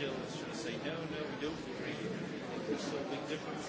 Jill is going to say, no, no, we don't agree. There's so big difference.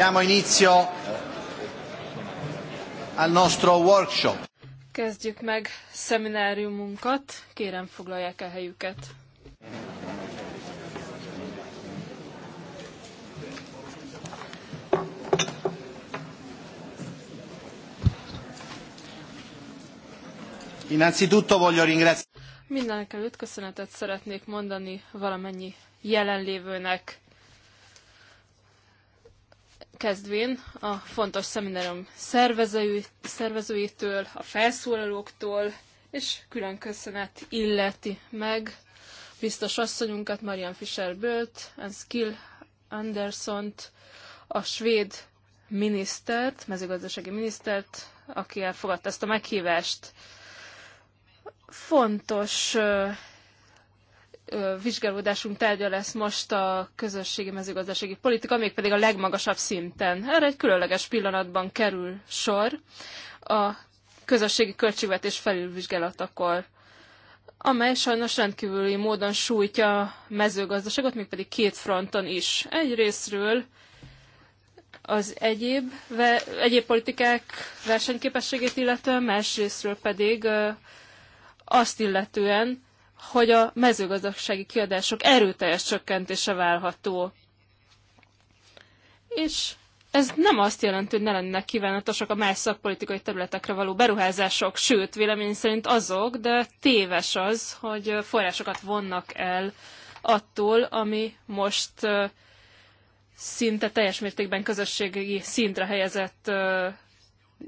Diamo inizio al nostro workshop. Kezdjük meg szemináriumunkat. Kérem, foglalják el helyüket. Innanzitutto voglio ringraziare. Mindenek előtt köszönetet szeretnék mondani valamennyi jelenlévőnek kezdvén a fontos szeminárium szervezői, szervezőitől, a felszólalóktól, és külön köszönet illeti meg biztos asszonyunkat, Marian Fischer Bölt, Skill Andersont, a svéd minisztert, mezőgazdasági minisztert, aki elfogadta ezt a meghívást. Fontos vizsgálódásunk tárgya lesz most a közösségi mezőgazdasági politika, mégpedig a legmagasabb szinten. Erre egy különleges pillanatban kerül sor a közösségi költségvetés felülvizsgálatakor, amely sajnos rendkívüli módon sújtja a mezőgazdaságot, mégpedig két fronton is. Egyrésztről az egyéb, ve, egyéb politikák versenyképességét illetően, másrésztről pedig azt illetően, hogy a mezőgazdasági kiadások erőteljes csökkentése várható. És ez nem azt jelenti, hogy ne lennének kívánatosak a más szakpolitikai területekre való beruházások, sőt, vélemény szerint azok, de téves az, hogy forrásokat vonnak el attól, ami most szinte teljes mértékben közösségi szintre helyezett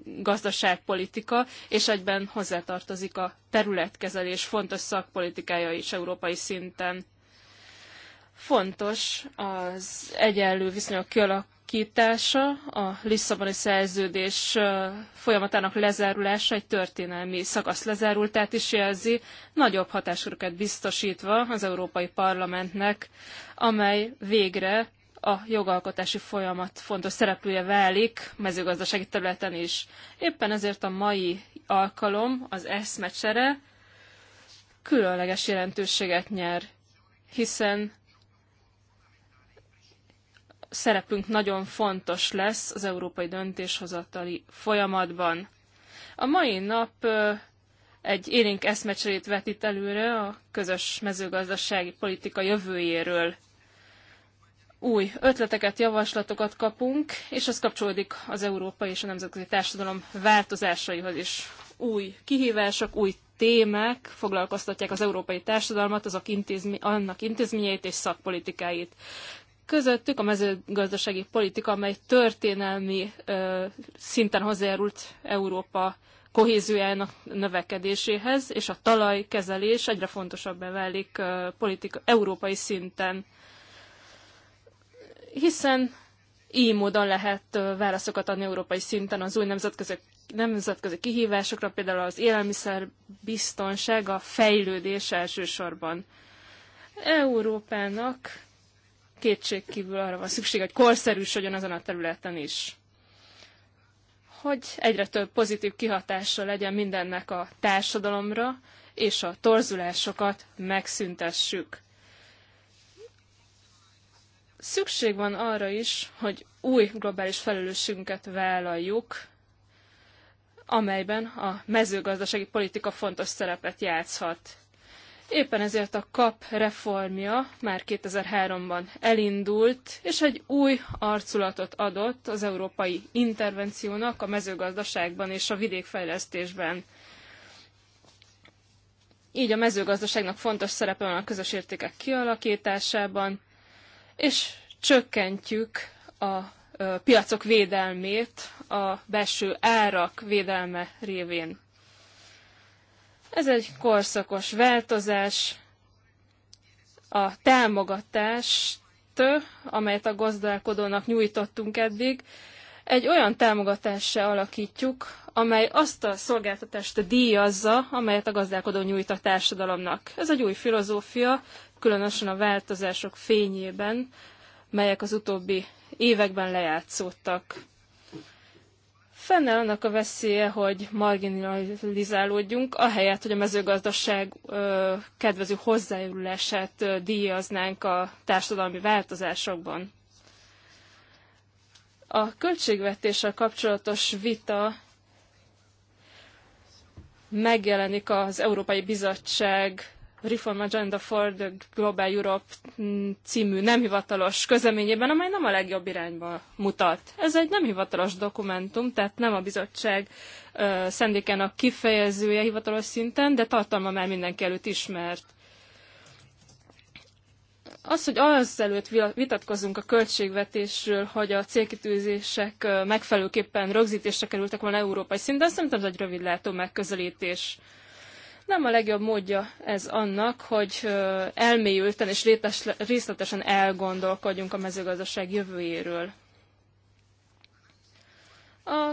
gazdaságpolitika, és egyben hozzátartozik a területkezelés fontos szakpolitikája is európai szinten. Fontos az egyenlő viszonyok kialakítása, a Lisszaboni szerződés folyamatának lezárulása egy történelmi szakasz lezárultát is jelzi, nagyobb hatásköröket biztosítva az Európai Parlamentnek, amely végre a jogalkotási folyamat fontos szereplője válik mezőgazdasági területen is. Éppen ezért a mai alkalom, az eszmecsere különleges jelentőséget nyer, hiszen szerepünk nagyon fontos lesz az európai döntéshozatali folyamatban. A mai nap egy élénk eszmecserét vetít előre a közös mezőgazdasági politika jövőjéről új ötleteket, javaslatokat kapunk, és ez kapcsolódik az európai és a nemzetközi társadalom változásaihoz is. Új kihívások, új témák foglalkoztatják az európai társadalmat, azok intézmi, annak intézményeit és szakpolitikáit. Közöttük a mezőgazdasági politika, amely történelmi ö, szinten hozzájárult Európa kohéziójának növekedéséhez, és a talajkezelés egyre fontosabbá válik ö, politika, európai szinten hiszen így módon lehet válaszokat adni európai szinten az új nemzetközi, nemzetközi kihívásokra, például az élelmiszer biztonság, a fejlődés elsősorban. Európának kétségkívül arra van szükség, hogy korszerűsödjön azon a területen is. Hogy egyre több pozitív kihatása legyen mindennek a társadalomra, és a torzulásokat megszüntessük. Szükség van arra is, hogy új globális felelősségünket vállaljuk, amelyben a mezőgazdasági politika fontos szerepet játszhat. Éppen ezért a KAP reformja már 2003-ban elindult, és egy új arculatot adott az európai intervenciónak a mezőgazdaságban és a vidékfejlesztésben. Így a mezőgazdaságnak fontos szerepe van a közös értékek kialakításában, és csökkentjük a piacok védelmét a belső árak védelme révén. Ez egy korszakos változás, a támogatást, amelyet a gazdálkodónak nyújtottunk eddig, egy olyan támogatással alakítjuk, amely azt a szolgáltatást díjazza, amelyet a gazdálkodó nyújt a társadalomnak. Ez egy új filozófia, különösen a változások fényében, melyek az utóbbi években lejátszódtak. Fennáll annak a veszélye, hogy marginalizálódjunk, ahelyett, hogy a mezőgazdaság ö, kedvező hozzájárulását díjaznánk a társadalmi változásokban. A költségvetéssel kapcsolatos vita megjelenik az Európai Bizottság Reform Agenda for the Global Europe mm, című nem hivatalos közleményében, amely nem a legjobb irányba mutat. Ez egy nem hivatalos dokumentum, tehát nem a bizottság uh, szendékának kifejezője hivatalos szinten, de tartalma már mindenki előtt ismert. Az, hogy az előtt vitatkozunk a költségvetésről, hogy a célkitűzések megfelelőképpen rögzítésre kerültek volna európai szinten, szerintem ez egy rövidlátó megközelítés. Nem a legjobb módja ez annak, hogy elmélyülten és részletesen elgondolkodjunk a mezőgazdaság jövőjéről. A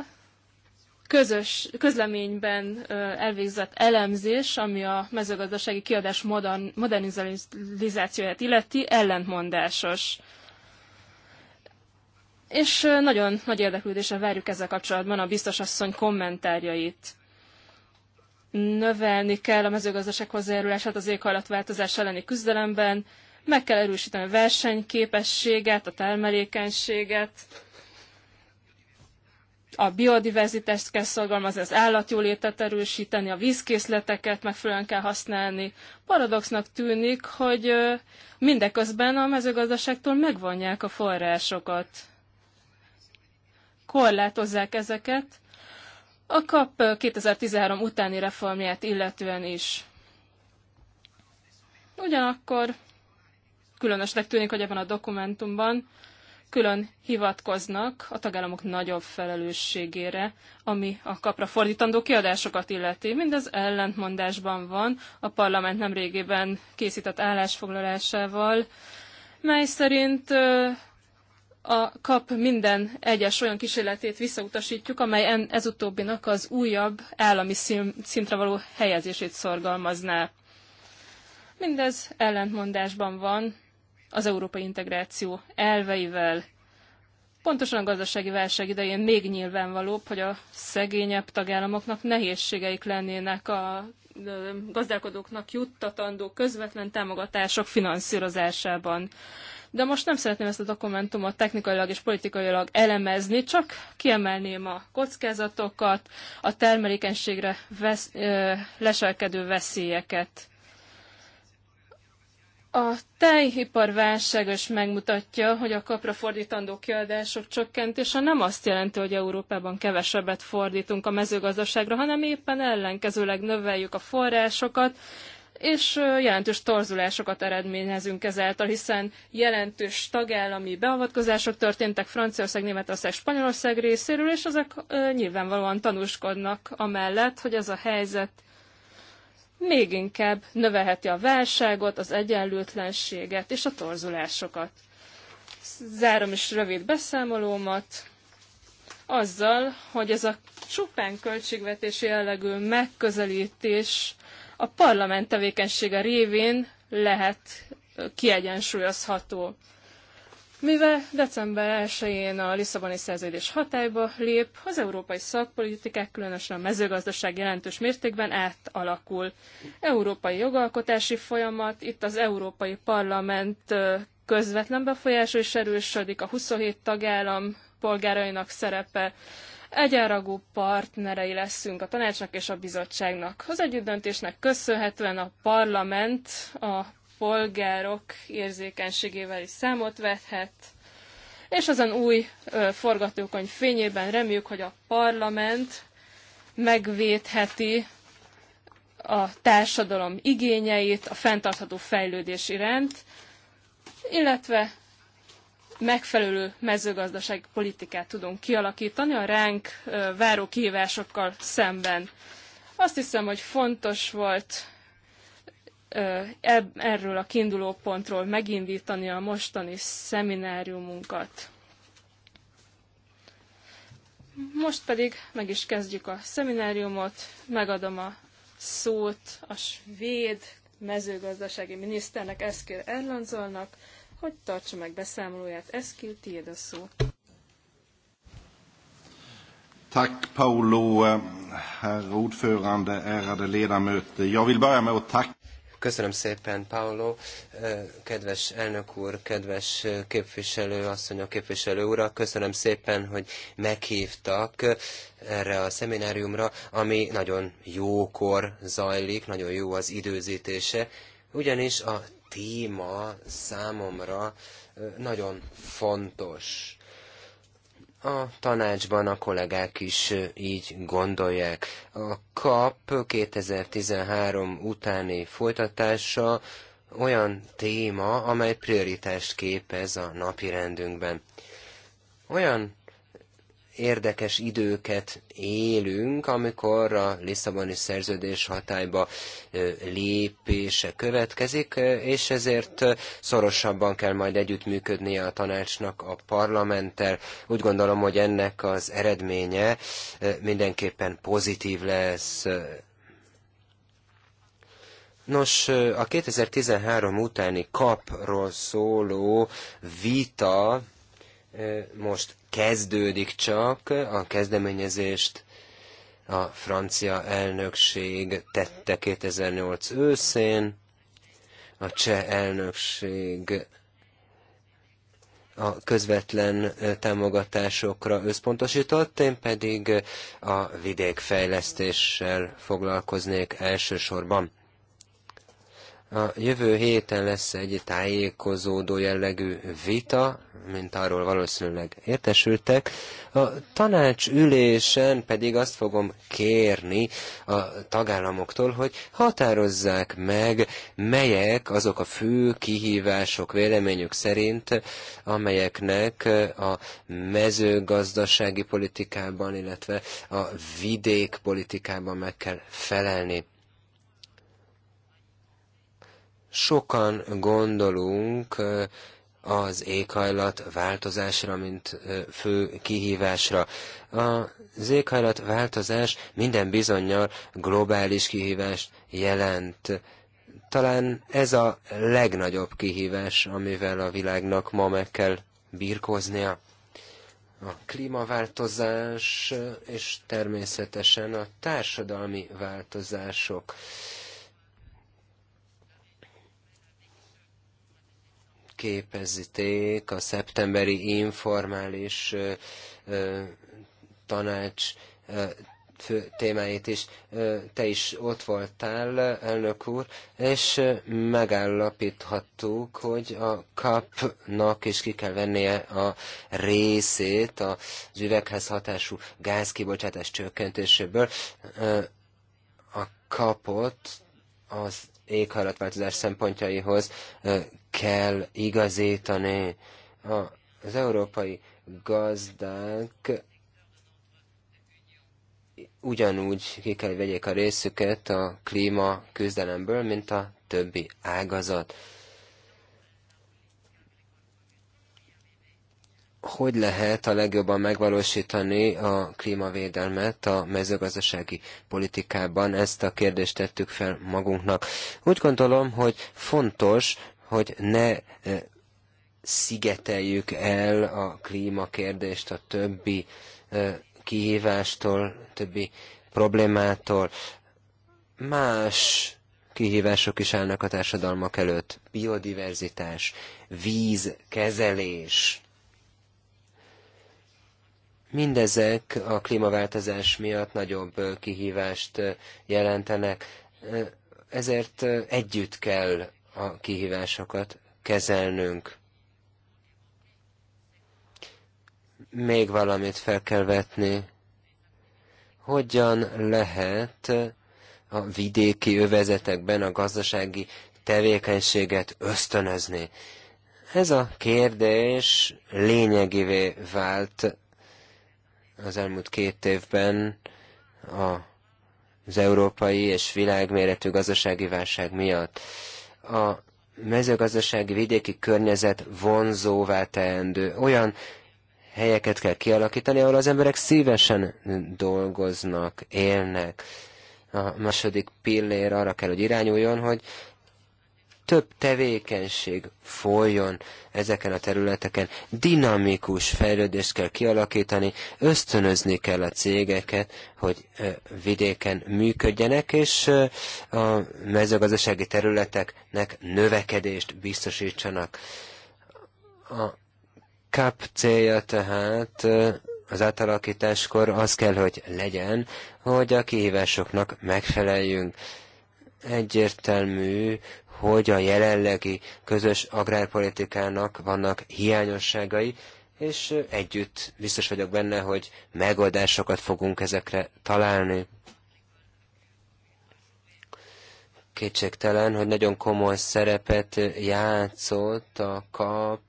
közös közleményben elvégzett elemzés, ami a mezőgazdasági kiadás modern, modernizációját illeti, ellentmondásos. És nagyon nagy érdeklődésre várjuk ezzel kapcsolatban a biztos asszony kommentárjait növelni kell a mezőgazdaság hozzájárulását az éghajlatváltozás elleni küzdelemben, meg kell erősíteni a versenyképességet, a termelékenységet, a biodiverzitást kell szorgalmazni, az állatjólétet erősíteni, a vízkészleteket megfelelően kell használni. Paradoxnak tűnik, hogy mindeközben a mezőgazdaságtól megvonják a forrásokat. Korlátozzák ezeket, a KAP 2013 utáni reformját illetően is. Ugyanakkor különösnek tűnik, hogy ebben a dokumentumban külön hivatkoznak a tagállamok nagyobb felelősségére, ami a kapra fordítandó kiadásokat illeti. Mindez ellentmondásban van a parlament nemrégében készített állásfoglalásával, mely szerint a kap minden egyes olyan kísérletét visszautasítjuk, amely ez utóbbinak az újabb állami szintre való helyezését szorgalmazná. Mindez ellentmondásban van az európai integráció elveivel. Pontosan a gazdasági válság idején még nyilvánvalóbb, hogy a szegényebb tagállamoknak nehézségeik lennének a gazdálkodóknak juttatandó közvetlen támogatások finanszírozásában. De most nem szeretném ezt a dokumentumot technikailag és politikailag elemezni, csak kiemelném a kockázatokat, a termelékenységre vesz, ö, leselkedő veszélyeket. A tejipar válságos megmutatja, hogy a kapra fordítandó kiadások csökkentése nem azt jelenti, hogy Európában kevesebbet fordítunk a mezőgazdaságra, hanem éppen ellenkezőleg növeljük a forrásokat, és jelentős torzulásokat eredményezünk ezáltal, hiszen jelentős tagállami beavatkozások történtek Franciaország, Németország, Spanyolország részéről, és ezek nyilvánvalóan tanúskodnak amellett, hogy ez a helyzet még inkább növelheti a válságot, az egyenlőtlenséget és a torzulásokat. Zárom is rövid beszámolómat azzal, hogy ez a csupán költségvetési jellegű megközelítés a parlament tevékenysége révén lehet kiegyensúlyozható. Mivel december 1-én a Lisszaboni szerződés hatályba lép, az európai szakpolitikák, különösen a mezőgazdaság jelentős mértékben átalakul. Európai jogalkotási folyamat, itt az Európai Parlament közvetlen befolyása is erősödik, a 27 tagállam polgárainak szerepe, egyenragú partnerei leszünk a tanácsnak és a bizottságnak. Az együttdöntésnek köszönhetően a parlament a polgárok érzékenységével is számot vethet. És azon új ö, forgatókönyv fényében reméljük, hogy a parlament megvédheti a társadalom igényeit a fenntartható fejlődés iránt, illetve megfelelő mezőgazdasági politikát tudunk kialakítani a ránk váró kihívásokkal szemben. Azt hiszem, hogy fontos volt erről a kiinduló pontról megindítani a mostani szemináriumunkat. Most pedig meg is kezdjük a szemináriumot, megadom a szót a svéd mezőgazdasági miniszternek Eszkil Erlandzolnak, hogy tartsa meg beszámolóját. Eszkil, tiéd a szó. Tack Paolo, eh, herr ordförande, ärade ledamöter. Jag vill börja med att tacka Köszönöm szépen, Paolo, kedves elnök úr, kedves képviselő, asszony a képviselő úr, köszönöm szépen, hogy meghívtak erre a szemináriumra, ami nagyon jókor zajlik, nagyon jó az időzítése, ugyanis a téma számomra nagyon fontos a tanácsban a kollégák is így gondolják. A KAP 2013 utáni folytatása olyan téma, amely prioritást képez a napi rendünkben. Olyan érdekes időket élünk, amikor a Lisszaboni szerződés hatályba lépése következik, és ezért szorosabban kell majd együttműködnie a tanácsnak a parlamenttel. Úgy gondolom, hogy ennek az eredménye mindenképpen pozitív lesz. Nos, a 2013 utáni kapról szóló vita most kezdődik csak, a kezdeményezést a francia elnökség tette 2008 őszén, a cseh elnökség a közvetlen támogatásokra összpontosított, én pedig a vidékfejlesztéssel foglalkoznék elsősorban. A jövő héten lesz egy tájékozódó jellegű vita, mint arról valószínűleg értesültek. A tanács ülésen pedig azt fogom kérni a tagállamoktól, hogy határozzák meg, melyek azok a fő kihívások véleményük szerint, amelyeknek a mezőgazdasági politikában, illetve a vidékpolitikában meg kell felelni. Sokan gondolunk az éghajlat változásra, mint fő kihívásra. Az éghajlat változás minden bizonyal globális kihívást jelent. Talán ez a legnagyobb kihívás, amivel a világnak ma meg kell birkoznia. A klímaváltozás és természetesen a társadalmi változások képezték a szeptemberi informális tanács fő témáit is. Te is ott voltál, elnök úr, és megállapíthattuk, hogy a kapnak is ki kell vennie a részét az üveghez hatású gázkibocsátás csökkentéséből. A kapot az éghajlatváltozás szempontjaihoz kell igazítani. Az európai gazdák ugyanúgy ki kell vegyék a részüket a klíma küzdelemből, mint a többi ágazat. hogy lehet a legjobban megvalósítani a klímavédelmet a mezőgazdasági politikában? Ezt a kérdést tettük fel magunknak. Úgy gondolom, hogy fontos, hogy ne eh, szigeteljük el a klímakérdést a többi eh, kihívástól, többi problémától. Más kihívások is állnak a társadalmak előtt. Biodiverzitás, vízkezelés, Mindezek a klímaváltozás miatt nagyobb kihívást jelentenek, ezért együtt kell a kihívásokat kezelnünk. Még valamit fel kell vetni. Hogyan lehet a vidéki övezetekben a gazdasági tevékenységet ösztönözni? Ez a kérdés lényegivé vált az elmúlt két évben a, az európai és világméretű gazdasági válság miatt. A mezőgazdasági vidéki környezet vonzóvá teendő. Olyan helyeket kell kialakítani, ahol az emberek szívesen dolgoznak, élnek. A második pillér arra kell, hogy irányuljon, hogy több tevékenység folyjon ezeken a területeken. Dinamikus fejlődést kell kialakítani, ösztönözni kell a cégeket, hogy vidéken működjenek, és a mezőgazdasági területeknek növekedést biztosítsanak. A KAP célja tehát az átalakításkor az kell, hogy legyen, hogy a kihívásoknak megfeleljünk. Egyértelmű, hogy a jelenlegi közös agrárpolitikának vannak hiányosságai, és együtt biztos vagyok benne, hogy megoldásokat fogunk ezekre találni. Kétségtelen, hogy nagyon komoly szerepet játszott a kap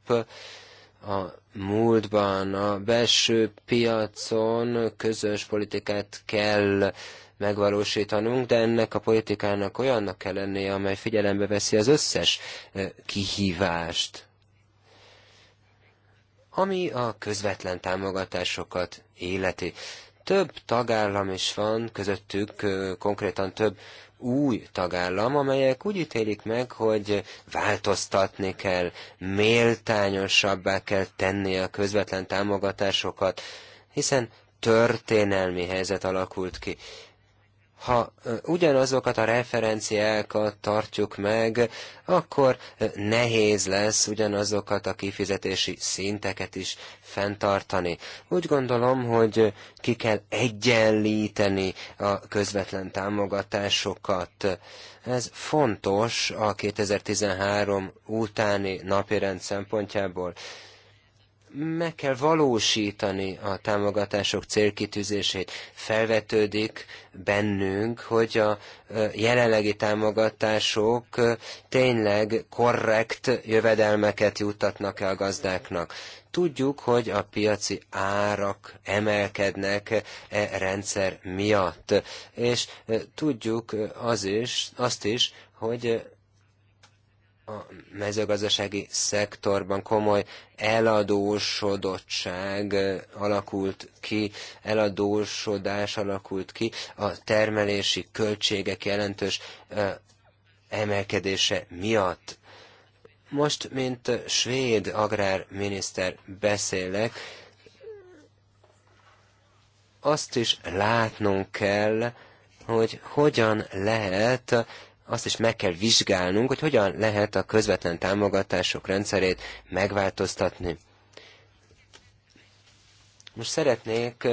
a múltban, a belső piacon közös politikát kell megvalósítanunk, de ennek a politikának olyannak kell lennie, amely figyelembe veszi az összes kihívást, ami a közvetlen támogatásokat életi. Több tagállam is van, közöttük konkrétan több új tagállam, amelyek úgy ítélik meg, hogy változtatni kell, méltányosabbá kell tenni a közvetlen támogatásokat, hiszen történelmi helyzet alakult ki ha ugyanazokat a referenciákat tartjuk meg, akkor nehéz lesz ugyanazokat a kifizetési szinteket is fenntartani. Úgy gondolom, hogy ki kell egyenlíteni a közvetlen támogatásokat. Ez fontos a 2013 utáni napirend szempontjából meg kell valósítani a támogatások célkitűzését. Felvetődik bennünk, hogy a jelenlegi támogatások tényleg korrekt jövedelmeket juttatnak-e a gazdáknak. Tudjuk, hogy a piaci árak emelkednek e rendszer miatt, és tudjuk az is, azt is, hogy a mezőgazdasági szektorban komoly eladósodottság alakult ki, eladósodás alakult ki, a termelési költségek jelentős emelkedése miatt. Most, mint svéd agrárminiszter beszélek, azt is látnunk kell, hogy hogyan lehet azt is meg kell vizsgálnunk, hogy hogyan lehet a közvetlen támogatások rendszerét megváltoztatni. Most szeretnék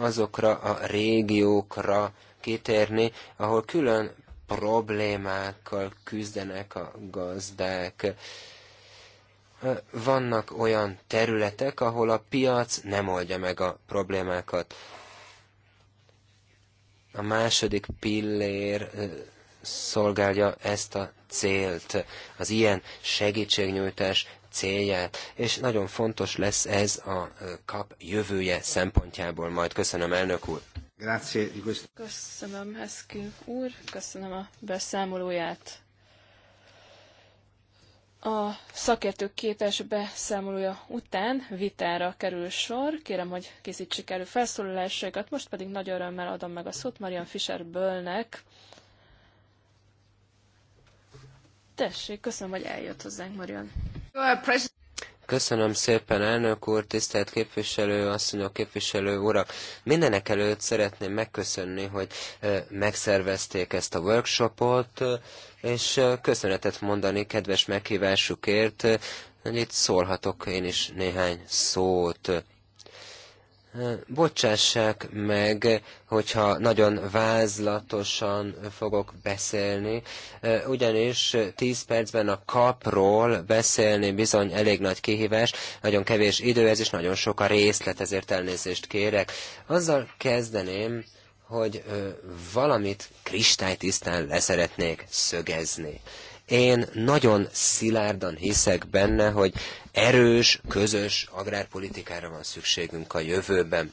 azokra a régiókra kitérni, ahol külön problémákkal küzdenek a gazdák. Vannak olyan területek, ahol a piac nem oldja meg a problémákat. A második pillér szolgálja ezt a célt, az ilyen segítségnyújtás célját, és nagyon fontos lesz ez a kap jövője szempontjából majd. Köszönöm, elnök úr! Köszönöm, Heszkő úr, köszönöm a beszámolóját. A szakértők két beszámolója után vitára kerül sor. Kérem, hogy készítsék elő felszólalásaikat, most pedig nagy örömmel adom meg a szót Marian Fischer-Bölnek, Tessék, köszönöm, hogy eljött hozzánk, Marian. Köszönöm szépen, elnök úr, tisztelt képviselő, asszonyok, képviselő urak. Mindenek előtt szeretném megköszönni, hogy megszervezték ezt a workshopot, és köszönetet mondani kedves meghívásukért, hogy itt szólhatok én is néhány szót bocsássák meg, hogyha nagyon vázlatosan fogok beszélni, ugyanis 10 percben a kapról beszélni bizony elég nagy kihívás, nagyon kevés idő ez, is nagyon sok a részlet, ezért elnézést kérek. Azzal kezdeném, hogy valamit kristálytisztán leszeretnék szögezni. Én nagyon szilárdan hiszek benne, hogy erős, közös agrárpolitikára van szükségünk a jövőben.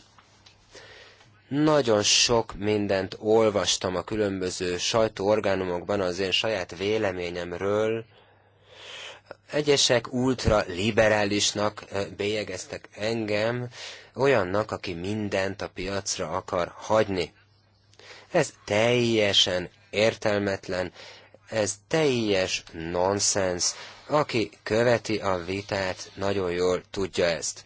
Nagyon sok mindent olvastam a különböző sajtóorgánumokban az én saját véleményemről, egyesek ultraliberálisnak bélyegeztek engem, olyannak, aki mindent a piacra akar hagyni. Ez teljesen értelmetlen, ez teljes nonsens. Aki követi a vitát, nagyon jól tudja ezt.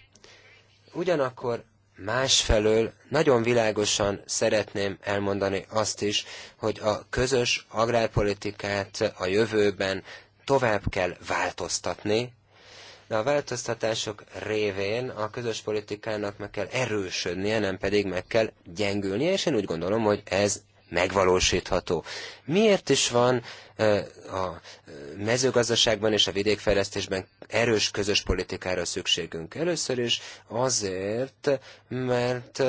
Ugyanakkor másfelől nagyon világosan szeretném elmondani azt is, hogy a közös agrárpolitikát a jövőben tovább kell változtatni, de a változtatások révén a közös politikának meg kell erősödnie, nem pedig meg kell gyengülnie, és én úgy gondolom, hogy ez megvalósítható. Miért is van a mezőgazdaságban és a vidékfejlesztésben erős közös politikára szükségünk? Először is azért, mert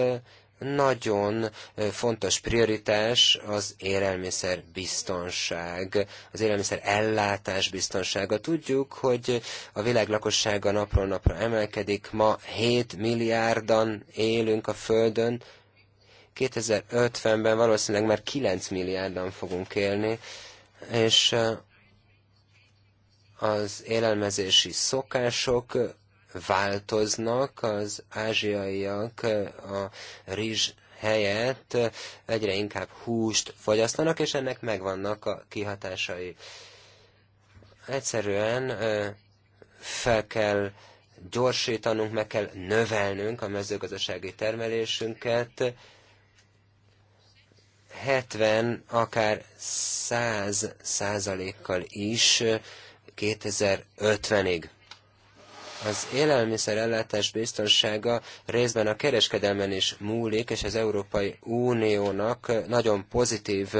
nagyon fontos prioritás az élelmiszer biztonság, az élelmiszer ellátás biztonsága. Tudjuk, hogy a világ lakossága napról napra emelkedik, ma 7 milliárdan élünk a Földön, 2050-ben valószínűleg már 9 milliárdan fogunk élni, és az élelmezési szokások változnak, az ázsiaiak a rizs helyett egyre inkább húst fogyasztanak, és ennek megvannak a kihatásai. Egyszerűen fel kell gyorsítanunk, meg kell növelnünk a mezőgazdasági termelésünket, 70, akár 100 százalékkal is 2050-ig. Az élelmiszerellátás biztonsága részben a kereskedelmen is múlik, és az Európai Uniónak nagyon pozitív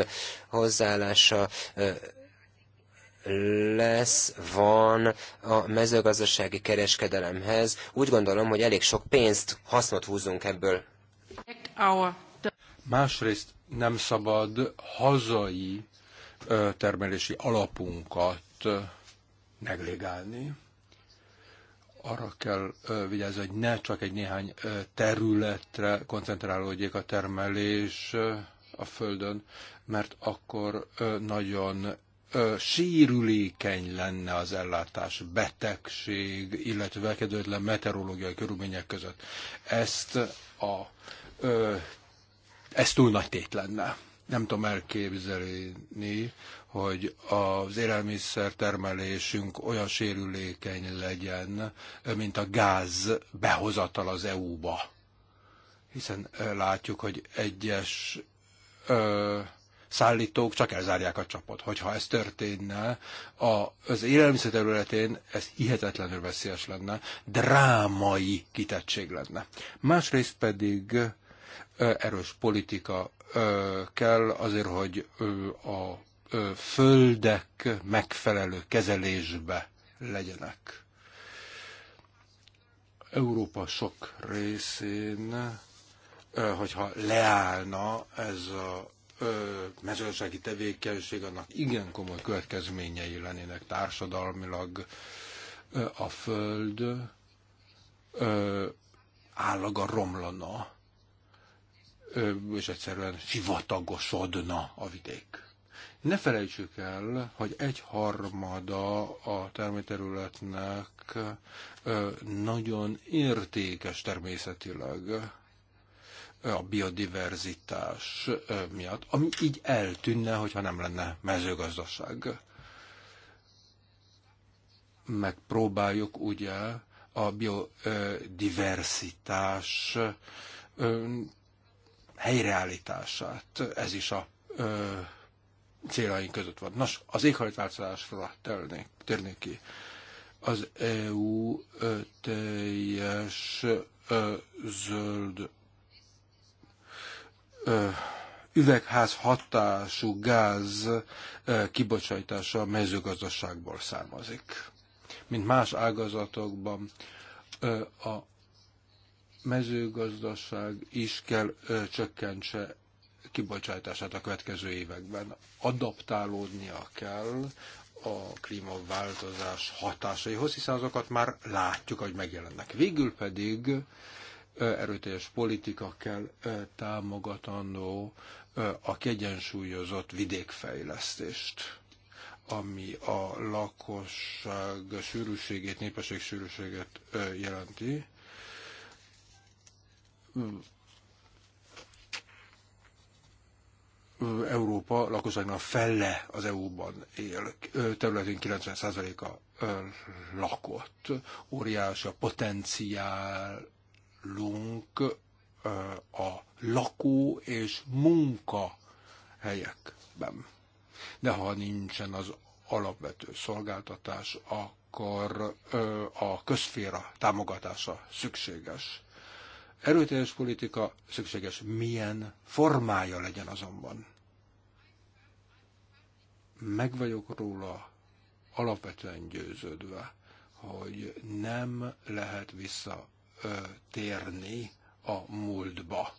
hozzáállása lesz, van a mezőgazdasági kereskedelemhez. Úgy gondolom, hogy elég sok pénzt, hasznot húzunk ebből. Másrészt nem szabad hazai termelési alapunkat negligálni. Arra kell vigyázni, hogy ne csak egy néhány területre koncentrálódjék a termelés a Földön, mert akkor nagyon sérülékeny lenne az ellátás, betegség, illetve kedvetlen meteorológiai körülmények között. Ezt a ez túl nagy tét lenne. Nem tudom elképzelni, hogy az élelmiszer termelésünk olyan sérülékeny legyen, mint a gáz behozatal az EU-ba. Hiszen látjuk, hogy egyes ö, szállítók csak elzárják a csapot. Hogyha ez történne, a, az élelmiszer területén ez hihetetlenül veszélyes lenne, drámai kitettség lenne. Másrészt pedig erős politika kell azért, hogy a földek megfelelő kezelésbe legyenek. Európa sok részén, hogyha leállna ez a mezőgazdasági tevékenység, annak igen komoly következményei lennének társadalmilag. A föld állaga romlana és egyszerűen sivatagosodna a vidék. Ne felejtsük el, hogy egy harmada a termőterületnek nagyon értékes természetileg a biodiverzitás miatt, ami így eltűnne, hogyha nem lenne mezőgazdaság. Megpróbáljuk ugye a biodiversitás helyreállítását. Ez is a ö, céljaink között van. Nos, az éghajlatváltozásra térnék ki. Az EU ö, teljes ö, zöld ö, üvegház hatású gáz ö, kibocsátása a mezőgazdaságból származik. Mint más ágazatokban, ö, a mezőgazdaság is kell ö, csökkentse kibocsátását a következő években. Adaptálódnia kell a klímaváltozás hatásaihoz, hiszen azokat már látjuk, hogy megjelennek. Végül pedig erőteljes politika kell támogatandó a kiegyensúlyozott vidékfejlesztést ami a lakosság sűrűségét, népesség sűrűséget jelenti, Európa lakosságnak felle az EU-ban él, területén 90%-a lakott. Óriási a potenciálunk a lakó és munka helyekben. De ha nincsen az alapvető szolgáltatás, akkor a közféra támogatása szükséges. Erőteljes politika szükséges, milyen formája legyen azonban. Meg vagyok róla alapvetően győződve, hogy nem lehet visszatérni a múltba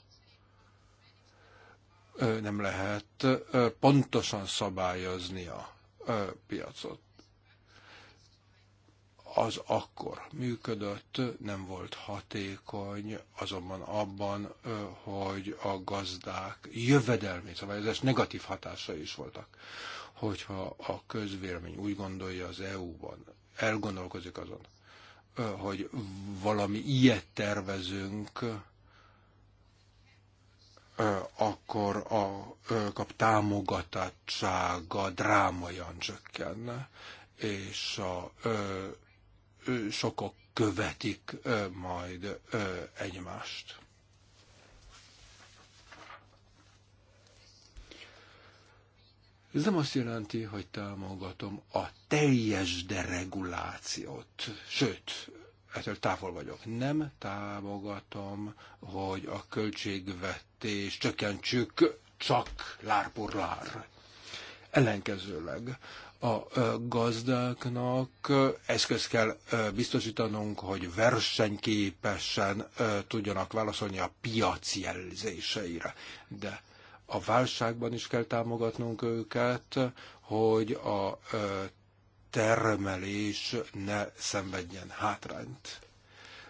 nem lehet pontosan szabályozni a piacot az akkor működött, nem volt hatékony, azonban abban, hogy a gazdák jövedelmi szabályozás negatív hatása is voltak. Hogyha a közvélemény úgy gondolja az EU-ban, elgondolkozik azon, hogy valami ilyet tervezünk, akkor a kap támogatottsága drámaian csökkenne, és a sokak követik majd egymást. Ez nem azt jelenti, hogy támogatom a teljes deregulációt, sőt, ettől távol vagyok. Nem támogatom, hogy a költségvetés csökkentsük csak lárpurlár. Ellenkezőleg a gazdáknak eszköz kell biztosítanunk, hogy versenyképesen tudjanak válaszolni a piac jelzéseire. De a válságban is kell támogatnunk őket, hogy a termelés ne szenvedjen hátrányt.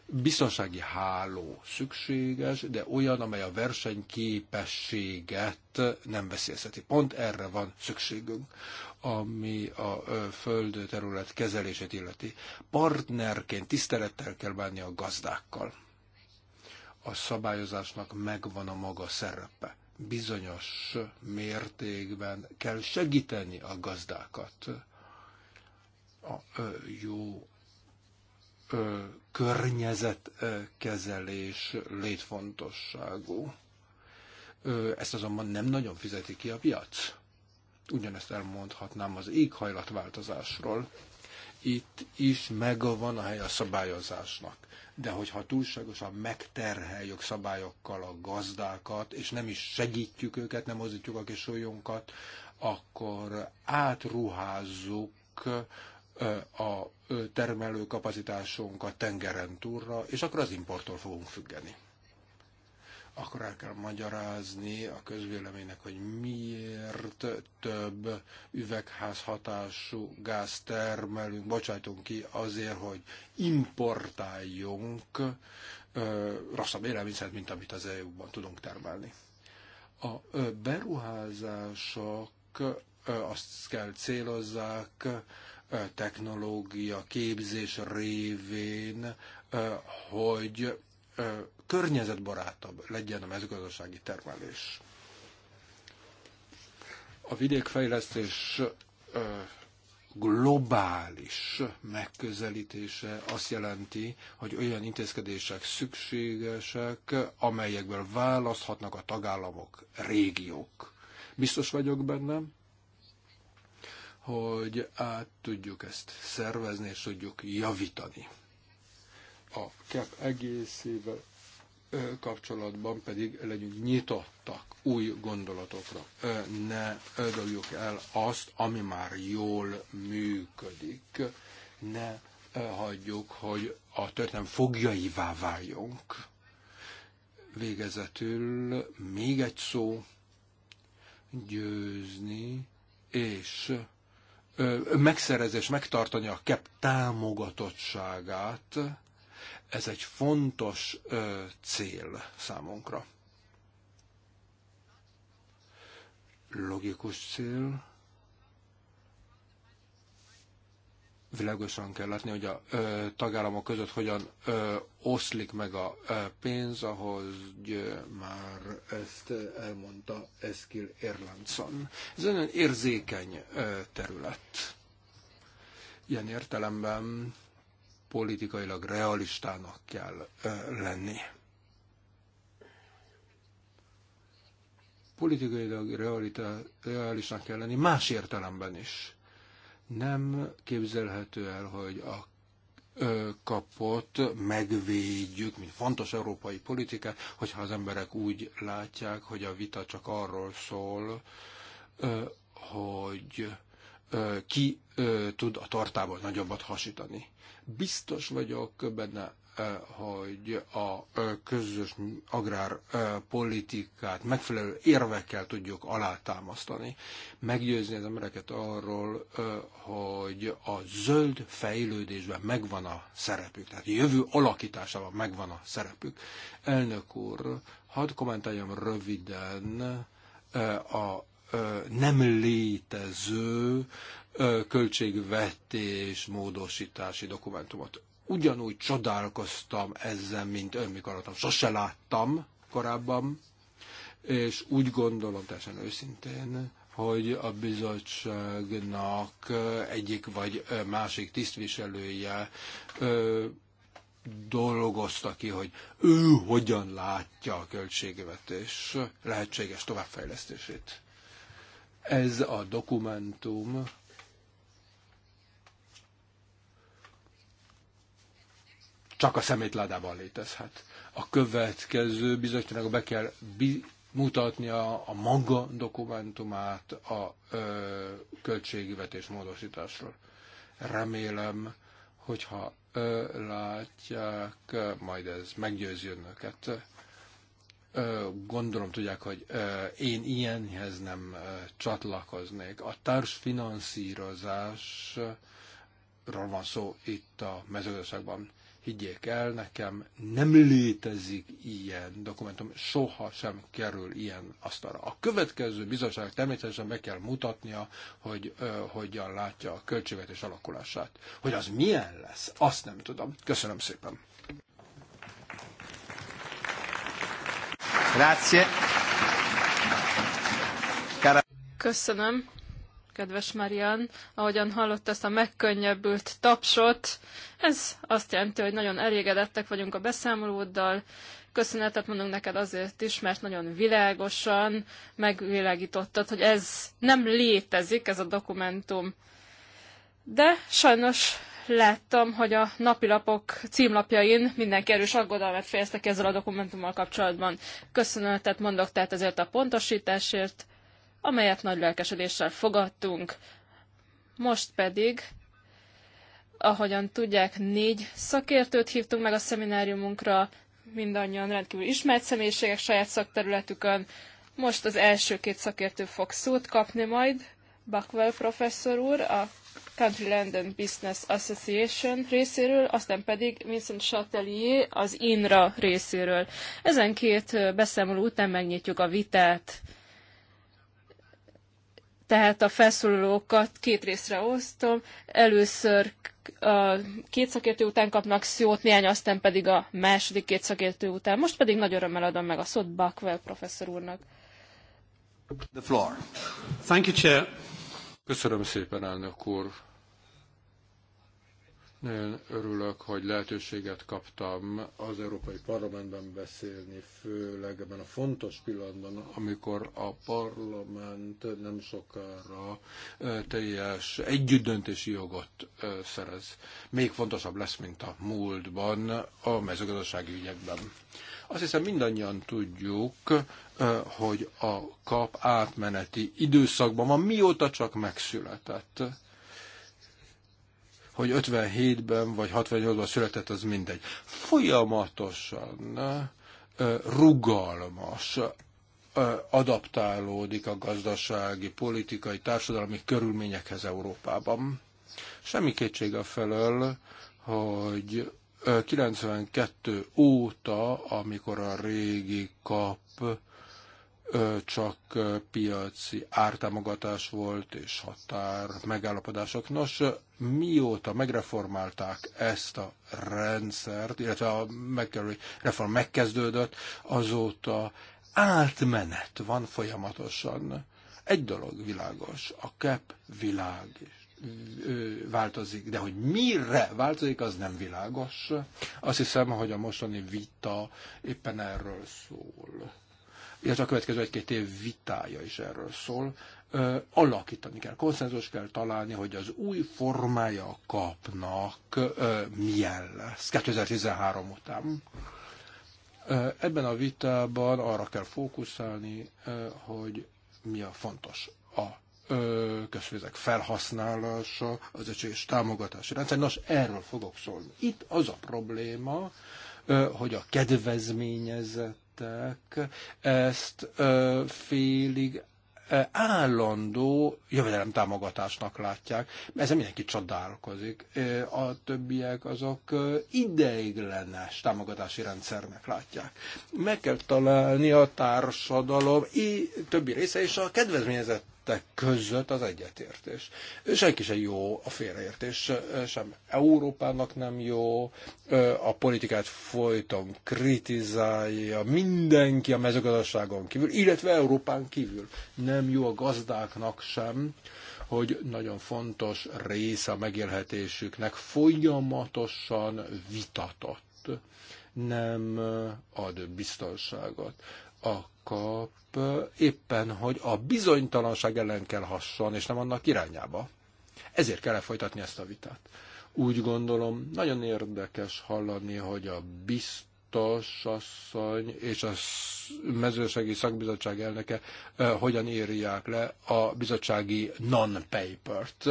Biztonsági háló szükséges, de olyan, amely a versenyképességet nem veszélyezteti. Pont erre van szükségünk ami a föld terület kezelését illeti. Partnerként tisztelettel kell bánni a gazdákkal. A szabályozásnak megvan a maga szerepe. Bizonyos mértékben kell segíteni a gazdákat. A jó környezetkezelés létfontosságú. Ezt azonban nem nagyon fizeti ki a piac Ugyanezt elmondhatnám az éghajlatváltozásról. Itt is megvan a hely a szabályozásnak. De hogyha túlságosan megterheljük szabályokkal a gazdákat, és nem is segítjük őket, nem mozdítjuk a kisúlyunkat, akkor átruházzuk a termelőkapacitásunkat tengeren túlra, és akkor az importtól fogunk függeni akkor el kell magyarázni a közvéleménynek, hogy miért több üvegházhatású gáz termelünk, bocsájtunk ki azért, hogy importáljunk ö, rosszabb élelmiszert, mint amit az EU-ban tudunk termelni. A ö, beruházások ö, azt kell célozzák, ö, technológia, képzés révén, ö, hogy környezetbarátabb legyen a mezőgazdasági termelés. A vidékfejlesztés globális megközelítése azt jelenti, hogy olyan intézkedések szükségesek, amelyekből választhatnak a tagállamok, régiók. Biztos vagyok bennem, hogy át tudjuk ezt szervezni, és tudjuk javítani. A kép egészében kapcsolatban pedig legyünk nyitottak új gondolatokra. Ne dobjuk el azt, ami már jól működik. Ne hagyjuk, hogy a történelem fogjaivá váljunk. Végezetül még egy szó, győzni és megszerezés, megtartani a KEP támogatottságát, ez egy fontos ö, cél számunkra. Logikus cél. Világosan kell látni, hogy a ö, tagállamok között hogyan ö, oszlik meg a ö, pénz, ö, már ezt elmondta Eskil Erlandson. Ez egy nagyon érzékeny ö, terület ilyen értelemben politikailag realistának kell lenni. Politikailag realita, realistának kell lenni más értelemben is. Nem képzelhető el, hogy a kapott megvédjük, mint fontos európai politikát, hogyha az emberek úgy látják, hogy a vita csak arról szól, hogy ki tud a tartából nagyobbat hasítani. Biztos vagyok benne, eh, hogy a eh, közös agrárpolitikát megfelelő érvekkel tudjuk alátámasztani, meggyőzni az embereket arról, eh, hogy a zöld fejlődésben megvan a szerepük, tehát jövő alakításában megvan a szerepük. Elnök úr, hadd kommentáljam röviden a nem létező költségvetés módosítási dokumentumot. Ugyanúgy csodálkoztam ezzel, mint ön, mikor adtam. Sose láttam korábban, és úgy gondolom teljesen őszintén, hogy a bizottságnak egyik vagy másik tisztviselője dolgozta ki, hogy ő hogyan látja a költségvetés lehetséges továbbfejlesztését. Ez a dokumentum csak a szemétládában létezhet. A következő bizottságnak be kell bi- mutatnia a maga dokumentumát a ö, költségvetés módosításról. Remélem, hogyha ö, látják, majd ez meggyőzi önöket. Ö, gondolom tudják, hogy ö, én ilyenhez nem ö, csatlakoznék. A társfinanszírozásról van szó itt a mezőgazdaságban. Higgyék el, nekem nem létezik ilyen dokumentum, soha sem kerül ilyen asztalra. A következő bizottság természetesen be kell mutatnia, hogy ö, hogyan látja a költségvetés alakulását. Hogy az milyen lesz, azt nem tudom. Köszönöm szépen. Grazie. Köszönöm kedves Marian, ahogyan hallott ezt a megkönnyebbült tapsot, ez azt jelenti, hogy nagyon elégedettek vagyunk a beszámolóddal, köszönetet mondunk neked azért is, mert nagyon világosan megvilágítottad, hogy ez nem létezik, ez a dokumentum. De sajnos láttam, hogy a napilapok címlapjain mindenki erős aggodalmat fejezte ki ezzel a dokumentummal kapcsolatban. Köszönetet mondok tehát ezért a pontosításért, amelyet nagy lelkesedéssel fogadtunk. Most pedig, ahogyan tudják, négy szakértőt hívtunk meg a szemináriumunkra, mindannyian rendkívül ismert személyiségek saját szakterületükön. Most az első két szakértő fog szót kapni majd, Buckwell professzor úr, a Country London Business Association részéről, aztán pedig Vincent Chatelier az INRA részéről. Ezen két beszámoló után megnyitjuk a vitát. Tehát a felszólalókat két részre osztom. Először a két szakértő után kapnak szót, néhány, aztán pedig a második két szakértő után. Most pedig nagy örömmel adom meg a szót Buckwell professzor úrnak. The floor. Thank you, Chair. Köszönöm szépen, elnök úr. Nagyon örülök, hogy lehetőséget kaptam az Európai Parlamentben beszélni, főleg ebben a fontos pillanatban, amikor a parlament nem sokára teljes együttdöntési jogot szerez. Még fontosabb lesz, mint a múltban a mezőgazdasági ügyekben. Azt hiszem mindannyian tudjuk, hogy a kap átmeneti időszakban van, mióta csak megszületett hogy 57-ben vagy 68-ban született, az mindegy. Folyamatosan rugalmas adaptálódik a gazdasági, politikai, társadalmi körülményekhez Európában. Semmi kétség a felől, hogy 92 óta, amikor a régi kap csak piaci ártámogatás volt és határ megállapodások. Nos, mióta megreformálták ezt a rendszert, illetve a reform megkezdődött, azóta átmenet van folyamatosan. Egy dolog világos, a kep világ változik, de hogy mire változik, az nem világos. Azt hiszem, hogy a mostani vita éppen erről szól illetve a következő egy-két év vitája is erről szól, alakítani kell, konszenzus kell találni, hogy az új formája kapnak milyen lesz 2013 után. Ebben a vitában arra kell fókuszálni, hogy mi a fontos. A közfézek felhasználása, az egységes támogatási rendszer. Nos, erről fogok szólni. Itt az a probléma, hogy a kedvezményezett tettek ezt félig állandó javadalm-támogatásnak látják. Ezzel mindenki csodálkozik. A többiek azok ideiglenes támogatási rendszernek látják. Meg kell találni a társadalom többi része és a kedvezményezett érintettek között az egyetértés. Senki sem jó a félreértés, sem Európának nem jó, a politikát folyton kritizálja mindenki a mezőgazdaságon kívül, illetve Európán kívül. Nem jó a gazdáknak sem, hogy nagyon fontos része a megélhetésüknek folyamatosan vitatott nem ad biztonságot a kap éppen, hogy a bizonytalanság ellen kell hasson, és nem annak irányába. Ezért kell folytatni ezt a vitát. Úgy gondolom, nagyon érdekes hallani, hogy a biztos asszony és a mezőségi szakbizottság elnöke hogyan írják le a bizottsági non-papert.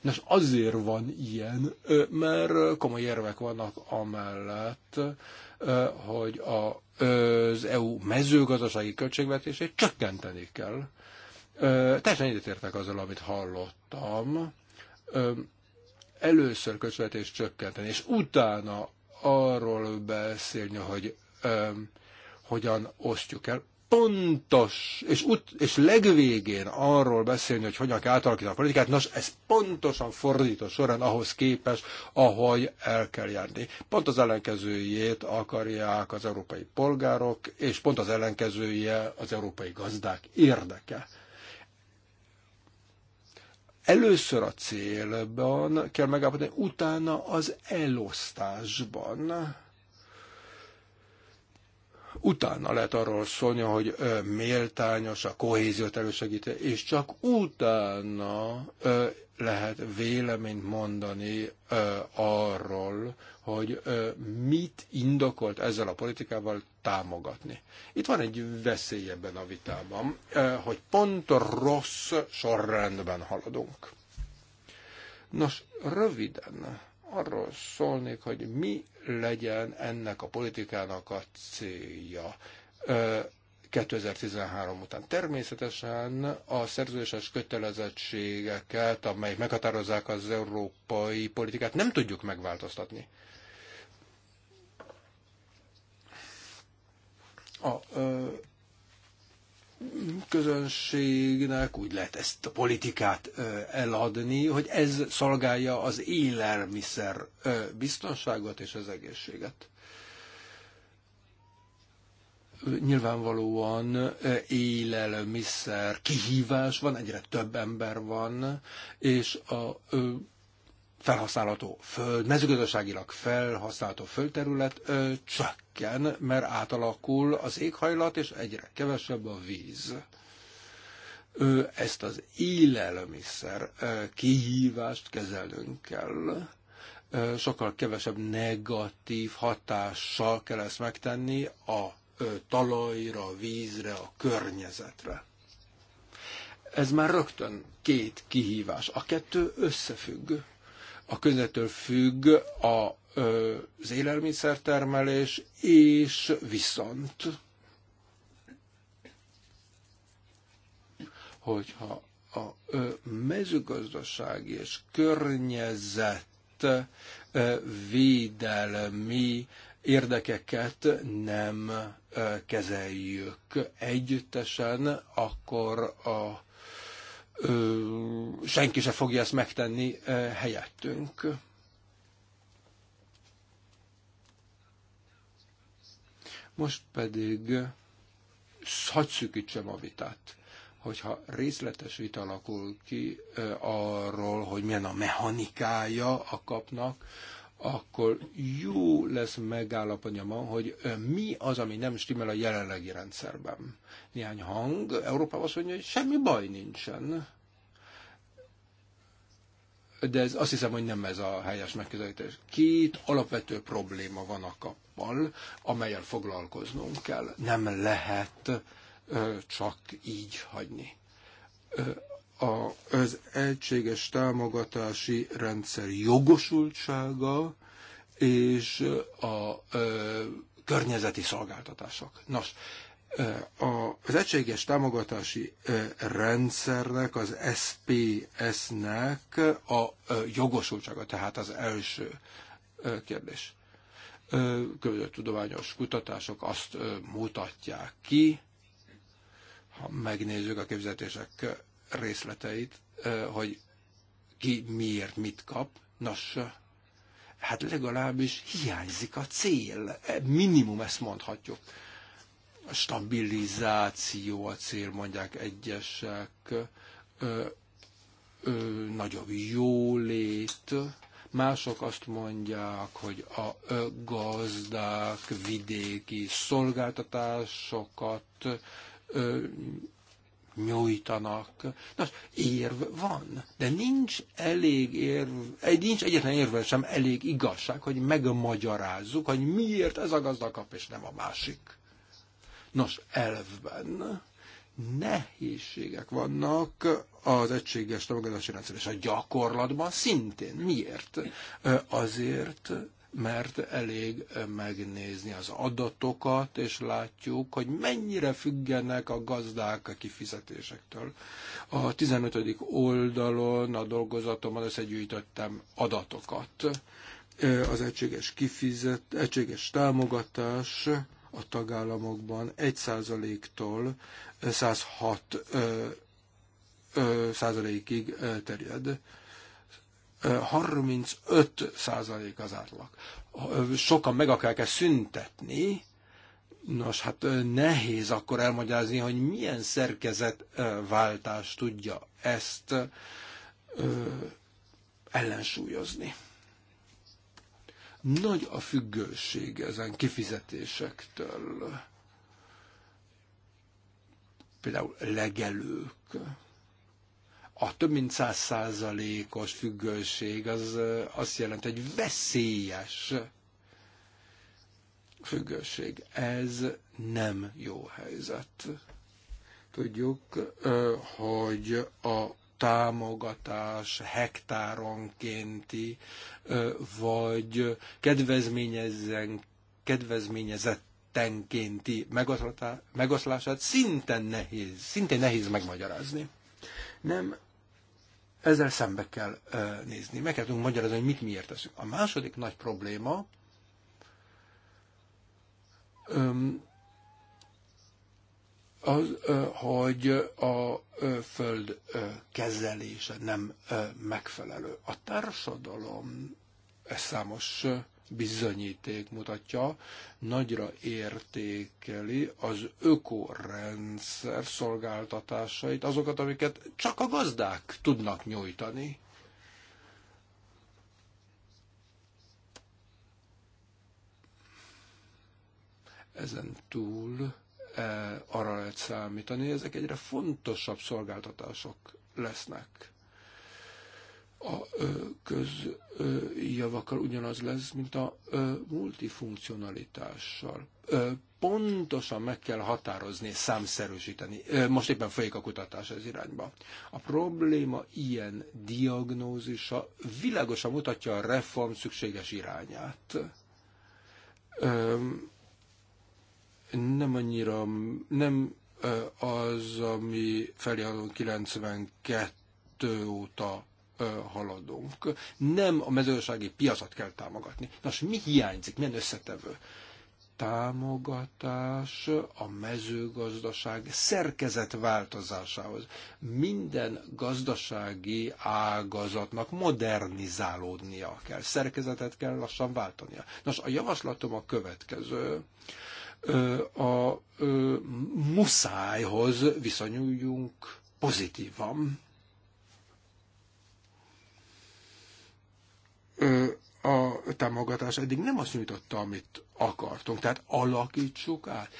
Nos, azért van ilyen, mert komoly érvek vannak amellett, hogy a az EU mezőgazdasági költségvetését csökkenteni kell. Teljesen egyetértek azzal, amit hallottam. Először költségvetést csökkenteni, és utána arról beszélni, hogy hogyan osztjuk el pontos, és, ut- és legvégén arról beszélni, hogy hogyan kell átalakítani a politikát, nos, ez pontosan fordító során ahhoz képes, ahogy el kell járni. Pont az ellenkezőjét akarják az európai polgárok, és pont az ellenkezője az európai gazdák érdeke. Először a célban kell megállapodni, utána az elosztásban Utána lehet arról szólni, hogy méltányos a kohéziót elősegíti, és csak utána lehet véleményt mondani arról, hogy mit indokolt ezzel a politikával támogatni. Itt van egy veszély ebben a vitában, hogy pont rossz sorrendben haladunk. Nos, röviden arról szólnék, hogy mi legyen ennek a politikának a célja. 2013 után. Természetesen a szerződéses kötelezettségeket, amelyek meghatározzák az európai politikát, nem tudjuk megváltoztatni. A, ö, közönségnek úgy lehet ezt a politikát eladni, hogy ez szolgálja az élelmiszer biztonságot és az egészséget nyilvánvalóan élelmiszer kihívás van, egyre több ember van, és a felhasználható föld, mezőgazdaságilag felhasználható földterület ö, csökken, mert átalakul az éghajlat, és egyre kevesebb a víz. Ö, ezt az élelmiszer ö, kihívást kezelnünk kell. Ö, sokkal kevesebb negatív hatással kell ezt megtenni a ö, talajra, a vízre, a környezetre ez már rögtön két kihívás. A kettő összefügg. A közvetől függ a, az élelmiszertermelés, és viszont, hogyha a mezőgazdasági és környezet védelmi érdekeket nem kezeljük együttesen, akkor a senki se fogja ezt megtenni helyettünk. Most pedig hagy szűkítsem a vitát, hogyha részletes vita alakul ki arról, hogy milyen a mechanikája a kapnak, akkor jó lesz megállapodni abban, hogy mi az, ami nem stimmel a jelenlegi rendszerben. Néhány hang Európában azt mondja, hogy semmi baj nincsen. De ez, azt hiszem, hogy nem ez a helyes megközelítés. Két alapvető probléma van a kappal, amelyel foglalkoznunk kell. Nem lehet ö, csak így hagyni. Ö, az egységes támogatási rendszer jogosultsága és a ö, környezeti szolgáltatások. Nos, az egységes támogatási rendszernek, az SPS-nek a jogosultsága, tehát az első kérdés. Különböző tudományos kutatások azt mutatják ki, ha megnézzük a képzetések részleteit, hogy ki miért mit kap. Nos, hát legalábbis hiányzik a cél. E, minimum ezt mondhatjuk. A stabilizáció a cél, mondják egyesek, ö, ö, nagyobb jólét, mások azt mondják, hogy a gazdák vidéki szolgáltatásokat ö, nyújtanak. Nos, érv van, de nincs elég érv, nincs egyetlen érv sem elég igazság, hogy megmagyarázzuk, hogy miért ez a gazda kap, és nem a másik. Nos, elvben nehézségek vannak az egységes tagadási rendszer, és a gyakorlatban szintén. Miért? Azért, mert elég eh, megnézni az adatokat, és látjuk, hogy mennyire függenek a gazdák a kifizetésektől. A 15. oldalon a dolgozatomban összegyűjtöttem adatokat. Eh, az egységes, kifizet, egységes támogatás a tagállamokban 1%-tól 106 eh, százalékig terjed. 35 százalék az átlag. Sokan meg akarják ezt szüntetni, Nos, hát nehéz akkor elmagyarázni, hogy milyen szerkezetváltás tudja ezt ö, ellensúlyozni. Nagy a függőség ezen kifizetésektől. Például legelők a több mint százalékos függőség az azt jelenti, hogy veszélyes függőség. Ez nem jó helyzet. Tudjuk, hogy a támogatás hektáronkénti, vagy kedvezményezzen, kedvezményezettenkénti megoszlását szinte nehéz, szintén nehéz megmagyarázni. Nem ezzel szembe kell nézni. Meg kell tudnunk magyarázni, hogy mit miért teszünk. A második nagy probléma, az, hogy a föld kezelése nem megfelelő. A társadalom ezt számos bizonyíték mutatja, nagyra értékeli az ökorendszer szolgáltatásait, azokat, amiket csak a gazdák tudnak nyújtani. Ezen túl eh, arra lehet számítani, ezek egyre fontosabb szolgáltatások lesznek a közjavakkal ugyanaz lesz, mint a multifunkcionalitással. Pontosan meg kell határozni, számszerűsíteni. Most éppen folyik a kutatás ez irányba. A probléma ilyen diagnózisa világosan mutatja a reform szükséges irányát. Nem annyira, nem az, ami felé 92 óta haladunk. Nem a mezőgazdasági piacot kell támogatni. Nos, mi hiányzik, milyen összetevő? támogatás a mezőgazdaság szerkezet változásához. Minden gazdasági ágazatnak modernizálódnia kell, szerkezetet kell lassan váltania. Nos, a javaslatom a következő. A muszájhoz viszonyuljunk pozitívan a támogatás eddig nem azt nyújtotta, amit akartunk. Tehát alakítsuk át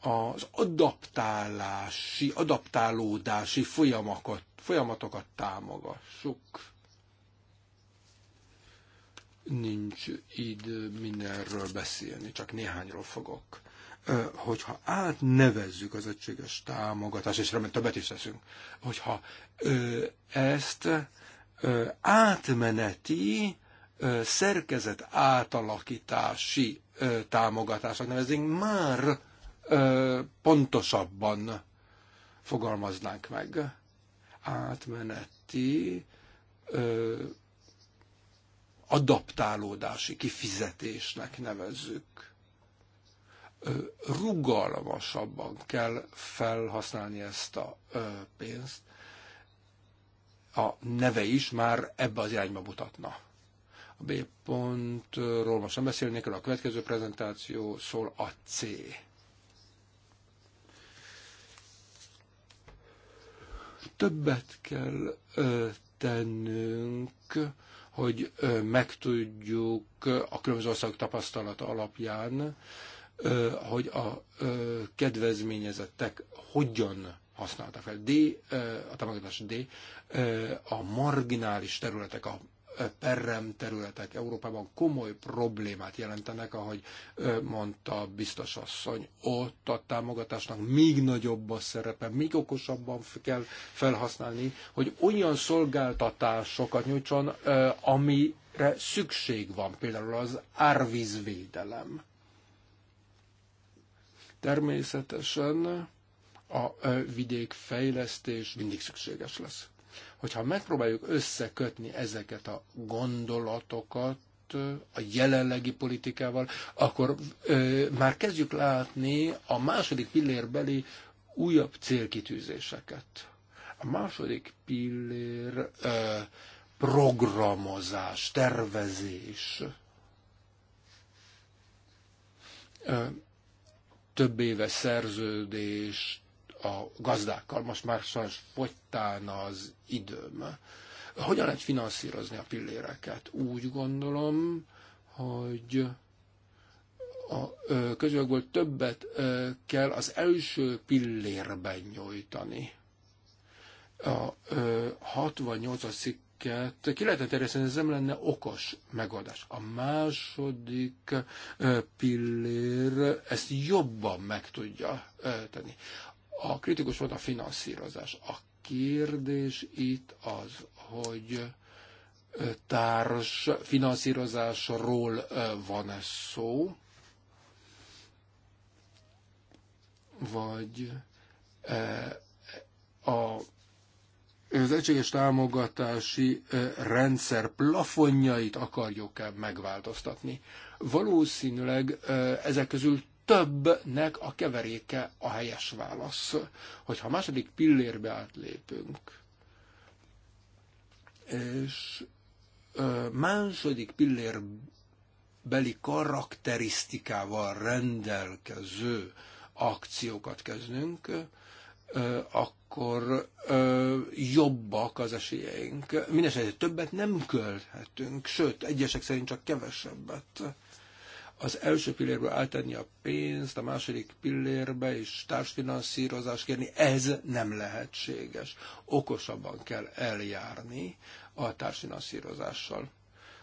az adaptálási, adaptálódási folyamatokat, folyamatokat támogassuk. Nincs id mindenről beszélni, csak néhányról fogok. Hogyha átnevezzük az egységes támogatást, és remélem többet is teszünk, hogyha ezt átmeneti szerkezet átalakítási támogatásnak nevezünk, már pontosabban fogalmaznánk meg. Átmeneti adaptálódási kifizetésnek nevezzük. Rugalmasabban kell felhasználni ezt a pénzt, a neve is már ebbe az irányba mutatna. A B pontról most nem beszélnék, a következő prezentáció szól a C. Többet kell ö, tennünk, hogy ö, megtudjuk a különböző országok tapasztalata alapján, ö, hogy a ö, kedvezményezettek hogyan használta fel. D, a támogatás D, a marginális területek, a perrem területek Európában komoly problémát jelentenek, ahogy mondta biztos asszony, ott a támogatásnak még nagyobb a szerepe, még okosabban kell felhasználni, hogy olyan szolgáltatásokat nyújtson, amire szükség van, például az árvízvédelem. Természetesen a vidék fejlesztés mindig szükséges lesz. Hogyha megpróbáljuk összekötni ezeket a gondolatokat, a jelenlegi politikával, akkor ö, már kezdjük látni a második pillérbeli újabb célkitűzéseket. A második pillér ö, programozás, tervezés. Ö, több éve szerződést a gazdákkal. Most már sajnos fogytán az időm. Hogyan lehet finanszírozni a pilléreket? Úgy gondolom, hogy a közülökből többet kell az első pillérben nyújtani. A 68-as cikket ki lehetne terjeszteni, ez nem lenne okos megoldás. A második pillér ezt jobban meg tudja tenni a kritikus volt a finanszírozás. A kérdés itt az, hogy társ finanszírozásról van -e szó, vagy a, az egységes támogatási rendszer plafonjait akarjuk-e megváltoztatni. Valószínűleg ezek közül többnek a keveréke a helyes válasz. Hogyha a második pillérbe átlépünk, és második pillér beli karakterisztikával rendelkező akciókat kezdünk, akkor jobbak az esélyeink. Mindenesetre többet nem költhetünk, sőt, egyesek szerint csak kevesebbet az első pillérből átadni a pénzt, a második pillérbe és társfinanszírozást kérni, ez nem lehetséges. Okosabban kell eljárni a társfinanszírozással.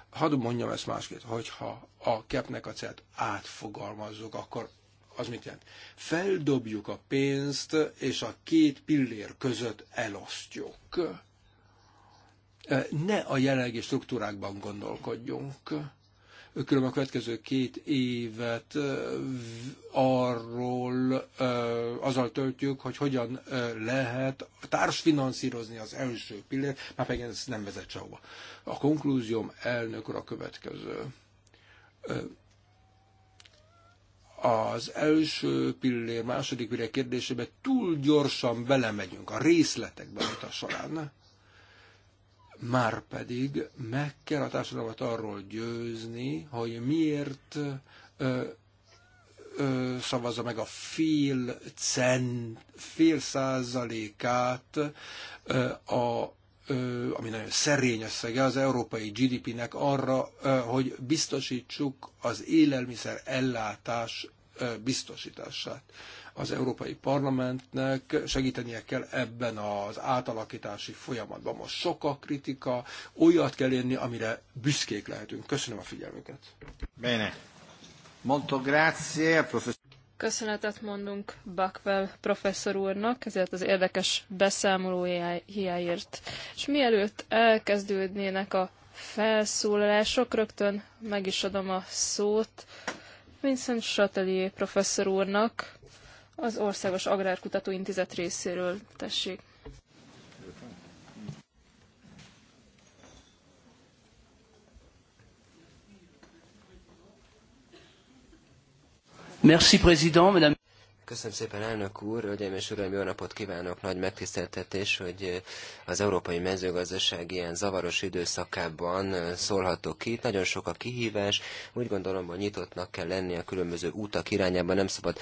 Hadd mondjam ezt másképp, hogyha a kepnek a célt átfogalmazzuk, akkor az mit jelent? Feldobjuk a pénzt, és a két pillér között elosztjuk. Ne a jelenlegi struktúrákban gondolkodjunk különben a következő két évet arról azzal töltjük, hogy hogyan lehet társfinanszírozni az első pillér, már pedig ez nem vezet sehova. A konklúzióm elnök a következő. Az első pillér, második pillér kérdésébe túl gyorsan belemegyünk a részletekbe a során már pedig meg kell a társadalmat arról győzni, hogy miért ö, ö, szavazza meg a fél cent, fél százalékát ö, a ö, ami nagyon szerény összege az európai GDP-nek arra, ö, hogy biztosítsuk az élelmiszer ellátás biztosítását. Az Európai Parlamentnek segítenie kell ebben az átalakítási folyamatban. Most sok a kritika, olyat kell érni, amire büszkék lehetünk. Köszönöm a figyelmüket. Bene. Molto grazie, professor. Köszönetet mondunk Buckwell professzor úrnak ezért az érdekes beszámolójáért. És mielőtt elkezdődnének a felszólalások, rögtön meg is adom a szót Vincent Chatelier professzor úrnak, az Országos Agrárkutató Intézet részéről. Tessék! Merci, président, madame. Köszönöm szépen, elnök úr, hölgyeim és uraim, jó napot kívánok, nagy megtiszteltetés, hogy eh, az európai mezőgazdaság ilyen zavaros időszakában eh, szólhatok ki. Nagyon sok a kihívás, úgy gondolom, hogy nyitottnak kell lenni a különböző útak irányában nem szabad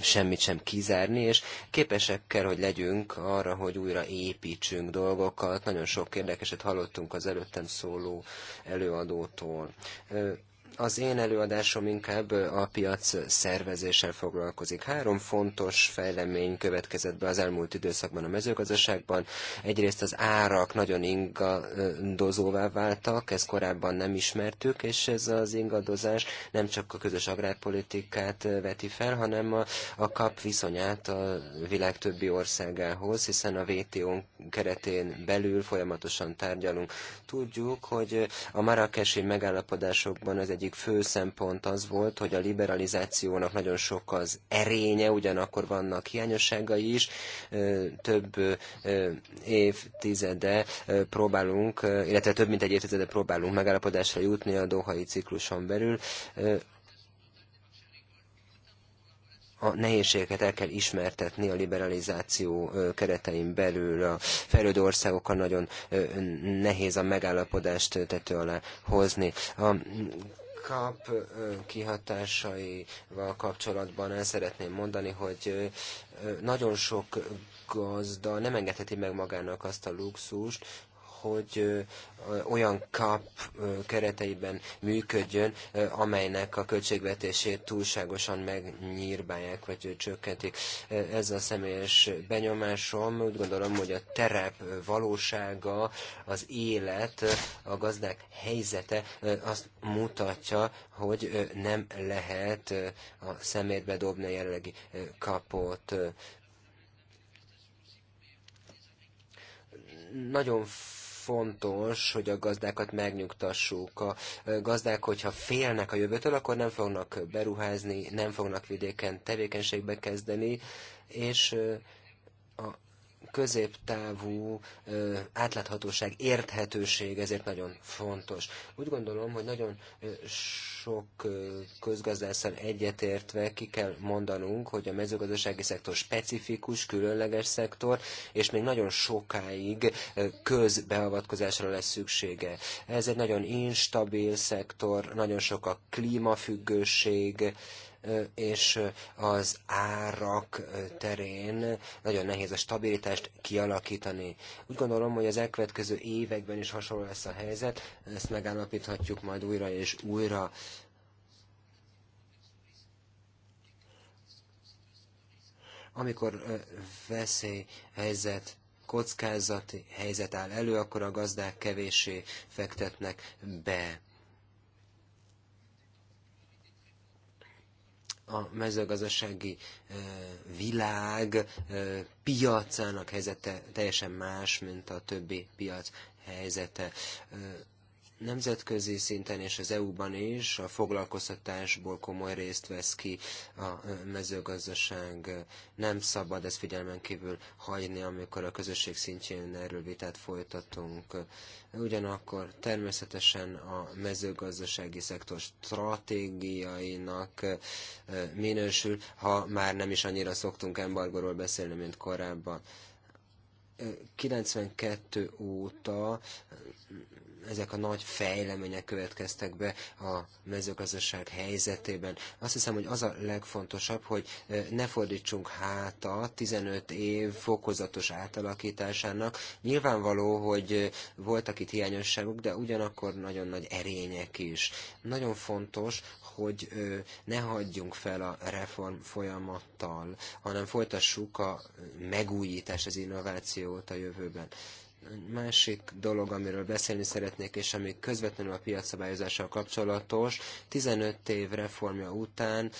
semmit sem kizárni, és képesek kell, hogy legyünk arra, hogy újra építsünk dolgokat. Nagyon sok érdekeset hallottunk az előttem szóló előadótól. Eh, az én előadásom inkább a piac szervezéssel foglalkozik. Három fontos fejlemény következett be az elmúlt időszakban a mezőgazdaságban. Egyrészt az árak nagyon ingadozóvá váltak, ezt korábban nem ismertük, és ez az ingadozás nem csak a közös agrárpolitikát veti fel, hanem a, a kap viszonyát a világ többi országához, hiszen a WTO keretén belül folyamatosan tárgyalunk. Tudjuk, hogy a marakesi megállapodásokban az egyik egyik fő szempont az volt, hogy a liberalizációnak nagyon sok az erénye, ugyanakkor vannak hiányosságai is. Több évtizede próbálunk, illetve több mint egy évtizede próbálunk megállapodásra jutni a dohai cikluson belül a nehézségeket el kell ismertetni a liberalizáció keretein belül. A fejlődő országokkal nagyon nehéz a megállapodást tető alá hozni. A kap kihatásaival kapcsolatban el szeretném mondani, hogy nagyon sok gazda nem engedheti meg magának azt a luxust, hogy olyan kap kereteiben működjön, amelynek a költségvetését túlságosan megnyírbálják, vagy csökkentik. Ez a személyes benyomásom. Úgy gondolom, hogy a terep valósága, az élet, a gazdák helyzete azt mutatja, hogy nem lehet a szemétbe dobni a jelenlegi kapot. Nagyon fontos, hogy a gazdákat megnyugtassuk. A gazdák, hogyha félnek a jövőtől, akkor nem fognak beruházni, nem fognak vidéken tevékenységbe kezdeni, és középtávú átláthatóság, érthetőség ezért nagyon fontos. Úgy gondolom, hogy nagyon sok közgazdásszal egyetértve ki kell mondanunk, hogy a mezőgazdasági szektor specifikus, különleges szektor, és még nagyon sokáig közbeavatkozásra lesz szüksége. Ez egy nagyon instabil szektor, nagyon sok a klímafüggőség, és az árak terén nagyon nehéz a stabilitást kialakítani. Úgy gondolom, hogy az elkövetkező években is hasonló lesz a helyzet, ezt megállapíthatjuk majd újra és újra. Amikor veszélyhelyzet kockázati helyzet áll elő, akkor a gazdák kevéssé fektetnek be a mezőgazdasági világ piacának helyzete teljesen más, mint a többi piac helyzete nemzetközi szinten és az EU-ban is a foglalkoztatásból komoly részt vesz ki a mezőgazdaság. Nem szabad ezt figyelmen kívül hagyni, amikor a közösség szintjén erről vitát folytatunk. Ugyanakkor természetesen a mezőgazdasági szektor stratégiainak minősül, ha már nem is annyira szoktunk embargóról beszélni, mint korábban. 92 óta ezek a nagy fejlemények következtek be a mezőgazdaság helyzetében. Azt hiszem, hogy az a legfontosabb, hogy e, ne fordítsunk háta 15 év fokozatos átalakításának. Nyilvánvaló, hogy e, voltak itt hiányosságok, de ugyanakkor nagyon nagy erények is. Nagyon fontos, hogy e, ne hagyjunk fel a reform folyamattal, hanem folytassuk a megújítást, az innovációt a jövőben másik dolog, amiről beszélni szeretnék, és ami közvetlenül a piacszabályozással kapcsolatos, 15 év reformja után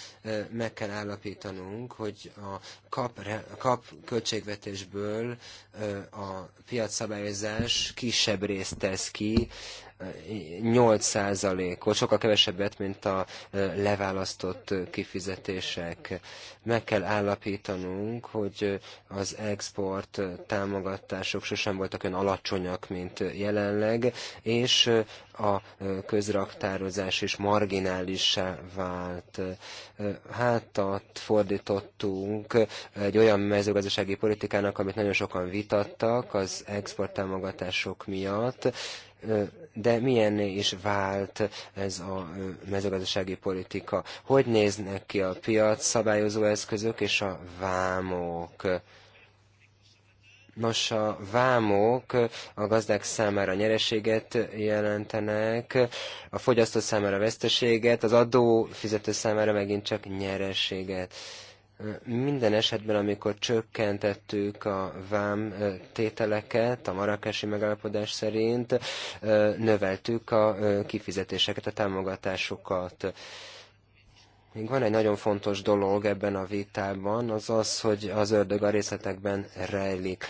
meg kell állapítanunk, hogy a kap, a kap költségvetésből a piacszabályozás kisebb részt tesz ki, 8%-ot, sokkal kevesebbet, mint a leválasztott kifizetések. Meg kell állapítanunk, hogy az export támogatások sosem voltak olyan alacsonyak, mint jelenleg, és a közraktározás is marginálissá vált. Hátat fordítottunk egy olyan mezőgazdasági politikának, amit nagyon sokan vitattak az export támogatások miatt, de milyen is vált ez a mezőgazdasági politika? Hogy néznek ki a piac szabályozó eszközök és a vámok? Nos, a vámok a gazdák számára nyereséget jelentenek, a fogyasztó számára veszteséget, az adó fizető számára megint csak nyereséget minden esetben, amikor csökkentettük a vám tételeket a marakesi megállapodás szerint, növeltük a kifizetéseket, a támogatásokat. Még van egy nagyon fontos dolog ebben a vitában, az az, hogy az ördög a részletekben rejlik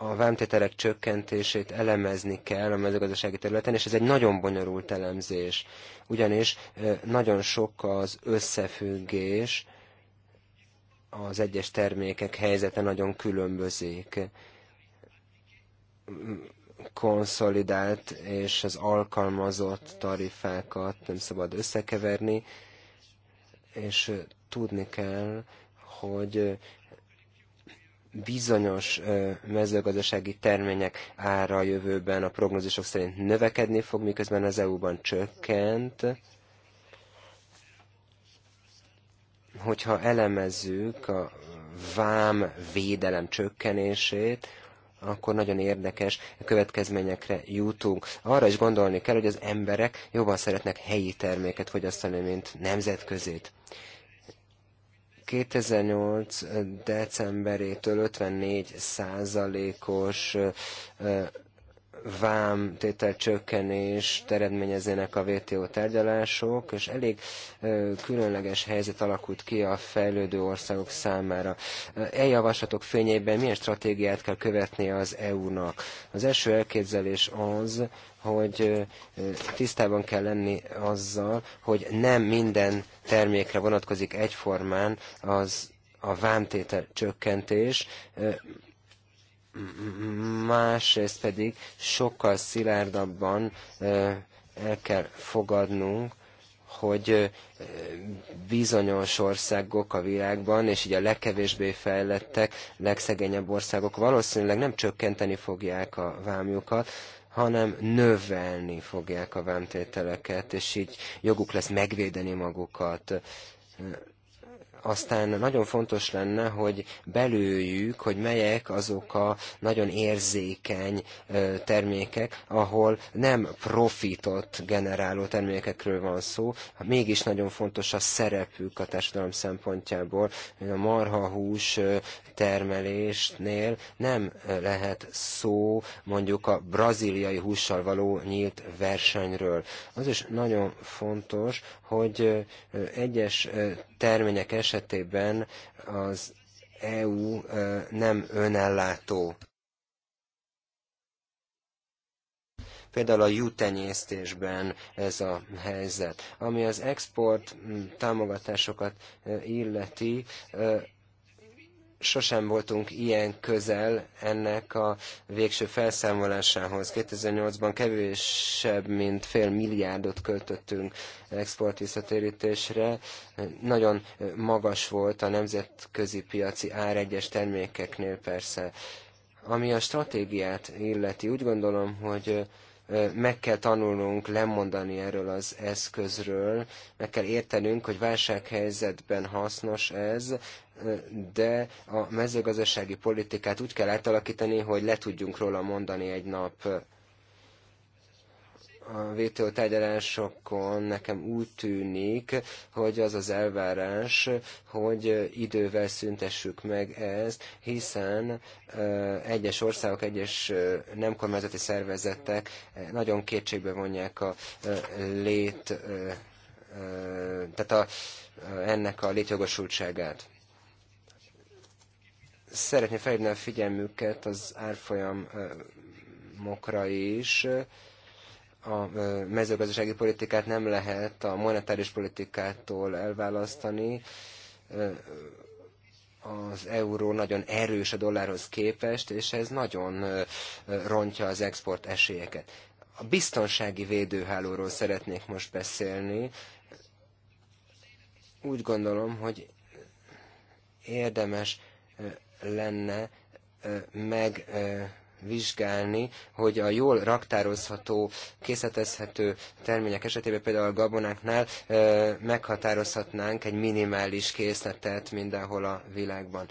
a vámtételek csökkentését elemezni kell a mezőgazdasági területen, és ez egy nagyon bonyolult elemzés, ugyanis nagyon sok az összefüggés, az egyes termékek helyzete nagyon különbözik. Konszolidált és az alkalmazott tarifákat nem szabad összekeverni, és tudni kell, hogy bizonyos mezőgazdasági termények ára a jövőben a prognózisok szerint növekedni fog, miközben az EU-ban csökkent. Hogyha elemezzük a vám védelem csökkenését, akkor nagyon érdekes következményekre jutunk. Arra is gondolni kell, hogy az emberek jobban szeretnek helyi terméket fogyasztani, mint nemzetközét. 2008. decemberétől 54 százalékos vám tételcsökkenést eredményezének a WTO tárgyalások, és elég különleges helyzet alakult ki a fejlődő országok számára. E javaslatok fényében milyen stratégiát kell követni az EU-nak? Az első elképzelés az, hogy tisztában kell lenni azzal, hogy nem minden termékre vonatkozik egyformán az a vámtétel csökkentés, másrészt pedig sokkal szilárdabban el kell fogadnunk, hogy bizonyos országok a világban, és így a legkevésbé fejlettek, legszegényebb országok valószínűleg nem csökkenteni fogják a vámjukat, hanem növelni fogják a vámtételeket, és így joguk lesz megvédeni magukat aztán nagyon fontos lenne, hogy belőjük, hogy melyek azok a nagyon érzékeny termékek, ahol nem profitot generáló termékekről van szó, mégis nagyon fontos a szerepük a társadalom szempontjából. A marhahús termelésnél nem lehet szó mondjuk a braziliai hússal való nyílt versenyről. Az is nagyon fontos, hogy egyes termények esetében az EU nem önellátó. például a jutenyésztésben ez a helyzet. Ami az export mm, támogatásokat illeti, sosem voltunk ilyen közel ennek a végső felszámolásához. 2008-ban kevésebb, mint fél milliárdot költöttünk export visszatérítésre. Nagyon magas volt a nemzetközi piaci ár egyes termékeknél persze. Ami a stratégiát illeti, úgy gondolom, hogy meg kell tanulnunk lemondani erről az eszközről, meg kell értenünk, hogy válsághelyzetben hasznos ez, de a mezőgazdasági politikát úgy kell átalakítani, hogy le tudjunk róla mondani egy nap a WTO tárgyalásokon nekem úgy tűnik, hogy az az elvárás, hogy idővel szüntessük meg ezt, hiszen egyes országok, egyes nem kormányzati szervezetek nagyon kétségbe vonják a lét, tehát a, ennek a létjogosultságát. Szeretném felhívni a figyelmüket az árfolyamokra is. A mezőgazdasági politikát nem lehet a monetáris politikától elválasztani az euró nagyon erős a dollárhoz képest, és ez nagyon rontja az export esélyeket. A biztonsági védőhálóról szeretnék most beszélni. Úgy gondolom, hogy érdemes lenne megvizsgálni, hogy a jól raktározható, készletezhető termények esetében, például a gabonáknál meghatározhatnánk egy minimális készletet mindenhol a világban.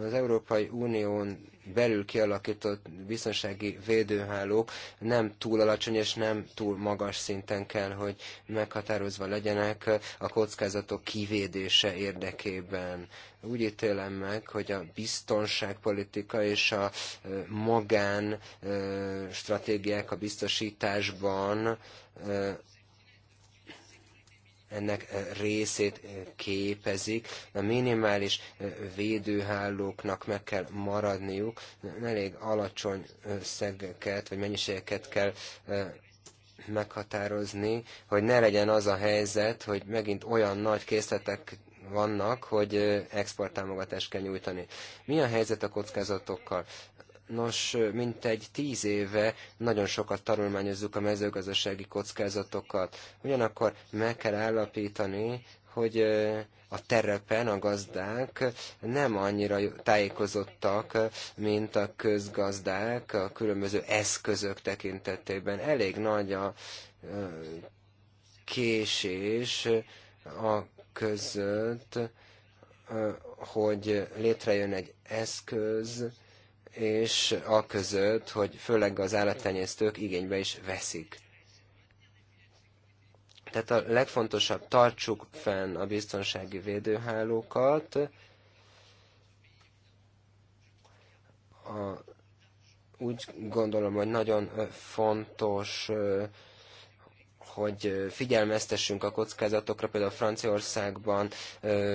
Az Európai Unión belül kialakított biztonsági védőhálók nem túl alacsony és nem túl magas szinten kell, hogy meghatározva legyenek a kockázatok kivédése érdekében. Úgy ítélem meg, hogy a biztonságpolitika és a magán stratégiák a biztosításban ennek eh, részét eh, képezik. A minimális eh, védőhálóknak meg kell maradniuk, elég alacsony összegeket vagy mennyiségeket kell meghatározni, hogy ne legyen az a helyzet, hogy megint olyan nagy készletek vannak, hogy exporttámogatást kell nyújtani. Mi a helyzet a kockázatokkal? Nos, mintegy tíz éve nagyon sokat tanulmányozzuk a mezőgazdasági kockázatokat. Ugyanakkor meg kell állapítani, hogy a terepen a gazdák nem annyira tájékozottak, mint a közgazdák a különböző eszközök tekintetében. Elég nagy a késés a között, hogy létrejön egy eszköz, és a között, hogy főleg az állattenyésztők igénybe is veszik. Tehát a legfontosabb, tartsuk fenn a biztonsági védőhálókat, a, úgy gondolom, hogy nagyon fontos hogy figyelmeztessünk a kockázatokra, például Franciaországban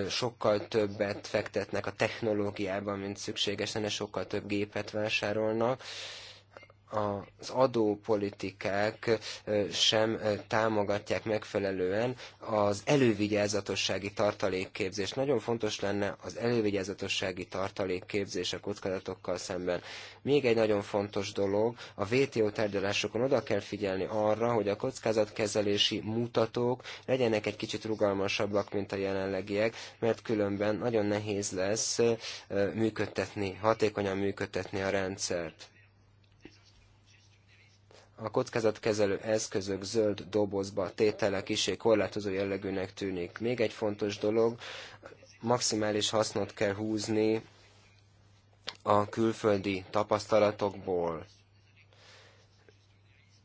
sokkal többet fektetnek a technológiában, mint szükséges lenne, sokkal több gépet vásárolnak, az adópolitikák sem támogatják megfelelően az elővigyázatossági tartalékképzést. Nagyon fontos lenne az elővigyázatossági tartalékképzés a kockázatokkal szemben. Még egy nagyon fontos dolog, a VTO tárgyalásokon oda kell figyelni arra, hogy a kockázatkezelési mutatók legyenek egy kicsit rugalmasabbak, mint a jelenlegiek, mert különben nagyon nehéz lesz működtetni, hatékonyan működtetni a rendszert a kockázatkezelő eszközök zöld dobozba tétele kisé korlátozó jellegűnek tűnik. Még egy fontos dolog, maximális hasznot kell húzni a külföldi tapasztalatokból.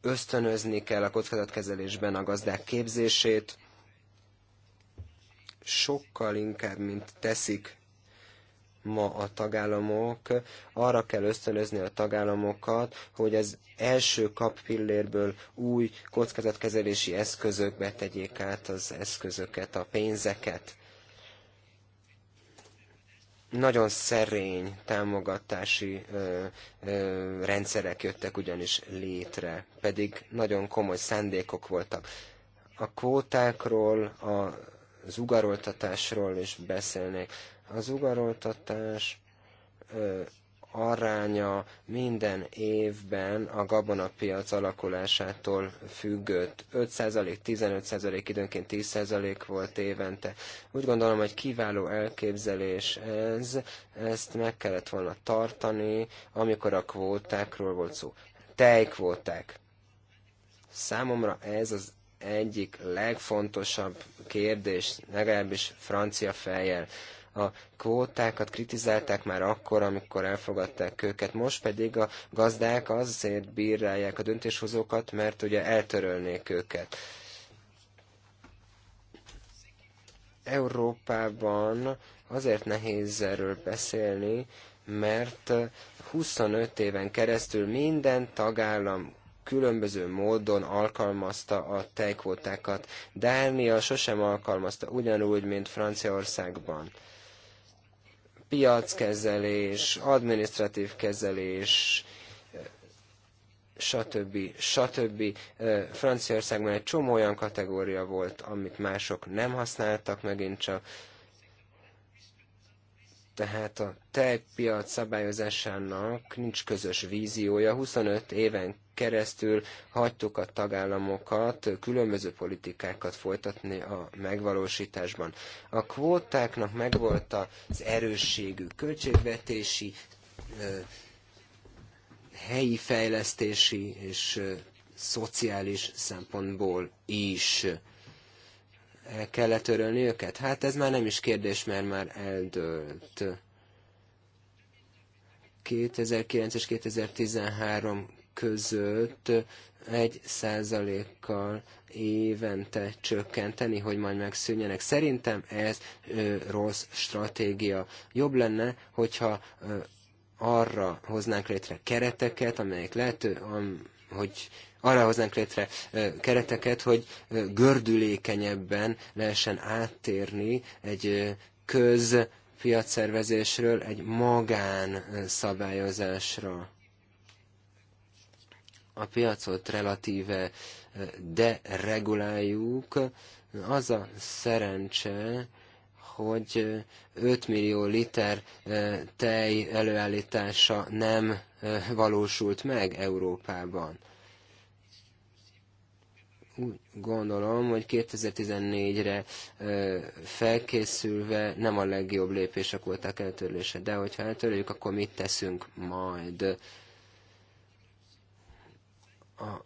Ösztönözni kell a kockázatkezelésben a gazdák képzését, sokkal inkább, mint teszik ma a tagállamok. Arra kell ösztönözni a tagállamokat, hogy az első kap pillérből új kockázatkezelési eszközökbe tegyék át az eszközöket, a pénzeket. Nagyon szerény támogatási ö, ö, rendszerek jöttek ugyanis létre, pedig nagyon komoly szándékok voltak. A kvótákról, a az ugaroltatásról is beszélnék. Az ugaroltatás aránya minden évben a gabonapiac alakulásától függött. 5%, 15% időnként 10% volt évente. Úgy gondolom, hogy kiváló elképzelés ez, ezt meg kellett volna tartani, amikor a kvótákról volt szó. Tejkvóták. Számomra ez az egyik legfontosabb kérdés, legalábbis francia fejjel a kvótákat kritizálták már akkor, amikor elfogadták őket, most pedig a gazdák azért bírálják a döntéshozókat, mert ugye eltörölnék őket. Európában azért nehéz erről beszélni, mert 25 éven keresztül minden tagállam különböző módon alkalmazta a tejkvótákat. Dánia sosem alkalmazta ugyanúgy, mint Franciaországban piackezelés, administratív kezelés, stb. stb. Franciaországban egy csomó olyan kategória volt, amit mások nem használtak megint csak. Tehát a tejpiac szabályozásának nincs közös víziója. 25 éven keresztül hagytuk a tagállamokat különböző politikákat folytatni a megvalósításban. A kvótáknak megvolt az erősségű költségvetési, helyi fejlesztési és szociális szempontból is el kellett örölni őket? Hát ez már nem is kérdés, mert már eldőlt. 2009 és 2013 között egy százalékkal évente csökkenteni, hogy majd megszűnjenek. Szerintem ez ö, rossz stratégia. Jobb lenne, hogyha ö, arra hoznánk létre kereteket, amelyek lehető, am, hogy arra hoznánk létre kereteket, hogy gördülékenyebben lehessen áttérni egy piacszervezésről egy magán szabályozásra a piacot relatíve dereguláljuk, az a szerencse, hogy 5 millió liter tej előállítása nem valósult meg Európában. Úgy gondolom, hogy 2014-re felkészülve nem a legjobb lépések voltak eltörlése, de hogyha eltörjük, akkor mit teszünk majd? a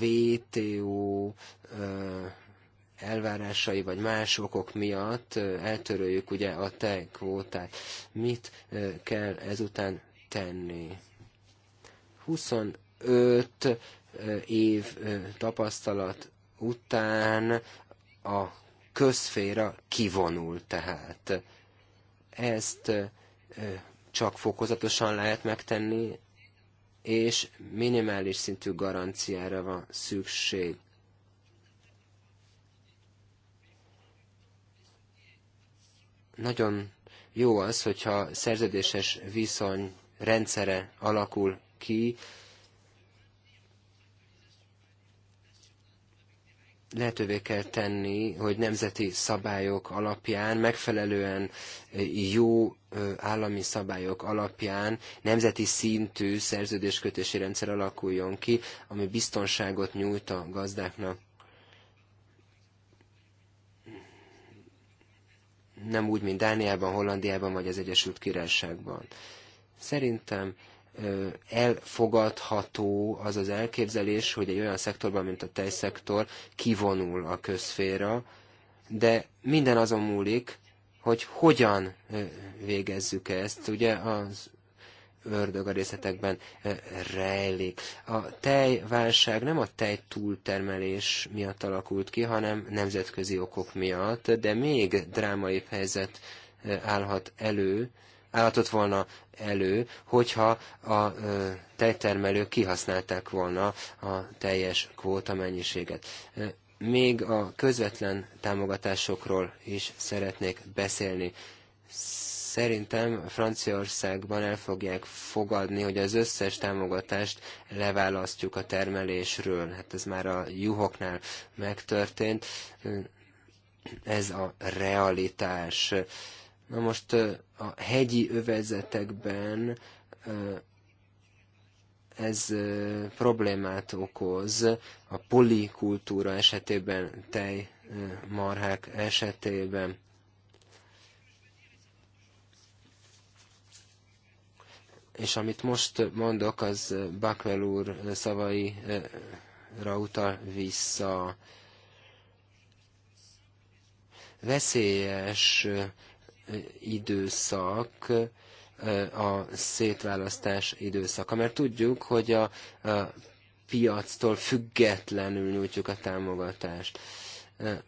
VTO elvárásai vagy más okok miatt eltöröljük ugye a tejkvótát. Mit kell ezután tenni? 25 év tapasztalat után a közféra kivonul tehát. Ezt csak fokozatosan lehet megtenni, és minimális szintű garanciára van szükség. Nagyon jó az, hogyha szerződéses viszony rendszere alakul ki, lehetővé kell tenni, hogy nemzeti szabályok alapján, megfelelően jó állami szabályok alapján nemzeti szintű szerződéskötési rendszer alakuljon ki, ami biztonságot nyújt a gazdáknak. Nem úgy, mint Dániában, Hollandiában vagy az Egyesült Királyságban. Szerintem elfogadható az az elképzelés, hogy egy olyan szektorban, mint a tejszektor, kivonul a közféra, de minden azon múlik, hogy hogyan végezzük ezt. Ugye az ördög a részletekben rejlik. A tejválság nem a tej túltermelés miatt alakult ki, hanem nemzetközi okok miatt, de még drámaibb helyzet állhat elő, állhatott volna elő, hogyha a tejtermelők kihasználták volna a teljes kvóta mennyiséget. Még a közvetlen támogatásokról is szeretnék beszélni szerintem Franciaországban el fogják fogadni, hogy az összes támogatást leválasztjuk a termelésről. Hát ez már a juhoknál megtörtént. Ez a realitás. Na most a hegyi övezetekben ez problémát okoz a polikultúra esetében, tejmarhák esetében. És amit most mondok, az Bakvel úr szavaira utal vissza. Veszélyes időszak eh, a szétválasztás időszaka, mert tudjuk, hogy a, a piactól függetlenül nyújtjuk a támogatást. Eh,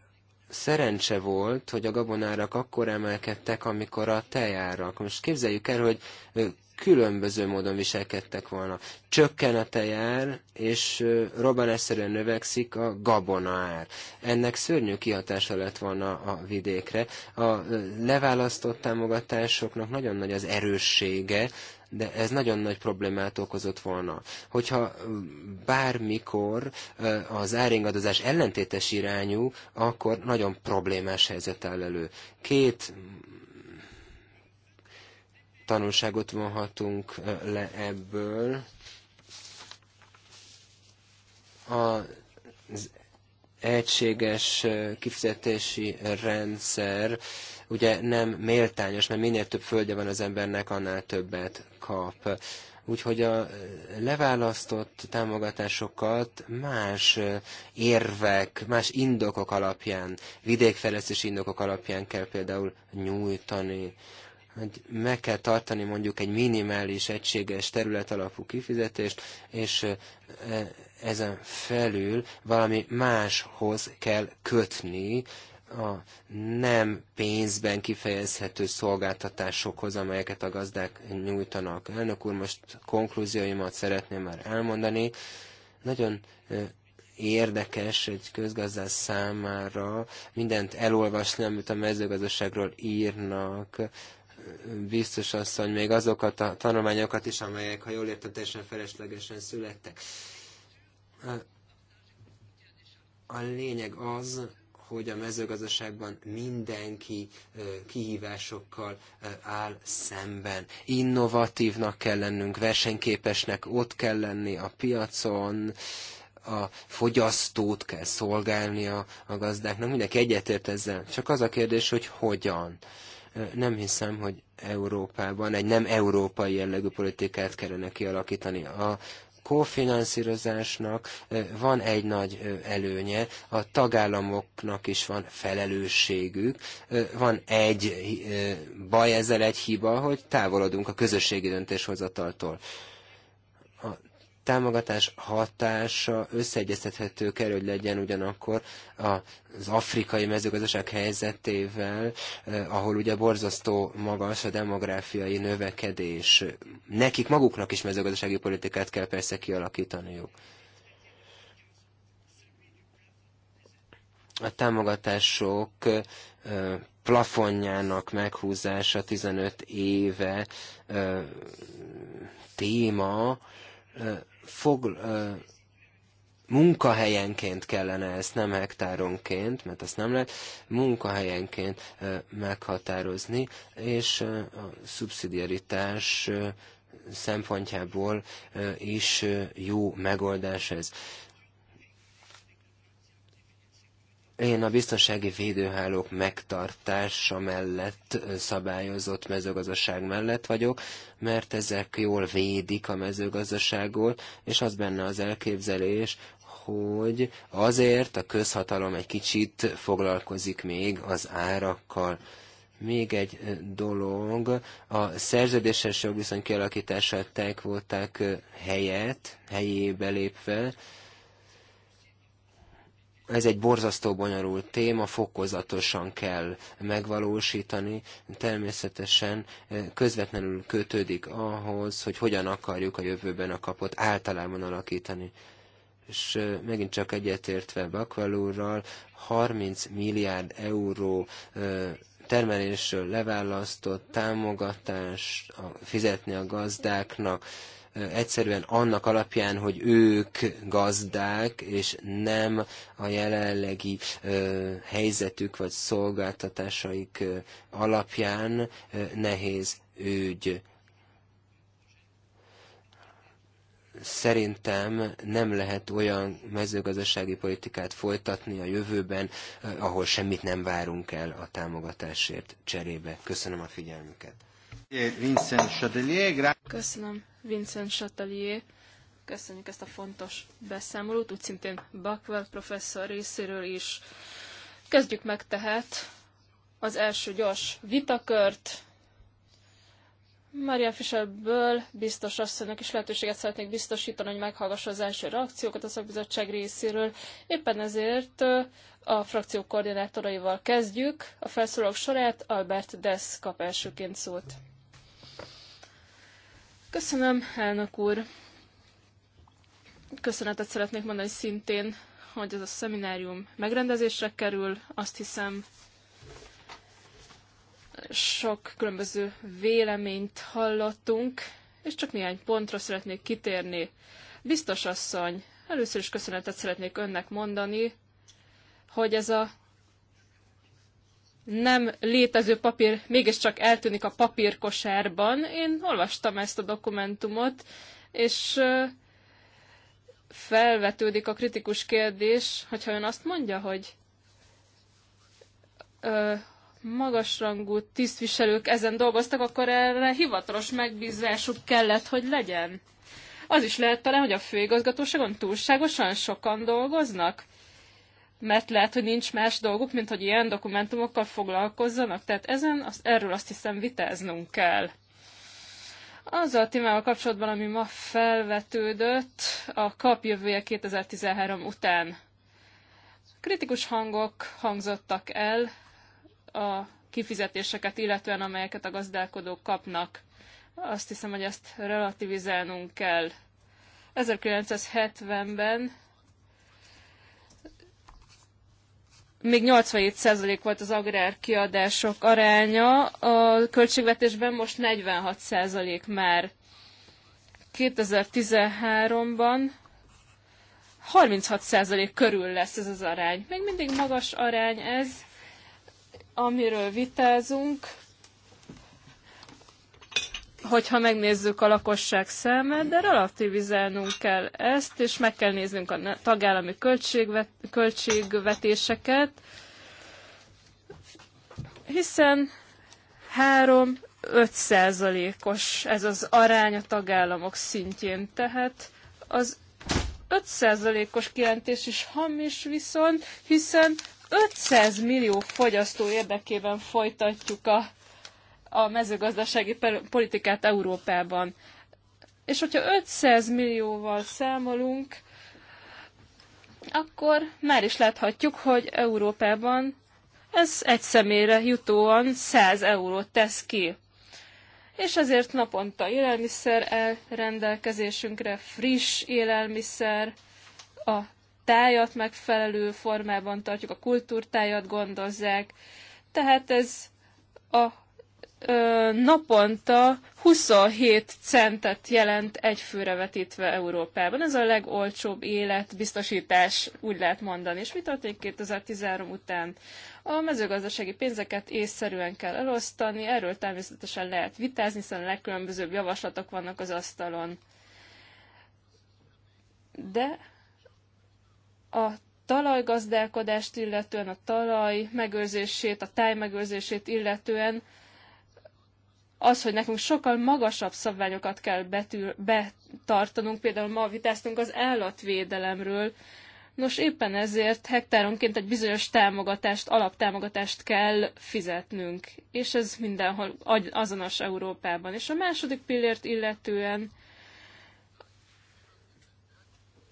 szerencse volt, hogy a gabonárak akkor emelkedtek, amikor a tejárak. Most képzeljük el, hogy eh, különböző módon viselkedtek volna. a tejár és robbanásszerűen növekszik a gabonaár. Ennek szörnyű kihatása lett volna a vidékre. A leválasztott támogatásoknak nagyon nagy az erőssége, de ez nagyon nagy problémát okozott volna. Hogyha bármikor az áringadozás ellentétes irányú, akkor nagyon problémás helyzet áll elő. Két tanulságot vonhatunk le ebből. Az egységes kifizetési rendszer ugye nem méltányos, mert minél több földje van az embernek, annál többet kap. Úgyhogy a leválasztott támogatásokat más érvek, más indokok alapján, vidékfejlesztési indokok alapján kell például nyújtani hogy meg kell tartani mondjuk egy minimális egységes terület alapú kifizetést, és e, ezen felül valami máshoz kell kötni a nem pénzben kifejezhető szolgáltatásokhoz, amelyeket a gazdák nyújtanak. Elnök úr, most konklúzióimat szeretném már elmondani. Nagyon érdekes egy közgazdás számára mindent elolvasni, amit a mezőgazdaságról írnak, biztos asszony még azokat a tanulmányokat is, amelyek, ha jól értem, teljesen feleslegesen születtek. A lényeg az, hogy a mezőgazdaságban mindenki kihívásokkal áll szemben. Innovatívnak kell lennünk, versenyképesnek ott kell lenni a piacon, a fogyasztót kell szolgálnia a gazdáknak, mindenki egyetért ezzel. Csak az a kérdés, hogy hogyan. Nem hiszem, hogy Európában egy nem európai jellegű politikát kellene kialakítani. A kofinanszírozásnak van egy nagy előnye, a tagállamoknak is van felelősségük, van egy baj ezzel, egy hiba, hogy távolodunk a közösségi döntéshozataltól támogatás hatása összeegyeztethető kell, hogy legyen ugyanakkor az afrikai mezőgazdaság helyzetével, eh, ahol ugye borzasztó magas a demográfiai növekedés. Nekik maguknak is mezőgazdasági politikát kell persze kialakítaniuk. A támogatások eh, plafonjának meghúzása 15 éve eh, téma, fog, munkahelyenként kellene ezt, nem hektáronként, mert azt nem lehet, munkahelyenként meghatározni, és a szubszidiaritás szempontjából is jó megoldás ez. Én a biztonsági védőhálók megtartása mellett szabályozott mezőgazdaság mellett vagyok, mert ezek jól védik a mezőgazdaságot, és az benne az elképzelés, hogy azért a közhatalom egy kicsit foglalkozik még az árakkal. Még egy dolog, a szerződéses jogviszony kialakítását voltak helyet, helyébe lépve, ez egy borzasztó bonyolult téma, fokozatosan kell megvalósítani. Természetesen eh, közvetlenül kötődik ahhoz, hogy hogyan akarjuk a jövőben a kapot általában alakítani és eh, megint csak egyetértve Bakvalúrral, 30 milliárd euró eh, termelésről leválasztott támogatás fizetni a gazdáknak, egyszerűen annak alapján, hogy ők gazdák, és nem a jelenlegi helyzetük vagy szolgáltatásaik alapján nehéz ügy. szerintem nem lehet olyan mezőgazdasági politikát folytatni a jövőben, ahol semmit nem várunk el a támogatásért cserébe. Köszönöm a figyelmüket. Vincent Chatelier. Köszönöm, Vincent Chatelier. Köszönjük ezt a fontos beszámolót, úgy szintén Buckwell professzor részéről is. Kezdjük meg tehát az első gyors vitakört. Maria Fischerből biztos asszonynak is lehetőséget szeretnék biztosítani, hogy meghallgassa az első reakciókat a szakbizottság részéről. Éppen ezért a frakció koordinátoraival kezdjük. A felszólalók sorát Albert Dess kap elsőként szót. Köszönöm, elnök úr. Köszönetet szeretnék mondani szintén, hogy ez a szeminárium megrendezésre kerül. Azt hiszem, sok különböző véleményt hallottunk, és csak néhány pontra szeretnék kitérni. Biztos asszony, először is köszönetet szeretnék önnek mondani, hogy ez a nem létező papír mégiscsak eltűnik a papírkosárban. Én olvastam ezt a dokumentumot, és felvetődik a kritikus kérdés, hogyha ön azt mondja, hogy ö, magasrangú tisztviselők ezen dolgoztak, akkor erre hivatalos megbízásuk kellett, hogy legyen. Az is lehet talán, hogy a főigazgatóságon túlságosan sokan dolgoznak mert lehet, hogy nincs más dolguk, mint hogy ilyen dokumentumokkal foglalkozzanak. Tehát ezen, az, erről azt hiszem vitáznunk kell. Azzal a témával kapcsolatban, ami ma felvetődött, a kap jövője 2013 után. Kritikus hangok hangzottak el a kifizetéseket, illetően amelyeket a gazdálkodók kapnak. Azt hiszem, hogy ezt relativizálnunk kell. 1970-ben még 87% volt az agrárkiadások aránya, a költségvetésben most 46% már. 2013-ban 36% körül lesz ez az arány. Még mindig magas arány ez, amiről vitázunk, hogyha megnézzük a lakosság számát, de relativizálnunk kell ezt, és meg kell néznünk a tagállami költségvet, költségvetéseket, hiszen 3-5 százalékos ez az arány a tagállamok szintjén, tehát az 5 százalékos kijelentés is hamis viszont, hiszen 500 millió fogyasztó érdekében folytatjuk a a mezőgazdasági politikát Európában. És hogyha 500 millióval számolunk, akkor már is láthatjuk, hogy Európában ez egy személyre jutóan 100 eurót tesz ki. És ezért naponta élelmiszer elrendelkezésünkre, friss élelmiszer, a tájat megfelelő formában tartjuk, a kultúrtájat gondozzák. Tehát ez a naponta 27 centet jelent egy főre vetítve Európában. Ez a legolcsóbb életbiztosítás, úgy lehet mondani. És mi történik 2013 után? A mezőgazdasági pénzeket észszerűen kell elosztani, erről természetesen lehet vitázni, hiszen a legkülönbözőbb javaslatok vannak az asztalon. De a talajgazdálkodást illetően, a talaj megőrzését, a táj megőrzését illetően az, hogy nekünk sokkal magasabb szabványokat kell betűr, betartanunk, például ma vitáztunk az állatvédelemről, Nos, éppen ezért hektáronként egy bizonyos támogatást, alaptámogatást kell fizetnünk, és ez mindenhol azonos Európában. És a második pillért illetően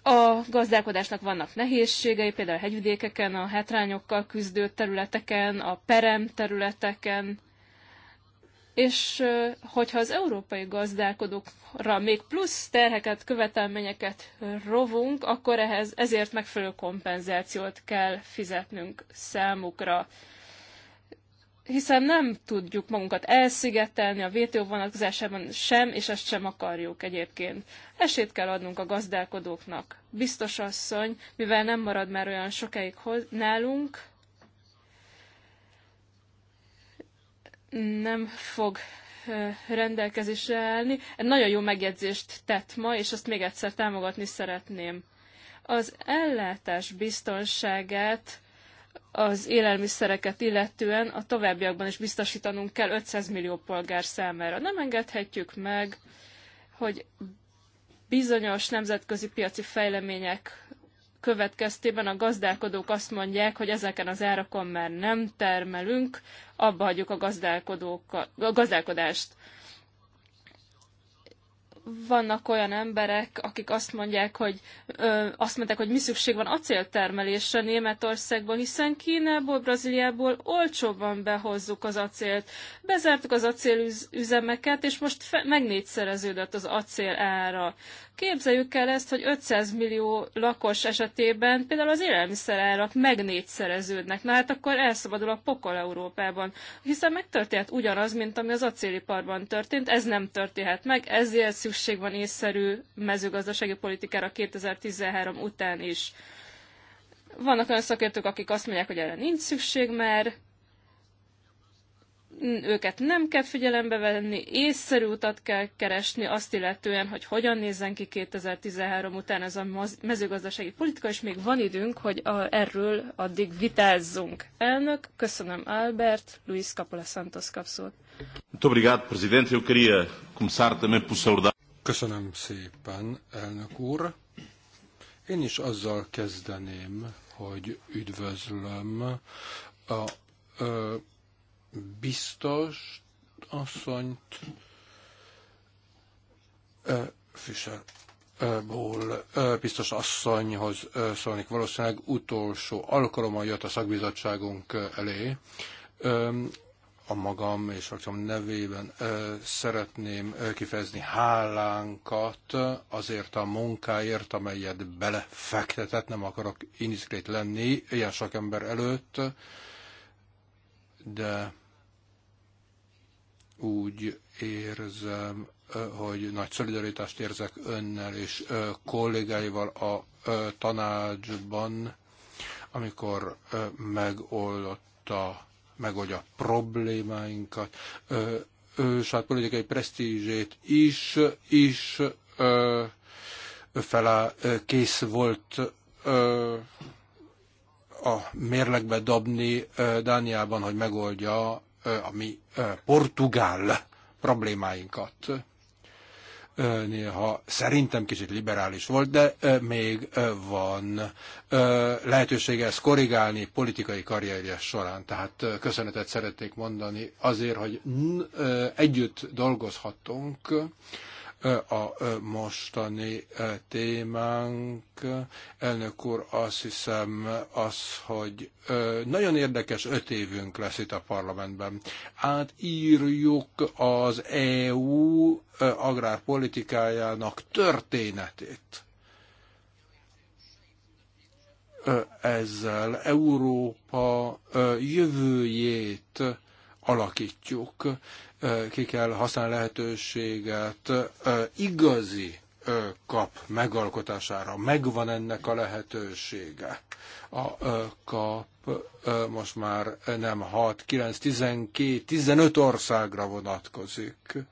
a gazdálkodásnak vannak nehézségei, például a hegyvidékeken, a hátrányokkal küzdő területeken, a perem területeken, és hogyha az európai gazdálkodókra még plusz terheket, követelményeket rovunk, akkor ehhez ezért megfelelő kompenzációt kell fizetnünk számukra. Hiszen nem tudjuk magunkat elszigetelni a VTO vonatkozásában sem, és ezt sem akarjuk egyébként. Esét kell adnunk a gazdálkodóknak. Biztos asszony, mivel nem marad már olyan sokáig nálunk, nem fog rendelkezésre állni. Egy nagyon jó megjegyzést tett ma, és azt még egyszer támogatni szeretném. Az ellátás biztonságát az élelmiszereket illetően a továbbiakban is biztosítanunk kell 500 millió polgár számára. Nem engedhetjük meg, hogy bizonyos nemzetközi piaci fejlemények következtében a gazdálkodók azt mondják, hogy ezeken az árakon már nem termelünk, abba hagyjuk a, a gazdálkodást vannak olyan emberek, akik azt mondják, hogy ö, azt mondták, hogy mi szükség van acéltermelésre Németországból, hiszen Kínából, Brazíliából olcsóban behozzuk az acélt. Bezártuk az acélüzemeket, és most fe- megnégyszereződött az acél ára. Képzeljük el ezt, hogy 500 millió lakos esetében például az árak megnégyszereződnek. Na hát akkor elszabadul a pokol Európában, hiszen megtörtént ugyanaz, mint ami az acéliparban történt, ez nem történhet meg, ezért szükség szükség van észszerű mezőgazdasági politikára 2013 után is. Vannak olyan szakértők, akik azt mondják, hogy erre nincs szükség, mert őket nem kell figyelembe venni, észszerű utat kell keresni azt illetően, hogy hogyan nézzen ki 2013 után ez a mezőgazdasági politika, és még van időnk, hogy erről addig vitázzunk. Elnök, köszönöm Albert, Luis Capola Santos kapszót. Muito obrigado, Presidente. Eu queria começar também por saudar. Köszönöm szépen, elnök úr. Én is azzal kezdeném, hogy üdvözlöm a ö, biztos asszonyt ö, Fischer ból biztos asszonyhoz szólnék. Valószínűleg utolsó alkalommal jött a szakbizottságunk elé a magam és a nevében szeretném kifejezni hálánkat azért a munkáért, amelyet belefektetett, nem akarok indiszkrét lenni ilyen sok ember előtt, de úgy érzem, hogy nagy szolidaritást érzek önnel és kollégáival a tanácsban, amikor megoldotta megoldja problémáinkat, saját politikai presztízsét is, is ö, felá ö, kész volt ö, a mérlegbe dobni ö, Dániában, hogy megoldja ö, a mi ö, portugál problémáinkat néha szerintem kicsit liberális volt, de még van lehetősége ezt korrigálni politikai karrierje során. Tehát köszönetet szeretnék mondani azért, hogy együtt dolgozhattunk a mostani témánk. Elnök úr, azt hiszem az, hogy nagyon érdekes öt évünk lesz itt a parlamentben. Átírjuk az EU agrárpolitikájának történetét ezzel Európa jövőjét alakítjuk ki kell használni lehetőséget igazi kap megalkotására. Megvan ennek a lehetősége. A kap most már nem 6, 9, 12, 15 országra vonatkozik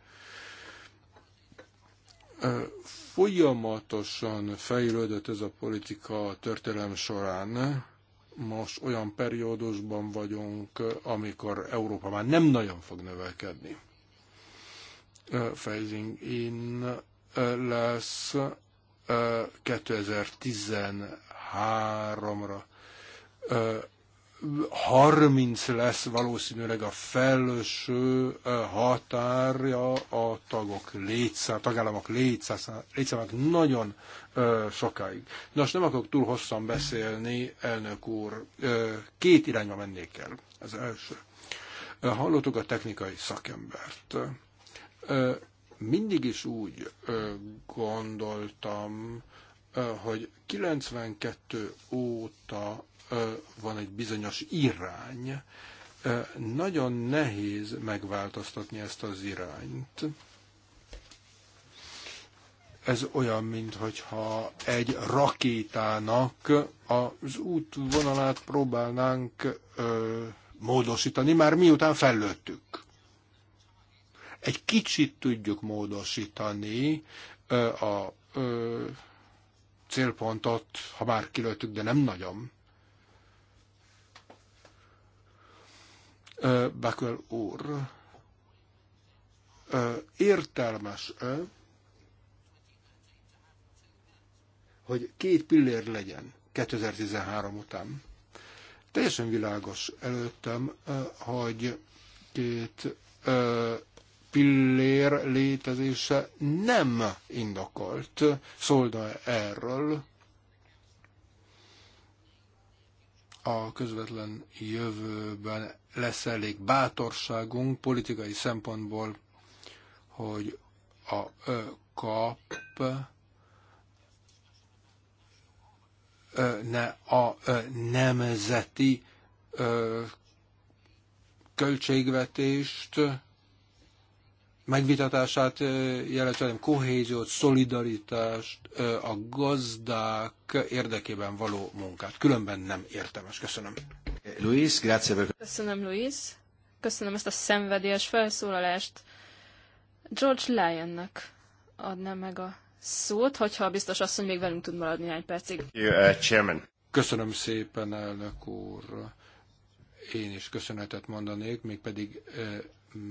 folyamatosan fejlődött ez a politika a történelem során most olyan periódusban vagyunk, amikor Európa már nem nagyon fog növekedni. Phasing in lesz 2013-ra. 30 lesz valószínűleg a felső határja a tagok létszám, tagállamok létszámának nagyon ö, sokáig. Nos, nem akarok túl hosszan beszélni, elnök úr. Ö, két irányba mennék el. Ez első. hallottuk a technikai szakembert. Ö, mindig is úgy ö, gondoltam, ö, hogy 92 óta ö, van egy bizonyos irány, nagyon nehéz megváltoztatni ezt az irányt ez olyan, mintha egy rakétának az útvonalát próbálnánk ö, módosítani, már miután fellőttük. Egy kicsit tudjuk módosítani ö, a ö, célpontot, ha már kilőttük, de nem nagyon. Bakel úr, értelmes -e, hogy két pillér legyen 2013 után. Teljesen világos előttem, hogy két pillér létezése nem indokolt. Szólna erről a közvetlen jövőben lesz elég bátorságunk politikai szempontból, hogy a kap ne a nemzeti költségvetést megvitatását jelent, hanem kohéziót, szolidaritást, a gazdák érdekében való munkát. Különben nem értemes. Köszönöm. Luis, grazie. Köszönöm, Luis. Köszönöm ezt a szenvedélyes felszólalást. George Lyonnak adnám meg a szót, hogyha biztos asszony még velünk tud maradni néhány percig. Uh, Köszönöm szépen, elnök úr. Én is köszönetet mondanék, mégpedig uh,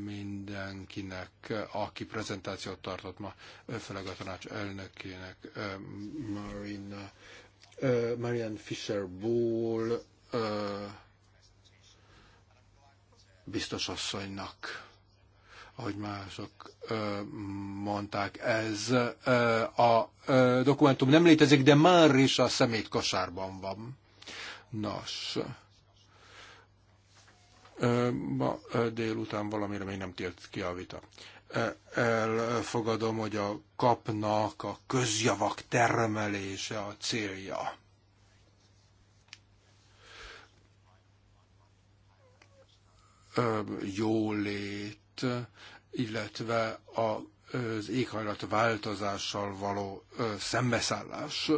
mindenkinek, uh, aki prezentációt tartott ma, főleg a tanács elnökének, Marina, Marian Fisher Bull, biztos asszonynak ahogy mások mondták, ez a dokumentum nem létezik, de már is a szemét kosárban van. Nos, ma délután valamire még nem tért ki a vita. Elfogadom, hogy a kapnak a közjavak termelése a célja. jólét, illetve az éghajlat változással való szembeszállás.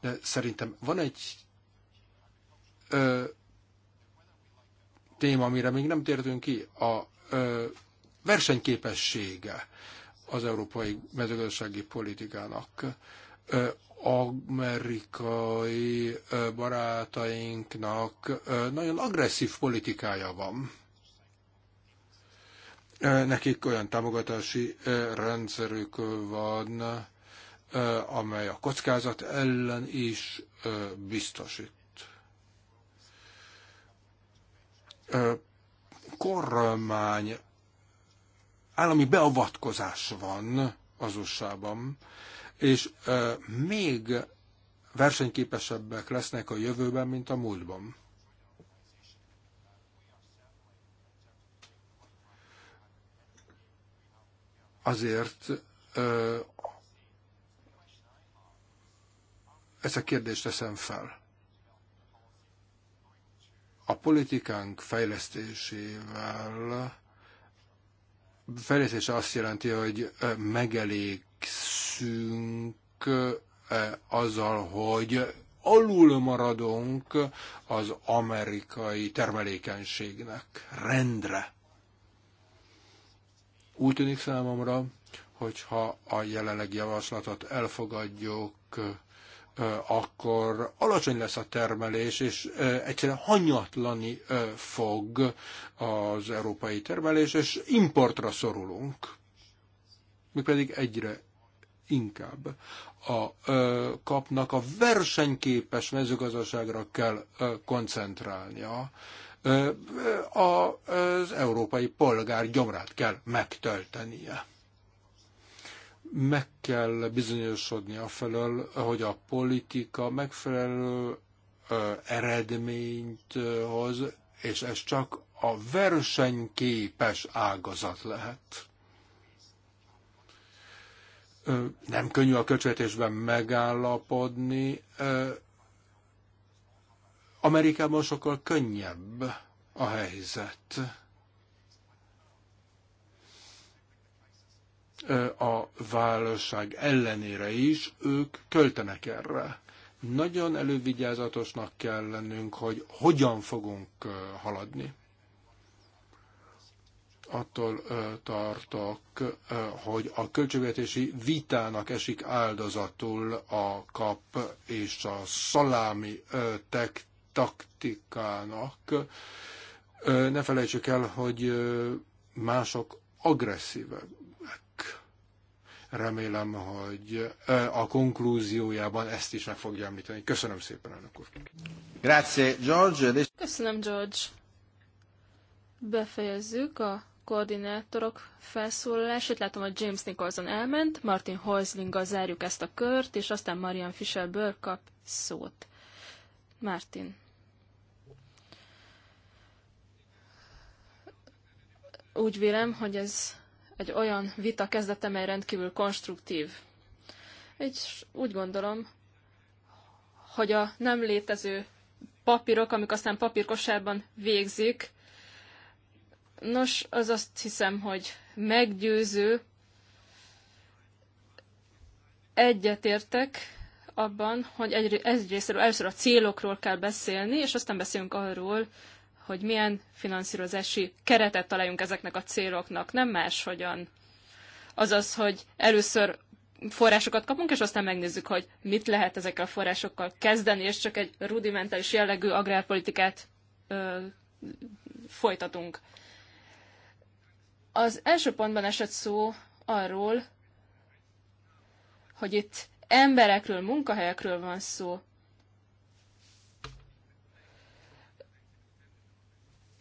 De szerintem van egy ö, téma, amire még nem tértünk ki, a ö, versenyképessége az európai mezőgazdasági politikának. Ö, amerikai barátainknak nagyon agresszív politikája van Nekik olyan támogatási rendszerük van, amely a kockázat ellen is biztosít. Kormány állami beavatkozás van az USA-ban, és még versenyképesebbek lesznek a jövőben, mint a múltban. Azért ezt a kérdést teszem fel. A politikánk fejlesztésével fejlesztés azt jelenti, hogy megelégszünk azzal, hogy alul maradunk az amerikai termelékenységnek rendre. Úgy tűnik számomra, hogyha a jelenlegi javaslatot elfogadjuk, akkor alacsony lesz a termelés, és egyszerűen hanyatlani fog az európai termelés, és importra szorulunk. Mi pedig egyre inkább a kapnak a versenyképes mezőgazdaságra kell koncentrálnia az európai polgár gyomrát kell megtöltenie. Meg kell bizonyosodni afelől, hogy a politika megfelelő eredményt hoz, és ez csak a versenyképes ágazat lehet nem könnyű a köcsvetésben megállapodni, Amerikában sokkal könnyebb a helyzet. A válság ellenére is ők költenek erre. Nagyon elővigyázatosnak kell lennünk, hogy hogyan fogunk haladni attól tartok, hogy a költségvetési vitának esik áldozatul a kap és a szalámi taktikának. Ne felejtsük el, hogy mások agresszívek. Remélem, hogy a konklúziójában ezt is meg fogja említeni. Köszönöm szépen, elnök úr. Grazie, George. Köszönöm, George. Befejezzük a koordinátorok felszólalását. Látom, hogy James Nicholson elment, Martin Holzlinggal zárjuk ezt a kört, és aztán Marian Fischerből kap szót. Martin. Úgy vélem, hogy ez egy olyan vita kezdete, mely rendkívül konstruktív. Így úgy gondolom, hogy a nem létező papírok, amik aztán papírkosárban végzik, nos, az azt hiszem, hogy meggyőző, egyetértek abban, hogy egyrészt először a célokról kell beszélni, és aztán beszélünk arról, hogy milyen finanszírozási keretet találjunk ezeknek a céloknak, nem máshogyan. Azaz, hogy először forrásokat kapunk, és aztán megnézzük, hogy mit lehet ezekkel a forrásokkal kezdeni, és csak egy rudimentális jellegű agrárpolitikát ö, folytatunk. Az első pontban esett szó arról, hogy itt emberekről, munkahelyekről van szó.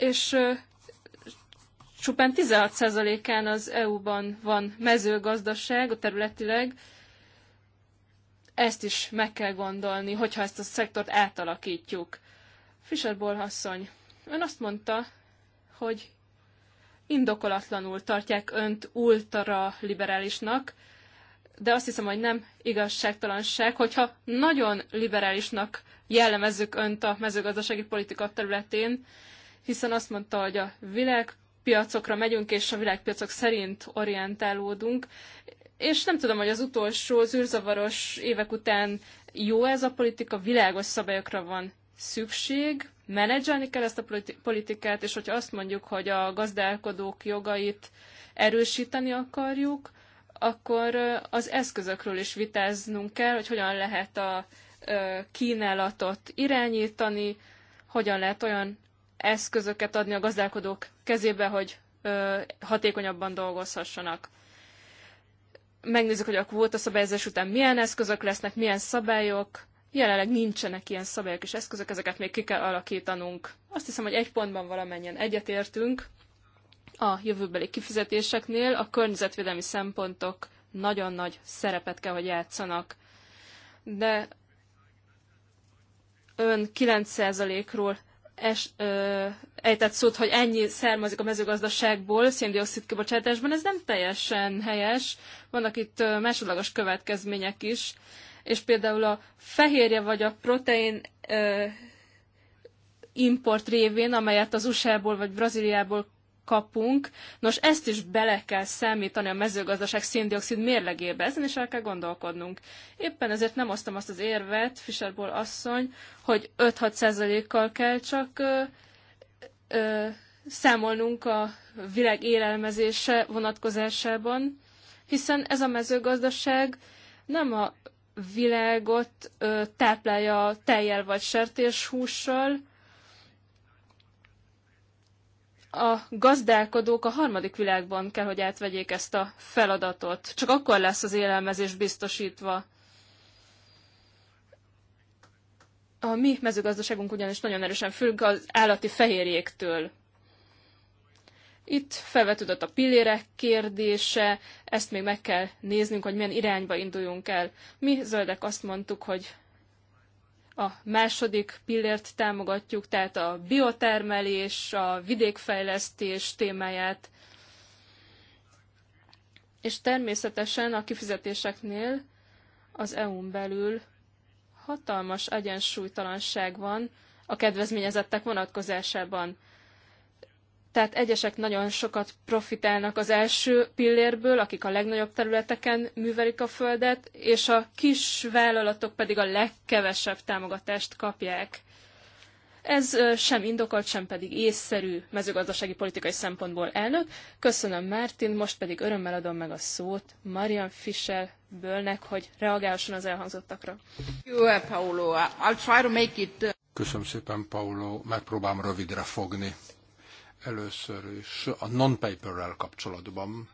és csupán 16%-án az EU-ban van mezőgazdaság területileg, ezt is meg kell gondolni, hogyha ezt a szektort átalakítjuk. Fischer asszony, ön azt mondta, hogy indokolatlanul tartják önt ultra liberálisnak, de azt hiszem, hogy nem igazságtalanság, hogyha nagyon liberálisnak jellemezzük önt a mezőgazdasági politika területén, hiszen azt mondta, hogy a világpiacokra megyünk, és a világpiacok szerint orientálódunk, és nem tudom, hogy az utolsó zűrzavaros évek után jó ez a politika, világos szabályokra van szükség, menedzselni kell ezt a politikát, és hogyha azt mondjuk, hogy a gazdálkodók jogait erősíteni akarjuk, akkor az eszközökről is vitáznunk kell, hogy hogyan lehet a kínálatot irányítani, hogyan lehet olyan eszközöket adni a gazdálkodók kezébe, hogy hatékonyabban dolgozhassanak. Megnézzük, hogy a kvóta szabályozás után milyen eszközök lesznek, milyen szabályok. Jelenleg nincsenek ilyen szabályok és eszközök, ezeket még ki kell alakítanunk. Azt hiszem, hogy egy pontban valamennyien egyetértünk a jövőbeli kifizetéseknél a környezetvédelmi szempontok nagyon nagy szerepet kell, hogy játszanak. De ön 9%-ról es, ö, ejtett szót, hogy ennyi származik a mezőgazdaságból széndiokszid kibocsátásban, ez nem teljesen helyes. Vannak itt másodlagos következmények is, és például a fehérje vagy a protein ö, import révén, amelyet az USA-ból vagy Brazíliából kapunk. Nos, ezt is bele kell számítani a mezőgazdaság széndiokszid mérlegébe, ezen is el kell gondolkodnunk. Éppen ezért nem osztom azt az érvet, Fischerból asszony, hogy 5-6 százalékkal kell csak ö, ö, számolnunk a világ élelmezése vonatkozásában, hiszen ez a mezőgazdaság nem a világot ö, táplálja tejjel vagy sertéshússal, a gazdálkodók a harmadik világban kell, hogy átvegyék ezt a feladatot. Csak akkor lesz az élelmezés biztosítva. A mi mezőgazdaságunk ugyanis nagyon erősen függ az állati fehérjéktől. Itt felvetődött a pillérek kérdése, ezt még meg kell néznünk, hogy milyen irányba induljunk el. Mi zöldek azt mondtuk, hogy a második pillért támogatjuk, tehát a biotermelés, a vidékfejlesztés témáját, és természetesen a kifizetéseknél az EU-n belül hatalmas egyensúlytalanság van a kedvezményezettek vonatkozásában. Tehát egyesek nagyon sokat profitálnak az első pillérből, akik a legnagyobb területeken művelik a földet, és a kis vállalatok pedig a legkevesebb támogatást kapják. Ez sem indokolt, sem pedig észszerű mezőgazdasági politikai szempontból elnök. Köszönöm Mártin, most pedig örömmel adom meg a szót Marian Fischer bőlnek, hogy reagálson az elhangzottakra. Köszönöm szépen, Paulo. Megpróbálom rövidre fogni. Először is a non-paperrel kapcsolatban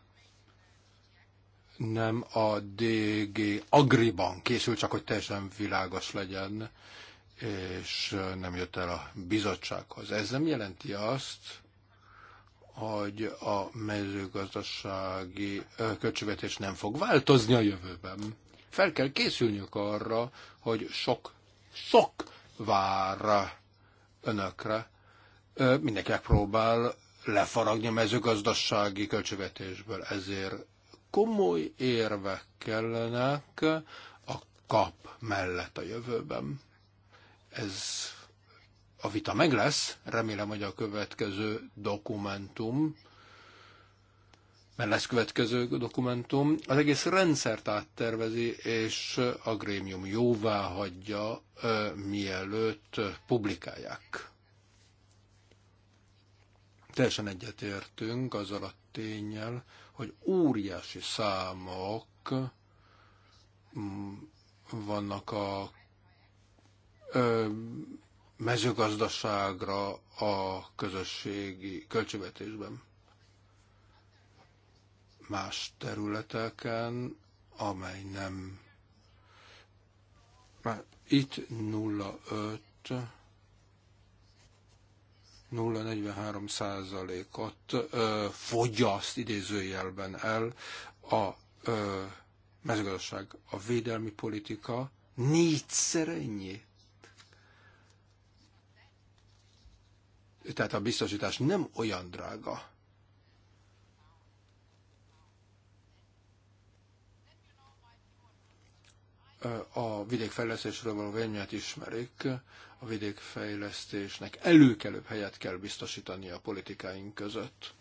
nem a DG Agriban készül, csak hogy teljesen világos legyen, és nem jött el a bizottsághoz. Ez nem jelenti azt, hogy a mezőgazdasági költségvetés nem fog változni a jövőben. Fel kell készülniük arra, hogy sok, sok vár önökre mindenki megpróbál lefaragni a mezőgazdasági költségvetésből. Ezért komoly érvek kellenek a kap mellett a jövőben. Ez a vita meg lesz, remélem, hogy a következő dokumentum, mert lesz következő dokumentum, az egész rendszert áttervezi, és a grémium jóvá hagyja, mielőtt publikálják. Teljesen egyetértünk azzal a tényel, hogy óriási számok mm, vannak a ö, mezőgazdaságra a közösségi költségvetésben. Más területeken, amely nem. itt 0,5 0,43 százalékot fogyaszt idézőjelben el a ö, mezőgazdaság, a védelmi politika négyszer ennyi. Tehát a biztosítás nem olyan drága a vidékfejlesztésről való vényet ismerik, a vidékfejlesztésnek előkelőbb helyet kell biztosítani a politikáink között.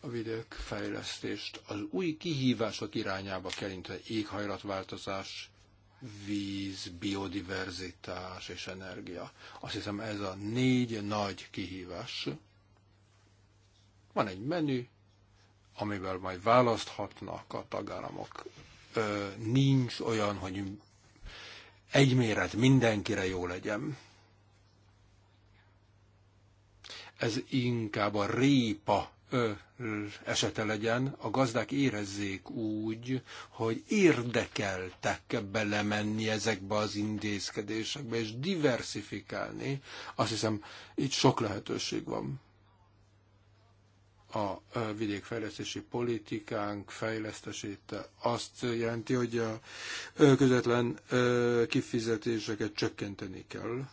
A vidékfejlesztést az új kihívások irányába kell, mint éghajlatváltozás, víz, biodiverzitás és energia. Azt hiszem ez a négy nagy kihívás. Van egy menü, amivel majd választhatnak a tagállamok. Nincs olyan, hogy egy méret mindenkire jó legyen. Ez inkább a répa esete legyen, a gazdák érezzék úgy, hogy érdekeltek belemenni ezekbe az intézkedésekbe, és diversifikálni. Azt hiszem, itt sok lehetőség van a vidékfejlesztési politikánk fejlesztését azt jelenti, hogy a közvetlen kifizetéseket csökkenteni kell.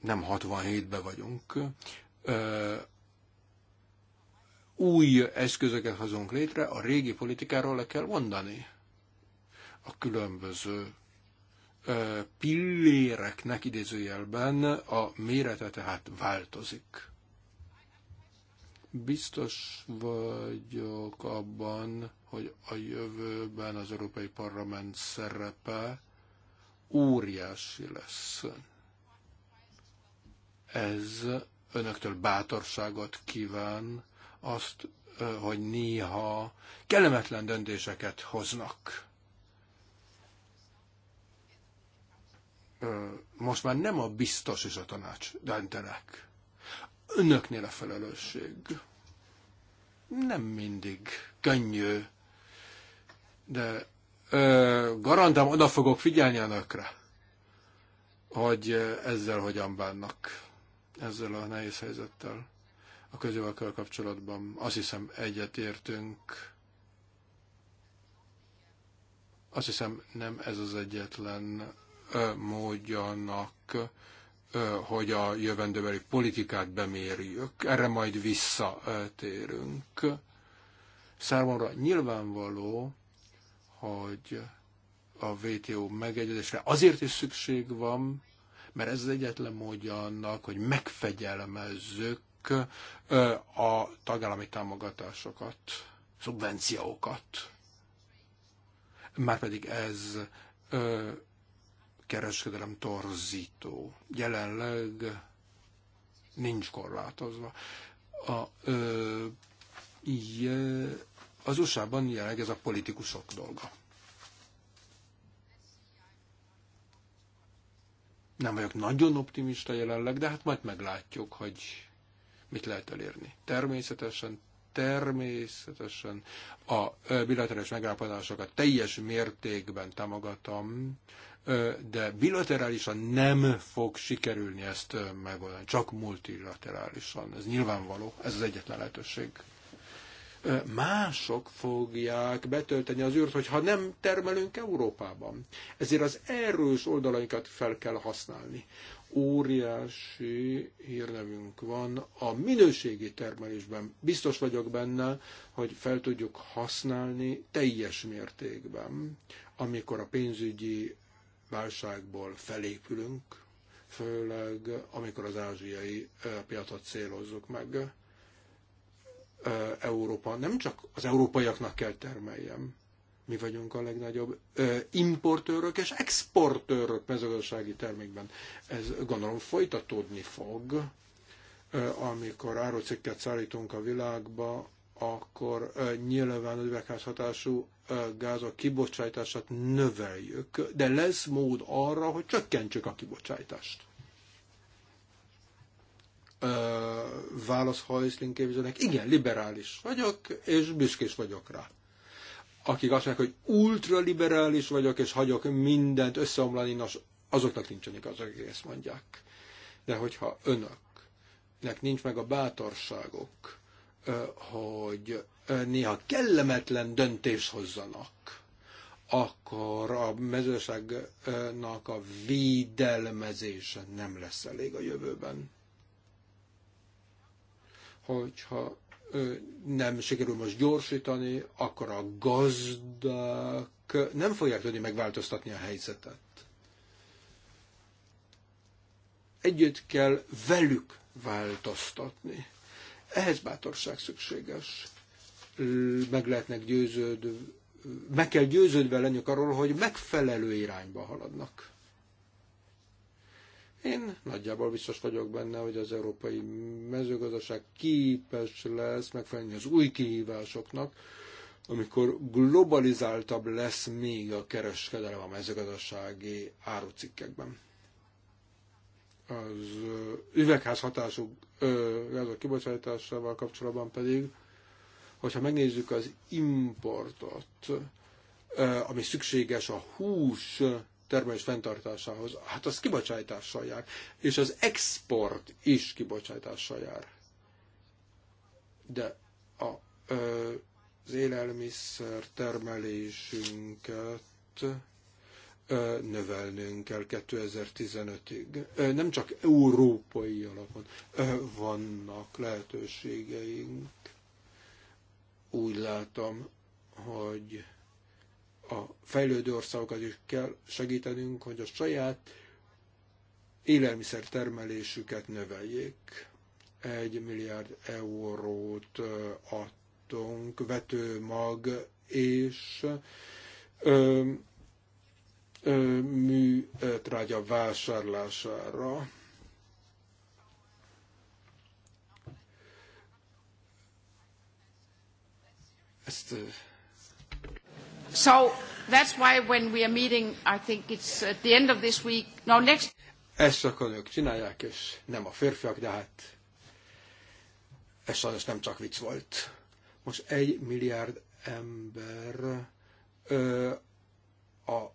Nem 67-be vagyunk. Új eszközöket hozunk létre, a régi politikáról le kell mondani. A különböző pilléreknek idézőjelben a mérete tehát változik. Biztos vagyok abban, hogy a jövőben az Európai Parlament szerepe óriási lesz. Ez önöktől bátorságot kíván, azt, hogy néha kellemetlen döntéseket hoznak most már nem a biztos és a tanács döntenek. Önöknél a felelősség. Nem mindig könnyű, de ö, garantám oda fogok figyelni önökre, hogy ezzel hogyan bánnak, ezzel a nehéz helyzettel a közjogokkal kapcsolatban. Azt hiszem egyetértünk. Azt hiszem nem ez az egyetlen módjának, hogy a jövendőbeli politikát bemérjük. Erre majd visszatérünk. Számomra nyilvánvaló, hogy a WTO megegyezésre azért is szükség van, mert ez az egyetlen módja annak, hogy megfegyelmezzük a tagállami támogatásokat, szubvenciókat. Márpedig ez kereskedelem torzító. Jelenleg nincs korlátozva. A, ö, az USA-ban jelenleg ez a politikusok dolga. Nem vagyok nagyon optimista jelenleg, de hát majd meglátjuk, hogy mit lehet elérni. Természetesen, természetesen a bilaterális megállapodásokat teljes mértékben támogatom, de bilaterálisan nem fog sikerülni ezt megoldani, csak multilaterálisan. Ez nyilvánvaló, ez az egyetlen lehetőség. Mások fogják betölteni az űrt, hogyha nem termelünk Európában. Ezért az erős oldalainkat fel kell használni. Óriási hírnevünk van a minőségi termelésben. Biztos vagyok benne, hogy fel tudjuk használni teljes mértékben amikor a pénzügyi válságból felépülünk, főleg amikor az ázsiai piacot célozzuk meg. Európa nem csak az európaiaknak kell termeljem, mi vagyunk a legnagyobb importőrök és exportőrök mezőgazdasági termékben. Ez gondolom folytatódni fog, amikor árucikket szállítunk a világba, akkor nyilván üvegházhatású gázok kibocsátását növeljük, de lesz mód arra, hogy csökkentsük a kibocsátást. Válasz Hajszlin képzőnek, igen, liberális vagyok, és büszkés vagyok rá. Akik azt mondják, hogy ultraliberális vagyok, és hagyok mindent összeomlani, nos, azoknak nincsen igaz, akik ezt mondják. De hogyha önöknek nincs meg a bátorságok, hogy néha kellemetlen döntés hozzanak, akkor a mezőságnak a védelmezése nem lesz elég a jövőben. Hogyha nem sikerül most gyorsítani, akkor a gazdák nem fogják tudni megváltoztatni a helyzetet. Együtt kell velük változtatni ehhez bátorság szükséges. Meg lehetnek győződő, meg kell győződve lennünk arról, hogy megfelelő irányba haladnak. Én nagyjából biztos vagyok benne, hogy az európai mezőgazdaság képes lesz megfelelni az új kihívásoknak, amikor globalizáltabb lesz még a kereskedelem a mezőgazdasági árucikkekben az üvegházhatású gázok kibocsátásával kapcsolatban pedig, hogyha megnézzük az importot, ami szükséges a hús termelés fenntartásához, hát az kibocsátással jár, és az export is kibocsátással jár. De a, az élelmiszer termelésünket növelnünk kell 2015-ig. Nem csak európai alapon vannak lehetőségeink. Úgy látom, hogy a fejlődő országokat is kell segítenünk, hogy a saját élelmiszertermelésüket növeljék. Egy milliárd eurót adtunk vetőmag és műtrágya vásárlására. Ezt, So that's why when we are meeting, I think it's at the end of this week, no next. Ez csak a nők csinálják, és nem a férfiak, de hát ez sajnos nem csak vicc volt. Most egy milliárd ember ö, a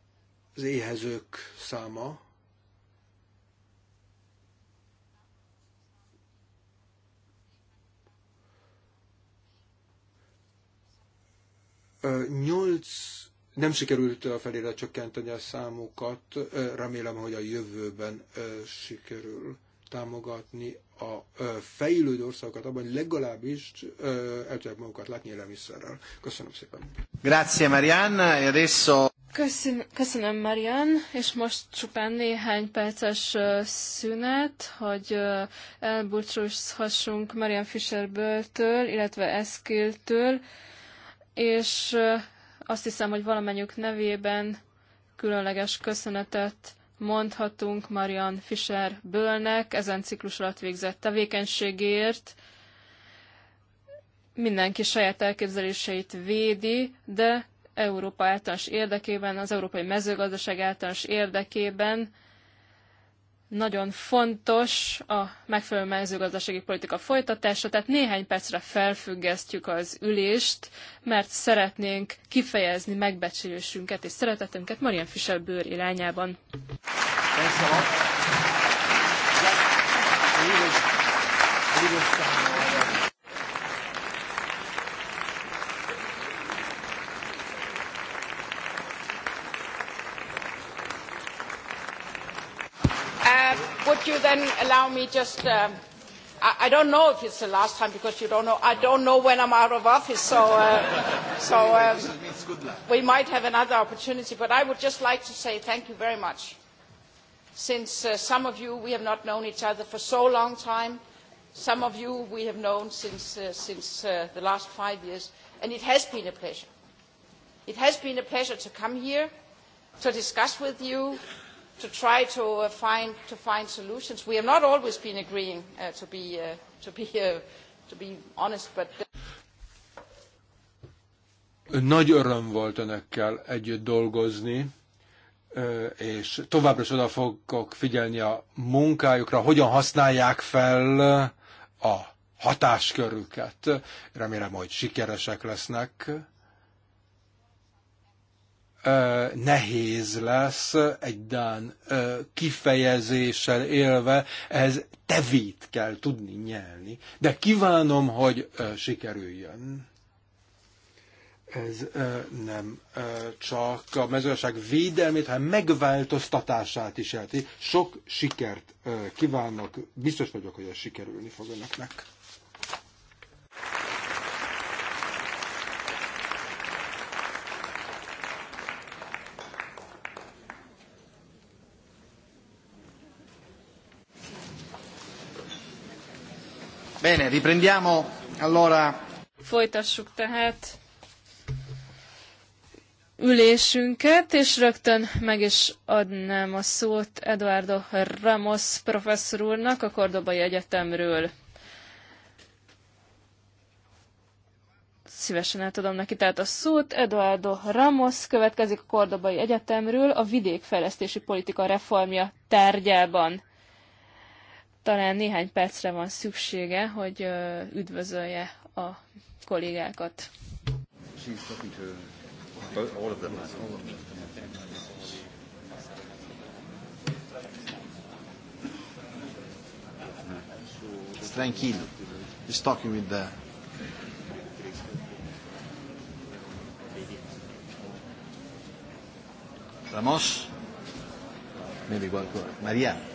az éhezők száma, Nyolc nem sikerült a felére csökkenteni a számukat, remélem, hogy a jövőben sikerül támogatni a fejlődő országokat abban, legalábbis el tudják magukat látni élelmiszerrel. Köszönöm szépen. Grazie Marianne, e adesso... Köszön, köszönöm, Marian, és most csupán néhány perces szünet, hogy elbúcsúzhassunk Marian Fisherből től illetve Eszkiltől, és azt hiszem, hogy valamennyiük nevében különleges köszönetet mondhatunk Marian Fischer Bölnek ezen ciklus alatt végzett tevékenységért. Mindenki saját elképzeléseit védi, de Európa általános érdekében, az európai mezőgazdaság általános érdekében nagyon fontos a megfelelő mezőgazdasági politika folytatása, tehát néhány percre felfüggesztjük az ülést, mert szeretnénk kifejezni megbecsülésünket és szeretetünket Marian Fischer bőr irányában. would you then allow me just... Um, I, I don't know if it's the last time because you don't know. I don't know when I'm out of office, so, uh, so um, we might have another opportunity. But I would just like to say thank you very much. Since uh, some of you, we have not known each other for so long time. Some of you we have known since, uh, since uh, the last five years. And it has been a pleasure. It has been a pleasure to come here, to discuss with you, to try to uh, find to find solutions. We have not always been agreeing, uh, to be uh, to be uh, to be honest, but. Nagy öröm volt önökkel együtt dolgozni, és továbbra is oda fogok figyelni a munkájukra, hogyan használják fel a hatáskörüket. Remélem, hogy sikeresek lesznek nehéz lesz egy Dán kifejezéssel élve, ez tevét kell tudni nyelni. De kívánom, hogy sikerüljön. Ez nem csak a mezőgazdaság védelmét, hanem megváltoztatását is jelenti. Sok sikert kívánok, biztos vagyok, hogy ez sikerülni fog önöknek. Bene, riprendiamo allora. Folytassuk tehát ülésünket, és rögtön meg is adnám a szót Eduardo Ramos professzor úrnak a Kordobai Egyetemről. Szívesen átadom neki tehát a szót. Eduardo Ramos következik a Kordobai Egyetemről a vidékfejlesztési politika reformja tárgyában talán néhány percre van szüksége, hogy üdvözölje a kollégákat. Tranquilo. He's talking with the Ramos. Maybe Maria.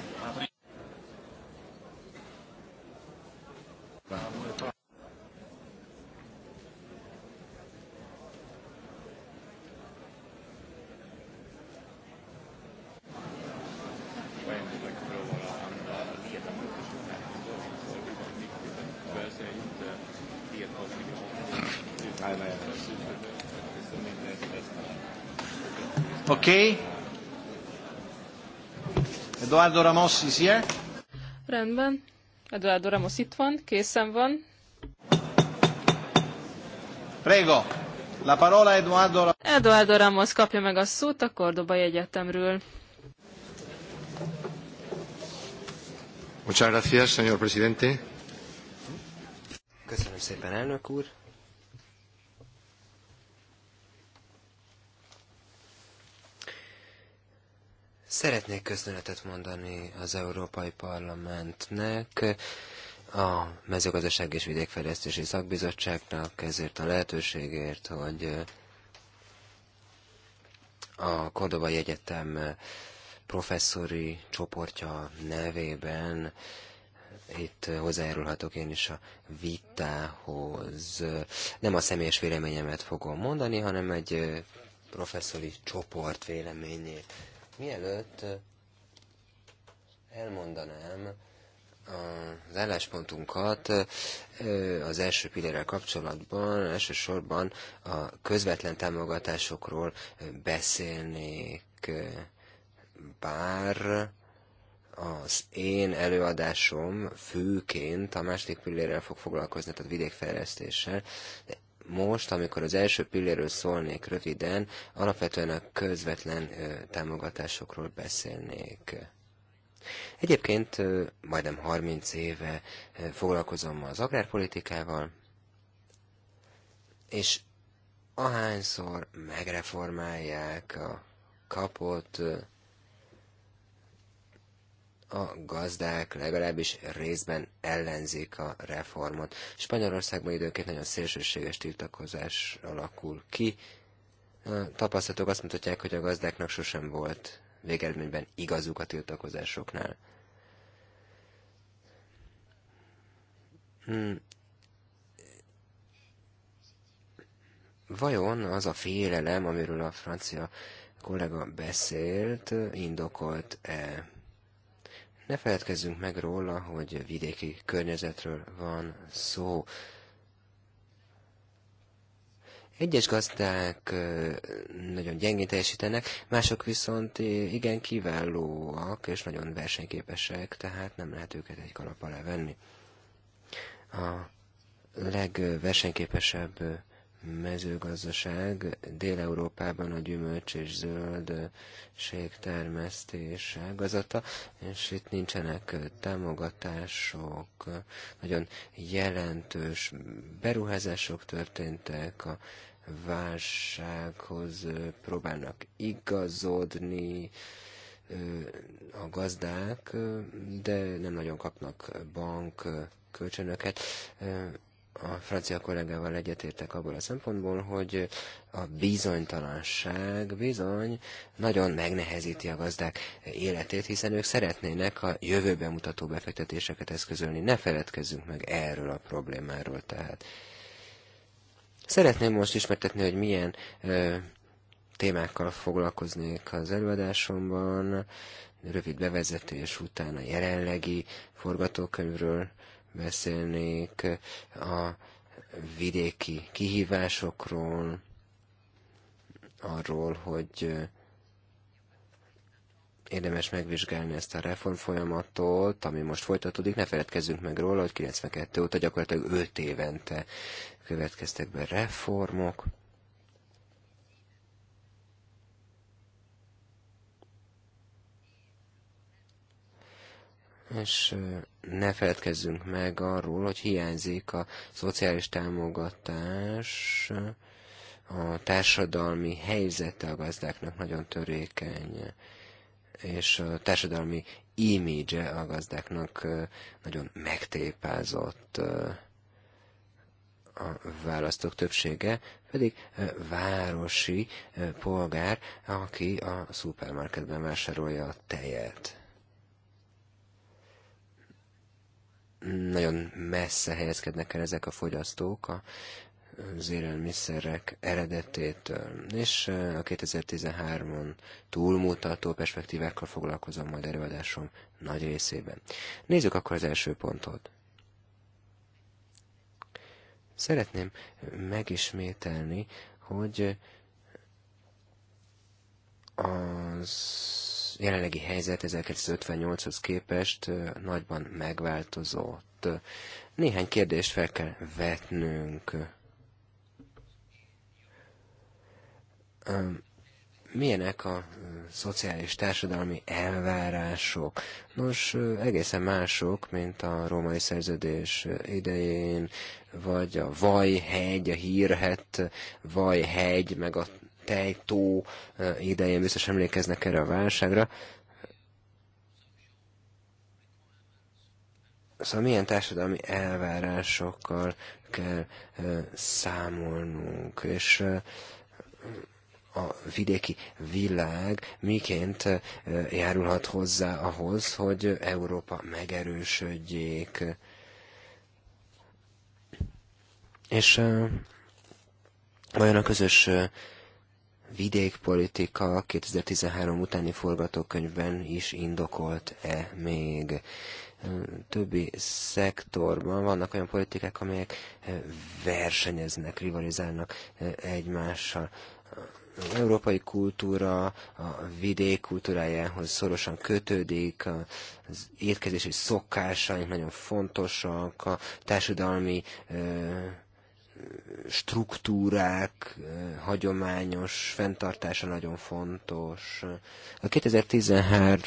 Okay. Eduardo Ramos is here. Rendben. Eduardo Ramos itt van, készen van. Prego. La parola Eduardo Ramos. Eduardo Ramos kapja meg a szót a Kordobai Egyetemről. Muchas gracias, señor presidente. Köszönöm szépen, elnök úr. Szeretnék köszönetet mondani az Európai Parlamentnek, a mezőgazdaság és vidékfejlesztési szakbizottságnak ezért a lehetőségért, hogy a Kordobai Egyetem professzori csoportja nevében itt hozzájárulhatok én is a vitához. Nem a személyes véleményemet fogom mondani, hanem egy professzori csoport véleményét. Mielőtt elmondanám az álláspontunkat az első pillérrel kapcsolatban, elsősorban a közvetlen támogatásokról beszélnék, bár az én előadásom főként a második pillérrel fog foglalkozni, tehát vidékfejlesztéssel, de most, amikor az első pilléről szólnék röviden, alapvetően a közvetlen támogatásokról beszélnék. Egyébként majdnem 30 éve foglalkozom az agrárpolitikával, és ahányszor megreformálják a kapott a gazdák legalábbis részben ellenzik a reformot. Spanyolországban időnként nagyon szélsőséges tiltakozás alakul ki. A tapasztalatok azt mutatják, hogy a gazdáknak sosem volt végeredményben igazuk a tiltakozásoknál. Hmm. Vajon az a félelem, amiről a francia kollega beszélt, indokolt-e? Ne feledkezzünk meg róla, hogy vidéki környezetről van szó. Egyes gazdák nagyon gyengén teljesítenek, mások viszont igen kiválóak és nagyon versenyképesek, tehát nem lehet őket egy kalap alá venni. A legversenyképesebb mezőgazdaság Dél-Európában a gyümölcs és zöldség termesztés ágazata, és itt nincsenek támogatások, nagyon jelentős beruházások történtek, a válsághoz próbálnak igazodni a gazdák, de nem nagyon kapnak bank kölcsönöket a francia kollégával egyetértek abból a szempontból, hogy a bizonytalanság bizony nagyon megnehezíti a gazdák életét, hiszen ők szeretnének a jövőbe mutató befektetéseket eszközölni. Ne feledkezzünk meg erről a problémáról tehát. Szeretném most ismertetni, hogy milyen ö, témákkal foglalkoznék az előadásomban, rövid bevezetés után a jelenlegi forgatókönyvről beszélnék a vidéki kihívásokról, arról, hogy érdemes megvizsgálni ezt a reformfolyamatot, ami most folytatódik. Ne feledkezzünk meg róla, hogy 92 óta gyakorlatilag 5 évente következtek be reformok. és ne feledkezzünk meg arról, hogy hiányzik a szociális támogatás, a társadalmi helyzete a gazdáknak nagyon törékeny, és a társadalmi imidzse a gazdáknak nagyon megtépázott a választók többsége, pedig városi polgár, aki a szupermarketben vásárolja a tejet. nagyon messze helyezkednek el ezek a fogyasztók a, az élelmiszerek eredetétől, és a 2013-on túlmutató perspektívákkal foglalkozom majd előadásom nagy részében. Nézzük akkor az első pontot. Szeretném megismételni, hogy az jelenlegi helyzet 1958-hoz képest nagyban megváltozott. Néhány kérdést fel kell vetnünk. Milyenek a szociális társadalmi elvárások? Nos, egészen mások, mint a római szerződés idején, vagy a vajhegy, a hírhet vajhegy, meg a tejtó idején biztos emlékeznek erre a válságra. Szóval milyen társadalmi elvárásokkal kell számolnunk, és a vidéki világ miként járulhat hozzá ahhoz, hogy Európa megerősödjék. És olyan a közös vidékpolitika 2013 utáni forgatókönyvben is indokolt-e még. Többi szektorban vannak olyan politikák, amelyek eh, versenyeznek, rivalizálnak eh, egymással. Az európai kultúra a vidék kultúrájához szorosan kötődik, az étkezési szokásaink nagyon fontosak, a társadalmi eh, struktúrák eh, hagyományos fenntartása nagyon fontos. A 2013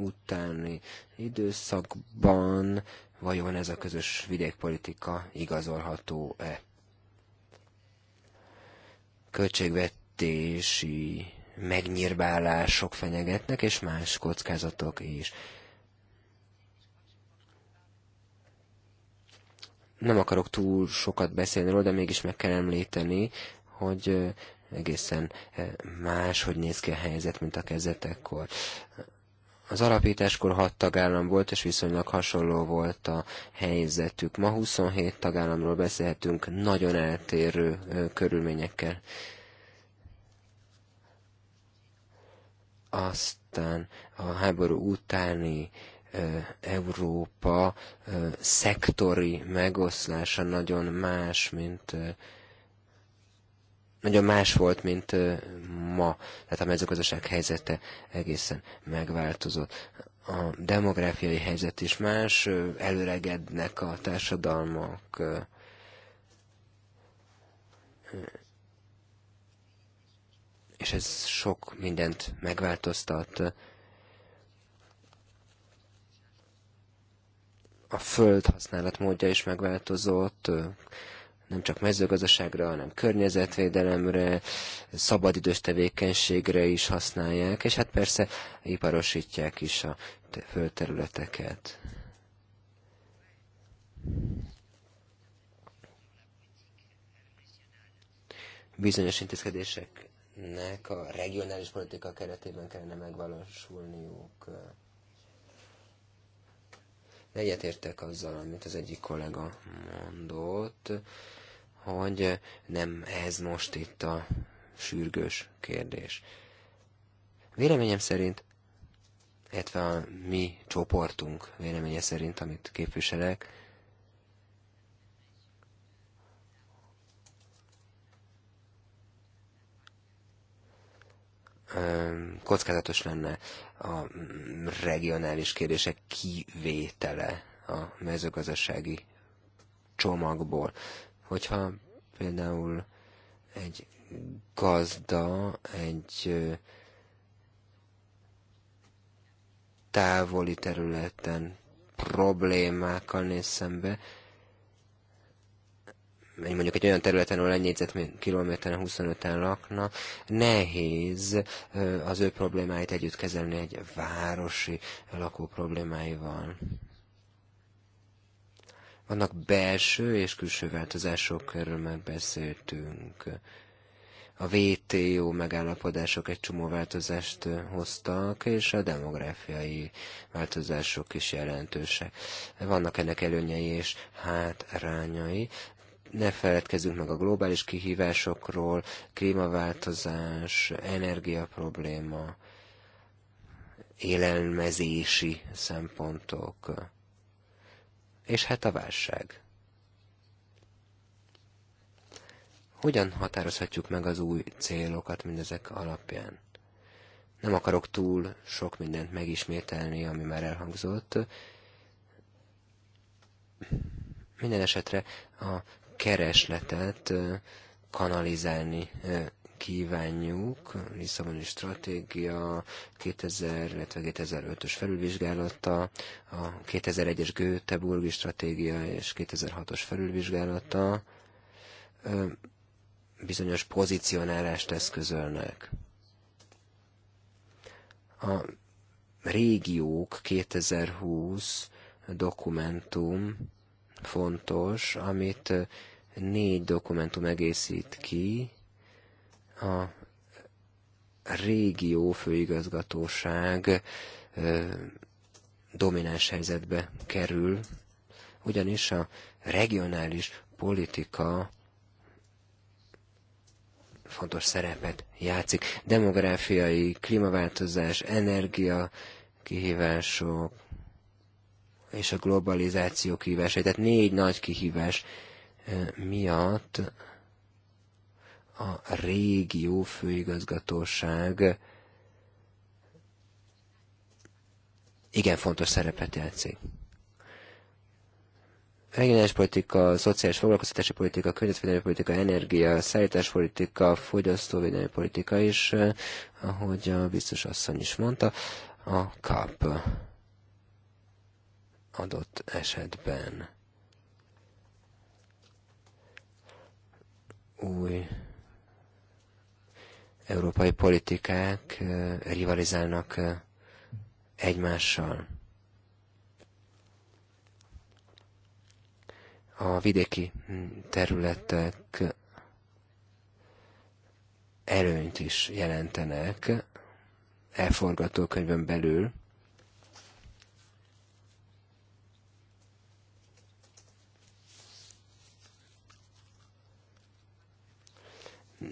utáni időszakban vajon ez a közös vidékpolitika igazolható-e? Költségvetési megnyírbálások fenyegetnek, és más kockázatok is. Nem akarok túl sokat beszélni róla, de mégis meg kell említeni, hogy egészen más, hogy néz ki a helyzet, mint a kezdetekkor. Az alapításkor 6 tagállam volt, és viszonylag hasonló volt a helyzetük. Ma 27 tagállamról beszélhetünk nagyon eltérő körülményekkel. Aztán a háború utáni Európa szektori megoszlása nagyon más, mint nagyon más volt, mint ma. Tehát a mezőgazdaság helyzete egészen megváltozott. A demográfiai helyzet is más, előregednek a társadalmak, és ez sok mindent megváltoztat. a föld módja is megváltozott, nem csak mezőgazdaságra, hanem környezetvédelemre, szabadidős tevékenységre is használják, és hát persze iparosítják is a földterületeket. Bizonyos intézkedéseknek a regionális politika keretében kellene megvalósulniuk. De egyetértek azzal, amit az egyik kollega mondott, hogy nem ez most itt a sürgős kérdés. Véleményem szerint, illetve a mi csoportunk véleménye szerint, amit képviselek, kockázatos lenne a mm, regionális kérdések kivétele a mezőgazdasági csomagból. Hogyha például egy gazda egy távoli területen problémákkal néz szembe, egy mondjuk egy olyan területen, ahol egy négyzetkilométeren 25-en lakna, nehéz az ő problémáit együtt kezelni egy városi lakó problémáival. Vannak belső és külső változások, erről már beszéltünk. A VTO megállapodások egy csomó változást hoztak, és a demográfiai változások is jelentősek. Vannak ennek előnyei és hátrányai ne feledkezzünk meg a globális kihívásokról, klímaváltozás, energiaprobléma, élelmezési szempontok, és hát a válság. Hogyan határozhatjuk meg az új célokat mindezek alapján? Nem akarok túl sok mindent megismételni, ami már elhangzott. Minden esetre a keresletet kanalizálni kívánjuk. Lisszaboni stratégia 2000, illetve 2005-ös felülvizsgálata, a 2001-es Göteborgi stratégia és 2006-os felülvizsgálata bizonyos pozícionálást eszközölnek. A régiók 2020 dokumentum fontos, amit négy dokumentum egészít ki a régió főigazgatóság domináns helyzetbe kerül, ugyanis a regionális politika fontos szerepet játszik. Demográfiai, klímaváltozás, energia, kihívások és a globalizáció kihívásai. Tehát négy nagy kihívás E, miatt a régió főigazgatóság igen fontos szerepet játszik. Regionális politika, szociális foglalkoztatási politika, környezetvédelmi politika, energia, szállításpolitika, fogyasztóvédelmi politika is, e, ahogy a biztos asszony is mondta, a KAP adott esetben. új európai politikák rivalizálnak egymással. A vidéki hm, területek előnyt is jelentenek elforgatókönyvön belül,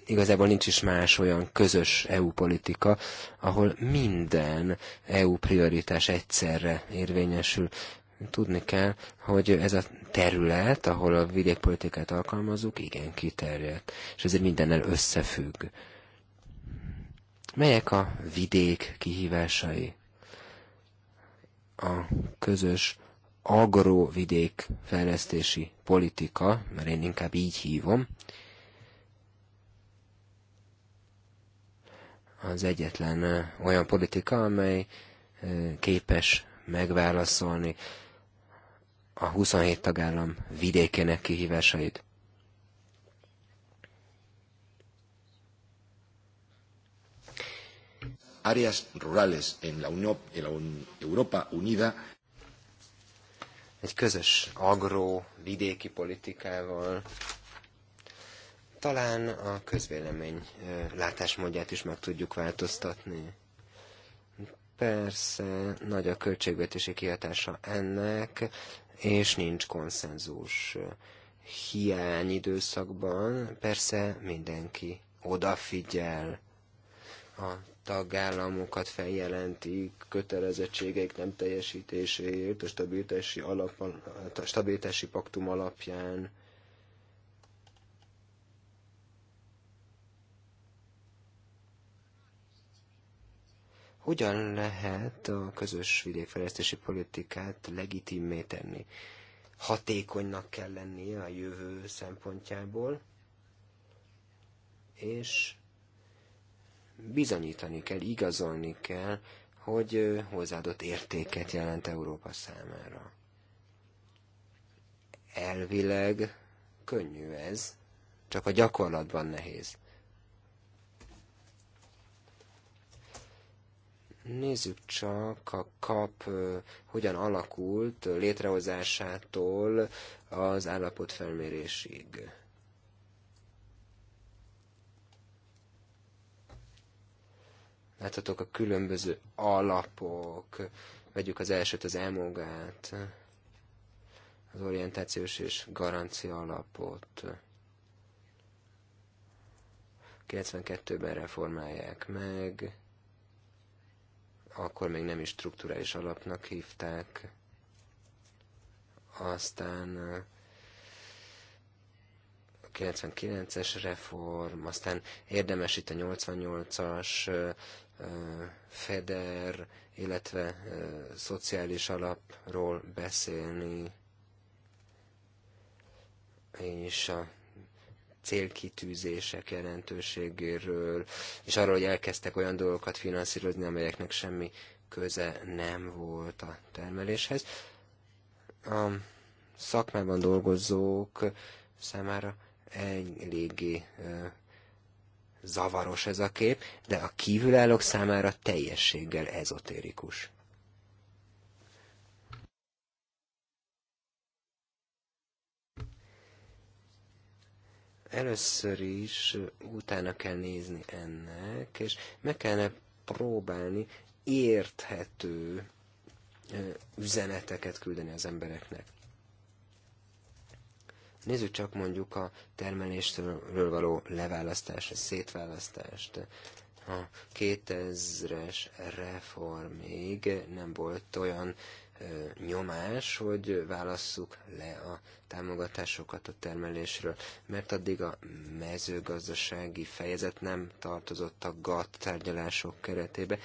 igazából nincs is más olyan közös EU politika, ahol minden EU prioritás egyszerre érvényesül. Tudni kell, hogy ez a terület, ahol a vidékpolitikát alkalmazunk, igen kiterjedt, és ezért mindennel összefügg. Melyek a vidék kihívásai? A közös agrovidék fejlesztési politika, mert én inkább így hívom, az egyetlen olyan politika, amely képes megválaszolni a 27 tagállam vidékének kihívásait. áreas rurales en la, Unión, en la Europa Unida. Egy közös agro vidéki politikával talán a közvélemény látásmódját is meg tudjuk változtatni. Persze, nagy a költségvetési kihatása ennek, és nincs konszenzus hiány időszakban. Persze mindenki odafigyel a tagállamokat feljelentik kötelezettségeik nem teljesítéséért a stabilitási, alap, a stabilitási paktum alapján hogyan lehet a közös vidékfejlesztési politikát legitimé tenni. Hatékonynak kell lennie a jövő szempontjából, és bizonyítani kell, igazolni kell, hogy hozzáadott értéket jelent Európa számára. Elvileg könnyű ez, csak a gyakorlatban nehéz. Nézzük csak a kap hogyan alakult létrehozásától az felmérésig. Láthatók a különböző alapok. Vegyük az elsőt, az emogát, az orientációs és garancia alapot. 92-ben reformálják meg akkor még nem is strukturális alapnak hívták, aztán a 99-es reform, aztán érdemes itt a 88-as FEDER, illetve szociális alapról beszélni, és a célkitűzések jelentőségéről, és arról, hogy elkezdtek olyan dolgokat finanszírozni, amelyeknek semmi köze nem volt a termeléshez. A szakmában dolgozók számára eléggé zavaros ez a kép, de a kívülállók számára teljességgel ezotérikus. Először is utána kell nézni ennek, és meg kellene próbálni érthető üzeneteket küldeni az embereknek. Nézzük csak mondjuk a termeléstől való leválasztást, szétválasztást. A 2000-es reformig nem volt olyan nyomás, hogy válasszuk le a támogatásokat a termelésről, mert addig a mezőgazdasági fejezet nem tartozott a GATT tárgyalások keretébe.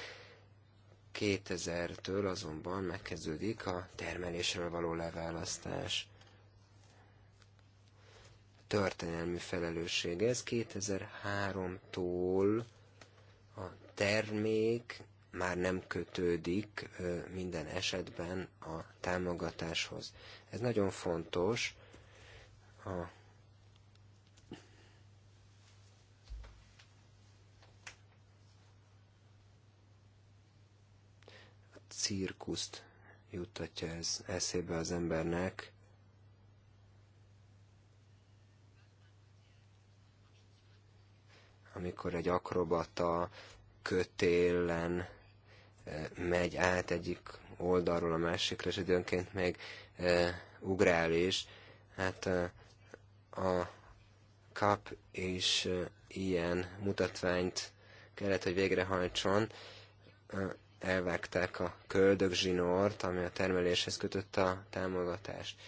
2000-től azonban megkezdődik a termelésről való leválasztás. Történelmi felelősség ez 2003-tól a termék már nem kötődik minden esetben a támogatáshoz. Ez nagyon fontos. A cirkuszt juttatja ez eszébe az embernek. Amikor egy akrobata kötélen megy át egyik oldalról a másikra, és időnként e, ugrál is. Hát e, a kap is e, ilyen mutatványt kellett, hogy végrehajtson. E, elvágták a zsinort, ami a termeléshez kötött a támogatást.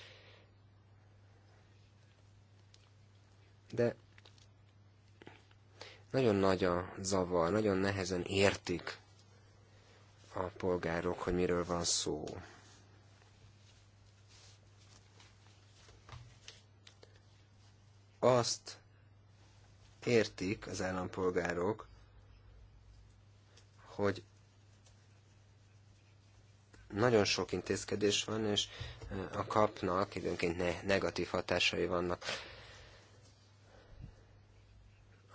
De nagyon nagy a zavar, nagyon nehezen értik a polgárok, hogy miről van szó. Azt értik az állampolgárok, hogy nagyon sok intézkedés van, és eh, a kapnak időnként ne, negatív hatásai vannak.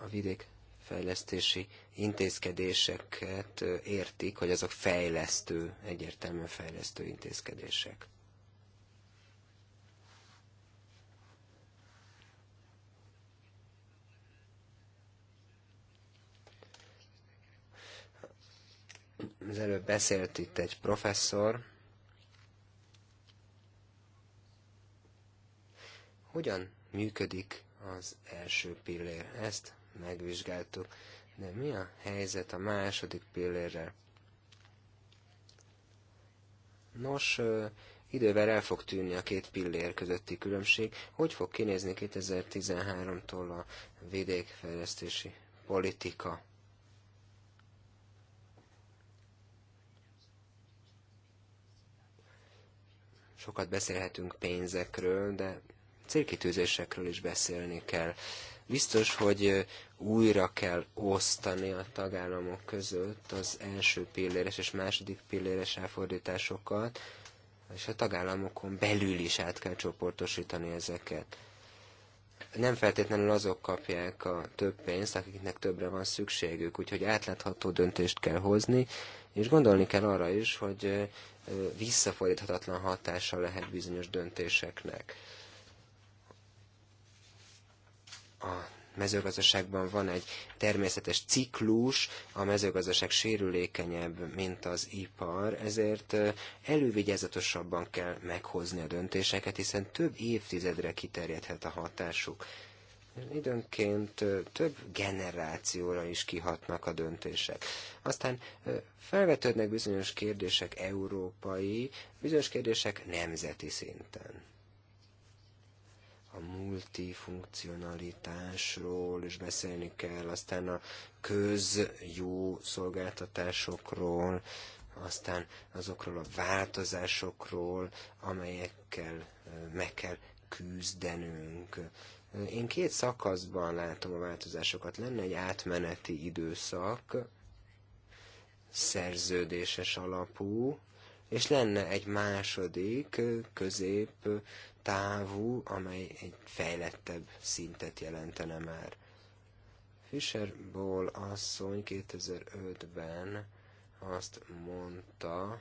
A vidékfejlesztési intézkedéseket értik, hogy azok fejlesztő, egyértelműen fejlesztő intézkedések. Az előbb beszélt itt egy professzor, hogyan működik az első pillér. Ezt megvizsgáltuk. De mi a helyzet a második pillérrel? Nos, idővel el fog tűnni a két pillér közötti különbség. Hogy fog kinézni 2013-tól a vidékfejlesztési politika? Sokat beszélhetünk pénzekről, de célkitűzésekről is beszélni kell. Biztos, hogy újra kell osztani a tagállamok között az első pilléres és második pilléres elfordításokat, és a tagállamokon belül is át kell csoportosítani ezeket. Nem feltétlenül azok kapják a több pénzt, akiknek többre van szükségük, úgyhogy átlátható döntést kell hozni, és gondolni kell arra is, hogy visszafordíthatatlan hatása lehet bizonyos döntéseknek a mezőgazdaságban van egy természetes ciklus, a mezőgazdaság sérülékenyebb, mint az ipar, ezért elővigyázatosabban kell meghozni a döntéseket, hiszen több évtizedre kiterjedhet a hatásuk. Időnként több generációra is kihatnak a döntések. Aztán felvetődnek bizonyos kérdések európai, bizonyos kérdések nemzeti szinten a multifunkcionalitásról is beszélni kell, aztán a közjó szolgáltatásokról, aztán azokról a változásokról, amelyekkel meg kell küzdenünk. Én két szakaszban látom a változásokat. Lenne egy átmeneti időszak, szerződéses alapú, és lenne egy második közép távú, amely egy fejlettebb szintet jelentene már. Fisher Ball asszony 2005-ben azt mondta,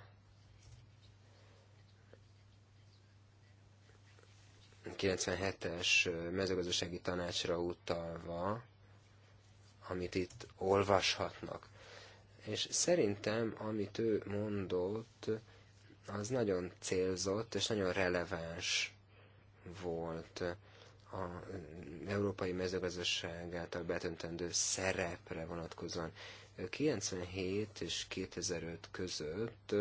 97-es mezőgazdasági tanácsra utalva, amit itt olvashatnak. És szerintem, amit ő mondott, az nagyon célzott és nagyon releváns volt az európai mezőgazdaság által betöntendő szerepre vonatkozóan. 97 és 2005 között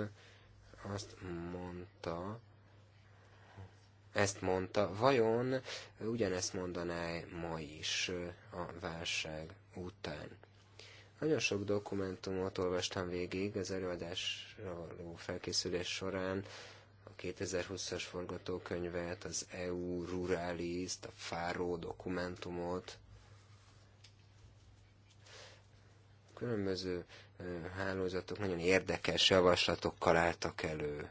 azt mondta, ezt mondta, vajon ugyanezt mondaná ma is a válság után? Nagyon sok dokumentumot olvastam végig az előadásra való felkészülés során, 2020-as forgatókönyvet, az EU ruralis a Fáró dokumentumot, különböző hálózatok nagyon érdekes javaslatokkal álltak elő.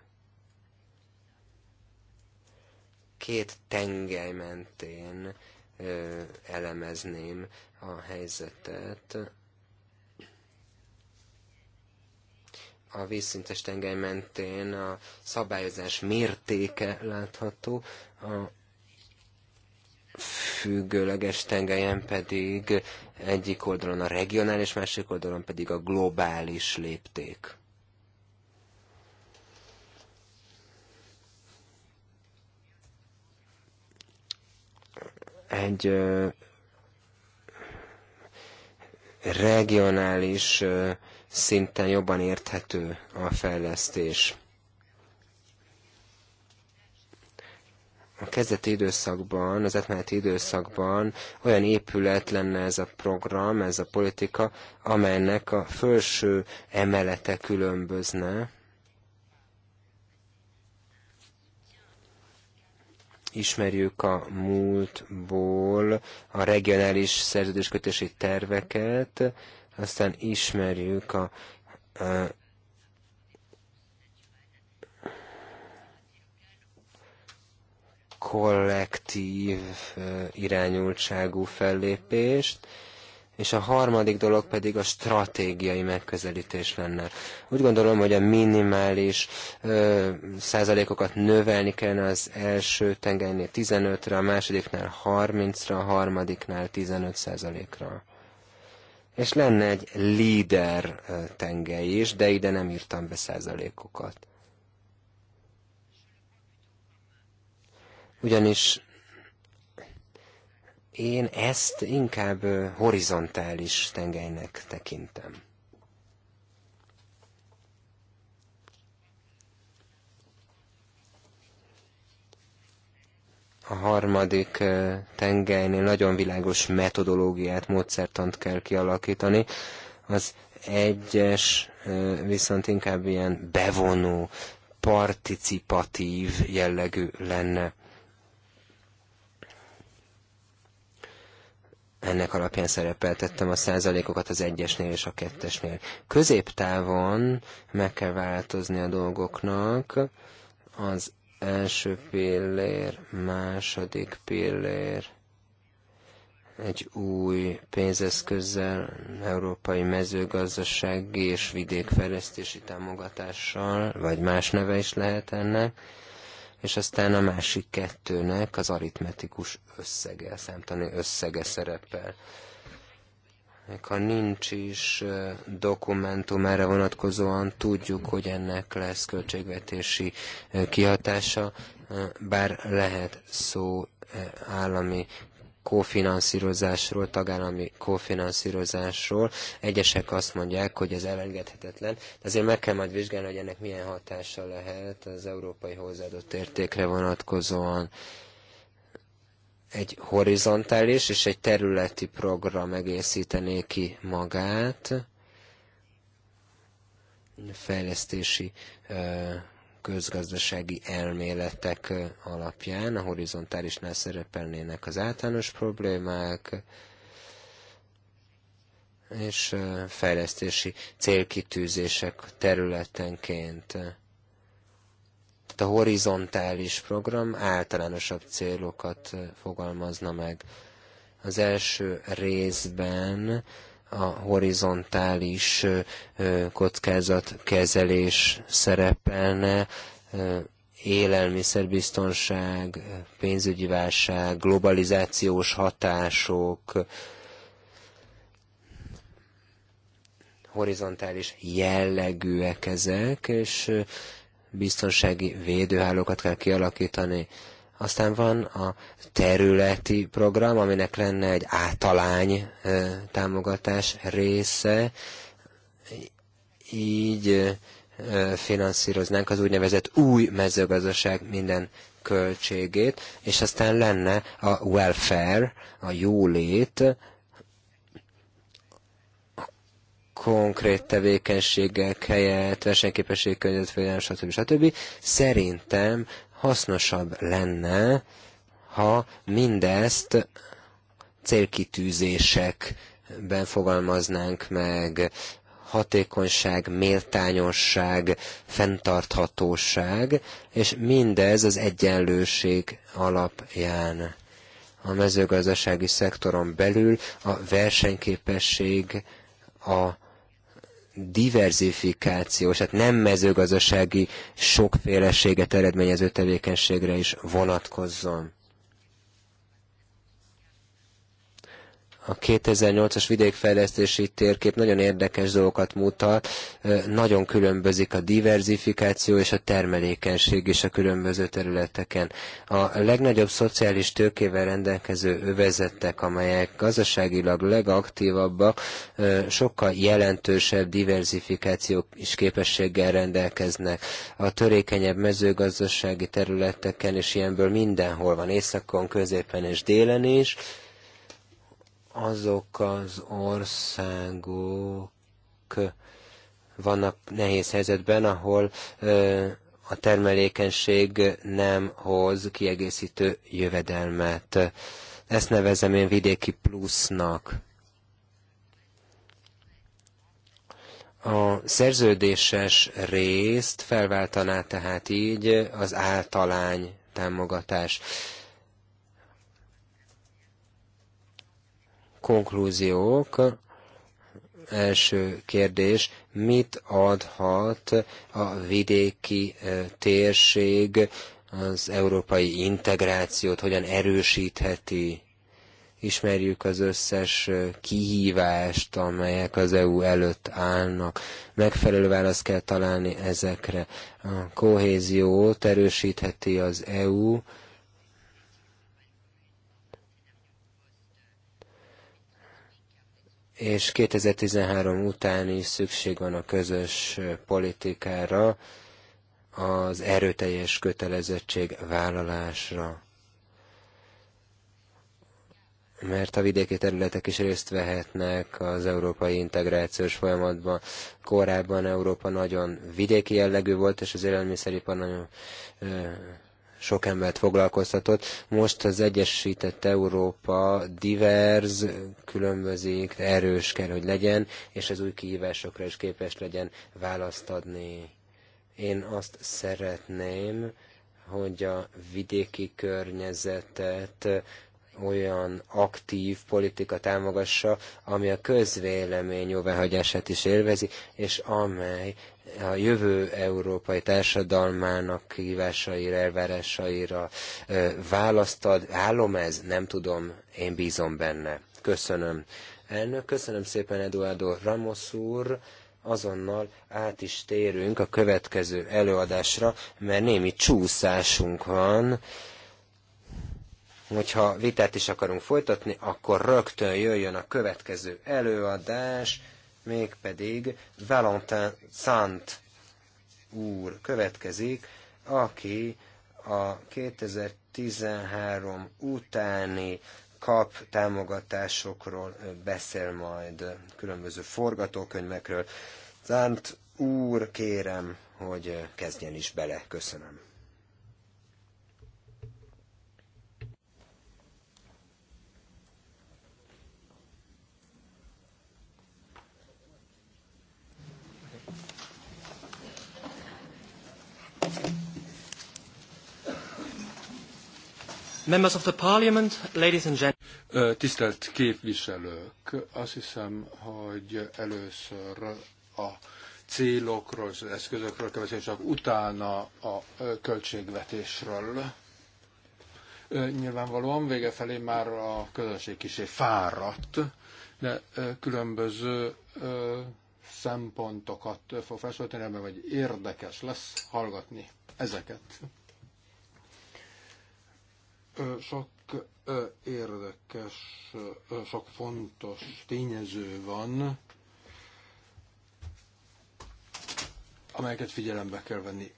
Két tengely mentén elemezném a helyzetet. a vízszintes tengely mentén a szabályozás mértéke látható, a függőleges tengelyen pedig egyik oldalon a regionális, másik oldalon pedig a globális lépték. Egy ö, regionális ö, szinten jobban érthető a fejlesztés. a kezdeti időszakban, az etmeneti időszakban olyan épület lenne ez a program, ez a politika, amelynek a felső emelete különbözne. Ismerjük a múltból a regionális szerződéskötési terveket, aztán ismerjük a, a kollektív irányultságú fellépést, és a harmadik dolog pedig a stratégiai megközelítés lenne. Úgy gondolom, hogy a minimális ö, százalékokat növelni kellene az első tengernél 15-re, a másodiknál 30-ra, a harmadiknál 15 százalékra. És lenne egy líder tenge is, de ide nem írtam be százalékokat. Ugyanis én ezt inkább horizontális tengelynek tekintem. a harmadik tengelynél nagyon világos metodológiát, módszertant kell kialakítani. Az egyes viszont inkább ilyen bevonó, participatív jellegű lenne. Ennek alapján szerepeltettem a százalékokat az egyesnél és a kettesnél. Középtávon meg kell változni a dolgoknak, az első pillér, második pillér, egy új pénzeszközzel, európai mezőgazdasági és vidékfejlesztési támogatással, vagy más neve is lehet ennek, és aztán a másik kettőnek az aritmetikus összege, számtani összege szerepel ha nincs is dokumentum erre vonatkozóan, tudjuk, hogy ennek lesz költségvetési kihatása, bár lehet szó állami kofinanszírozásról, tagállami kofinanszírozásról. Egyesek azt mondják, hogy ez elengedhetetlen, de azért meg kell majd vizsgálni, hogy ennek milyen hatása lehet az európai hozzáadott értékre vonatkozóan egy horizontális és egy területi program egészítené ki magát, fejlesztési közgazdasági elméletek alapján a horizontálisnál szerepelnének az általános problémák, és fejlesztési célkitűzések területenként. Itt a horizontális program általánosabb célokat fogalmazna meg. Az első részben a horizontális kockázatkezelés szerepelne, élelmiszerbiztonság, pénzügyi válság, globalizációs hatások, horizontális jellegűek ezek, és biztonsági védőhálókat kell kialakítani. Aztán van a területi program, aminek lenne egy általány támogatás része. Így finanszíroznánk az úgynevezett új mezőgazdaság minden költségét, és aztán lenne a welfare, a jólét, konkrét tevékenységek helyett, versenyképesség, környezetvédelem, stb. stb. Szerintem hasznosabb lenne, ha mindezt célkitűzésekben fogalmaznánk meg, hatékonyság, méltányosság, fenntarthatóság, és mindez az egyenlőség alapján. A mezőgazdasági szektoron belül a versenyképesség, a diverzifikációs, tehát nem mezőgazdasági sokféleséget eredményező tevékenységre is vonatkozzon. A 2008-as vidékfejlesztési térkép nagyon érdekes dolgokat mutat, nagyon különbözik a diversifikáció és a termelékenység is a különböző területeken. A legnagyobb szociális tőkével rendelkező övezetek, amelyek gazdaságilag legaktívabbak, sokkal jelentősebb diversifikációk is képességgel rendelkeznek. A törékenyebb mezőgazdasági területeken és ilyenből mindenhol van, északon, középen és délen is, azok az országok vannak nehéz helyzetben, ahol a termelékenység nem hoz kiegészítő jövedelmet. Ezt nevezem én vidéki plusznak. A szerződéses részt felváltaná tehát így az általány támogatás. Konklúziók. Első kérdés, mit adhat a vidéki eh, térség az európai integrációt, hogyan erősítheti? Ismerjük az összes eh, kihívást, amelyek az EU előtt állnak. Megfelelő választ kell találni ezekre. A kohéziót erősítheti az EU, és 2013 után is szükség van a közös politikára, az erőteljes kötelezettség vállalásra. Mert a vidéki területek is részt vehetnek az európai integrációs folyamatban. Korábban Európa nagyon vidéki jellegű volt, és az élelmiszeripar nagyon sok embert foglalkoztatott. Most az Egyesített Európa divers, különbözik, erős kell, hogy legyen, és az új kihívásokra is képes legyen választ adni. Én azt szeretném, hogy a vidéki környezetet olyan aktív politika támogassa, ami a közvélemény jóváhagyását is élvezi, és amely a jövő európai társadalmának kihívásaira, elvárásaira választ ad. Állom ez? Nem tudom, én bízom benne. Köszönöm. Elnök, köszönöm szépen Eduardo Ramos úr. Azonnal át is térünk a következő előadásra, mert némi csúszásunk van hogyha vitát is akarunk folytatni, akkor rögtön jöjjön a következő előadás mégpedig Valentin Szant úr következik, aki a 2013 utáni kap támogatásokról beszél majd, különböző forgatókönyvekről. Zánt úr, kérem, hogy kezdjen is bele. Köszönöm. Members of the Parliament, ladies and gentlemen. Tisztelt képviselők, azt hiszem, hogy először a célokról, az eszközökről kell beszélni, csak utána a költségvetésről. Nyilvánvalóan vége felé már a közönség kisé fáradt, de különböző szempontokat fog felsorolni, vagy érdekes lesz hallgatni ezeket. Sok érdekes, sok fontos tényező van, amelyeket figyelembe kell venni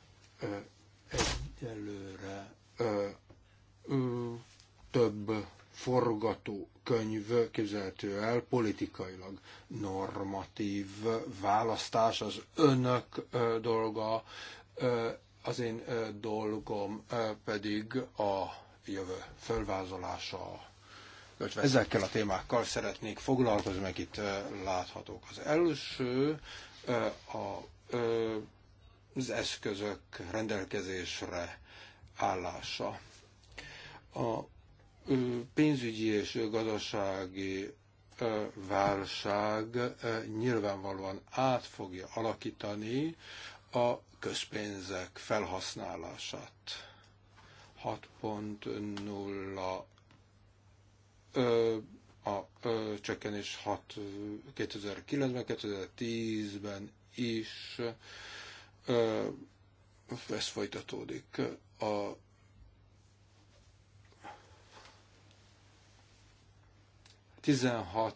egyelőre. Több forgatókönyv képzelhető el politikailag normatív választás, az önök dolga, az én dolgom pedig a jövő fölvázolása. Ezekkel a témákkal szeretnék foglalkozni, meg itt láthatók. Az első a, az eszközök rendelkezésre állása. A pénzügyi és gazdasági válság nyilvánvalóan át fogja alakítani a közpénzek felhasználását. 6.0 a ö, csökkenés 6, 2009-ben, 2010-ben is ö, ez folytatódik. A,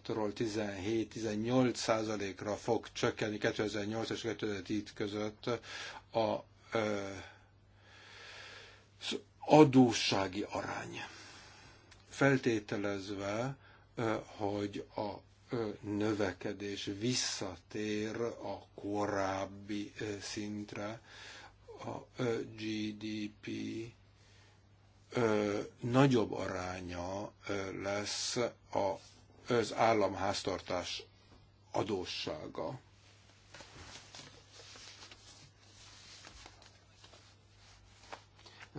ról 17-18 százalékra fog csökkenni 2008 és 2010 között a ö, adóssági arány. Feltételezve, hogy a növekedés visszatér a korábbi szintre, a GDP nagyobb aránya lesz az államháztartás adóssága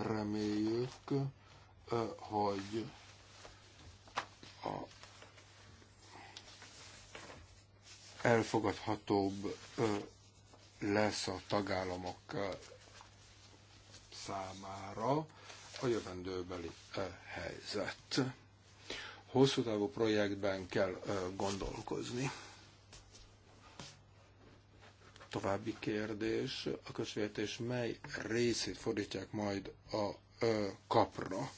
Reméljük, hogy a elfogadhatóbb lesz a tagállamok számára a jövendőbeli helyzet. Hosszú távú projektben kell gondolkozni. További kérdés, a közvetés mely részét fordítják majd a ö, kapra?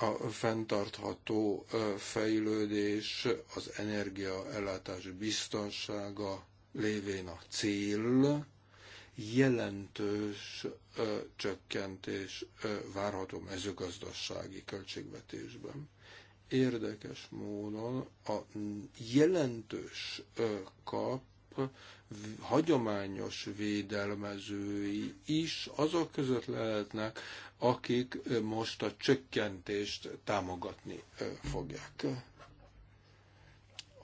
a fenntartható fejlődés, az energiaellátás biztonsága lévén a cél, jelentős csökkentés várható mezőgazdasági költségvetésben. Érdekes módon a jelentős kap hagyományos védelmezői is azok között lehetnek, akik most a csökkentést támogatni fogják.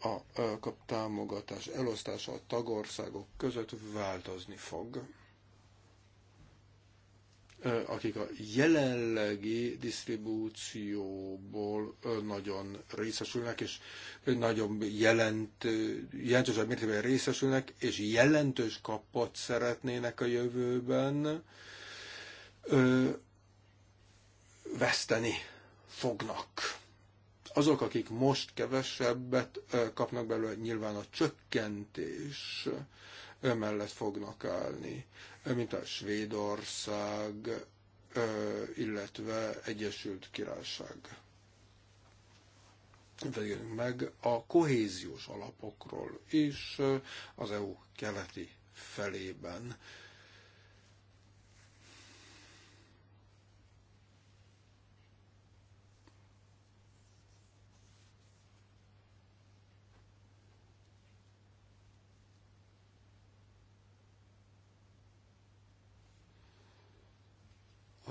A kap támogatás elosztása a tagországok között változni fog akik a jelenlegi disztribúcióból nagyon részesülnek, és nagyon jelent, jelentős mértékben részesülnek, és jelentős kapot szeretnének a jövőben ö, veszteni fognak. Azok, akik most kevesebbet kapnak belőle, nyilván a csökkentés mellett fognak állni, mint a Svédország, illetve Egyesült Királyság. Vegyünk meg a kohéziós alapokról is az EU keleti felében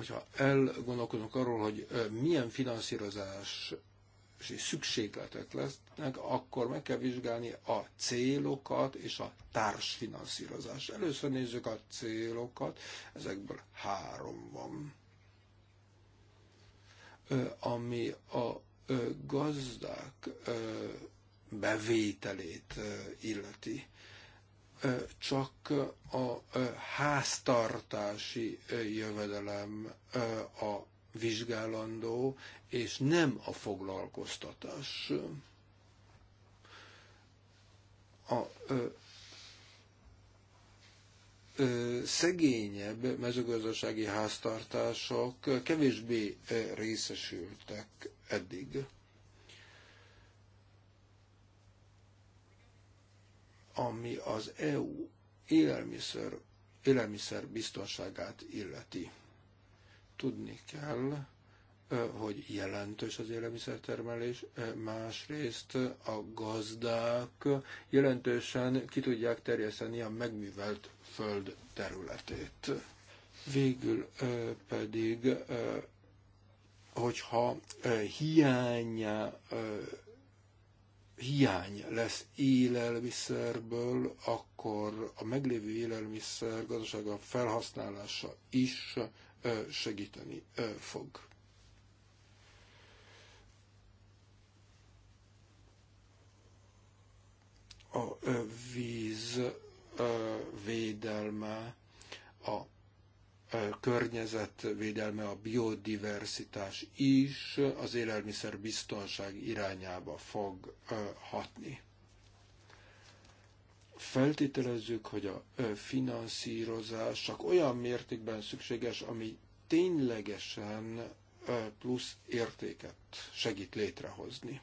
hogyha elgondolkodunk arról, hogy milyen finanszírozás szükségletek lesznek, akkor meg kell vizsgálni a célokat és a társfinanszírozást. Először nézzük a célokat, ezekből három van. Ami a gazdák bevételét illeti csak a háztartási jövedelem a vizsgálandó, és nem a foglalkoztatás. A ö, ö, szegényebb mezőgazdasági háztartások kevésbé részesültek eddig ami az EU élelmiszer, élelmiszer biztonságát illeti. Tudni kell, hogy jelentős az élelmiszertermelés, másrészt a gazdák jelentősen ki tudják terjeszteni a megművelt föld területét. Végül pedig, hogyha hiánya hiány lesz élelmiszerből, akkor a meglévő élelmiszer gazdasága felhasználása is segíteni fog. A víz védelme a környezetvédelme, a biodiverzitás is az élelmiszer biztonság irányába fog hatni. Feltételezzük, hogy a finanszírozás csak olyan mértékben szükséges, ami ténylegesen plusz értéket segít létrehozni.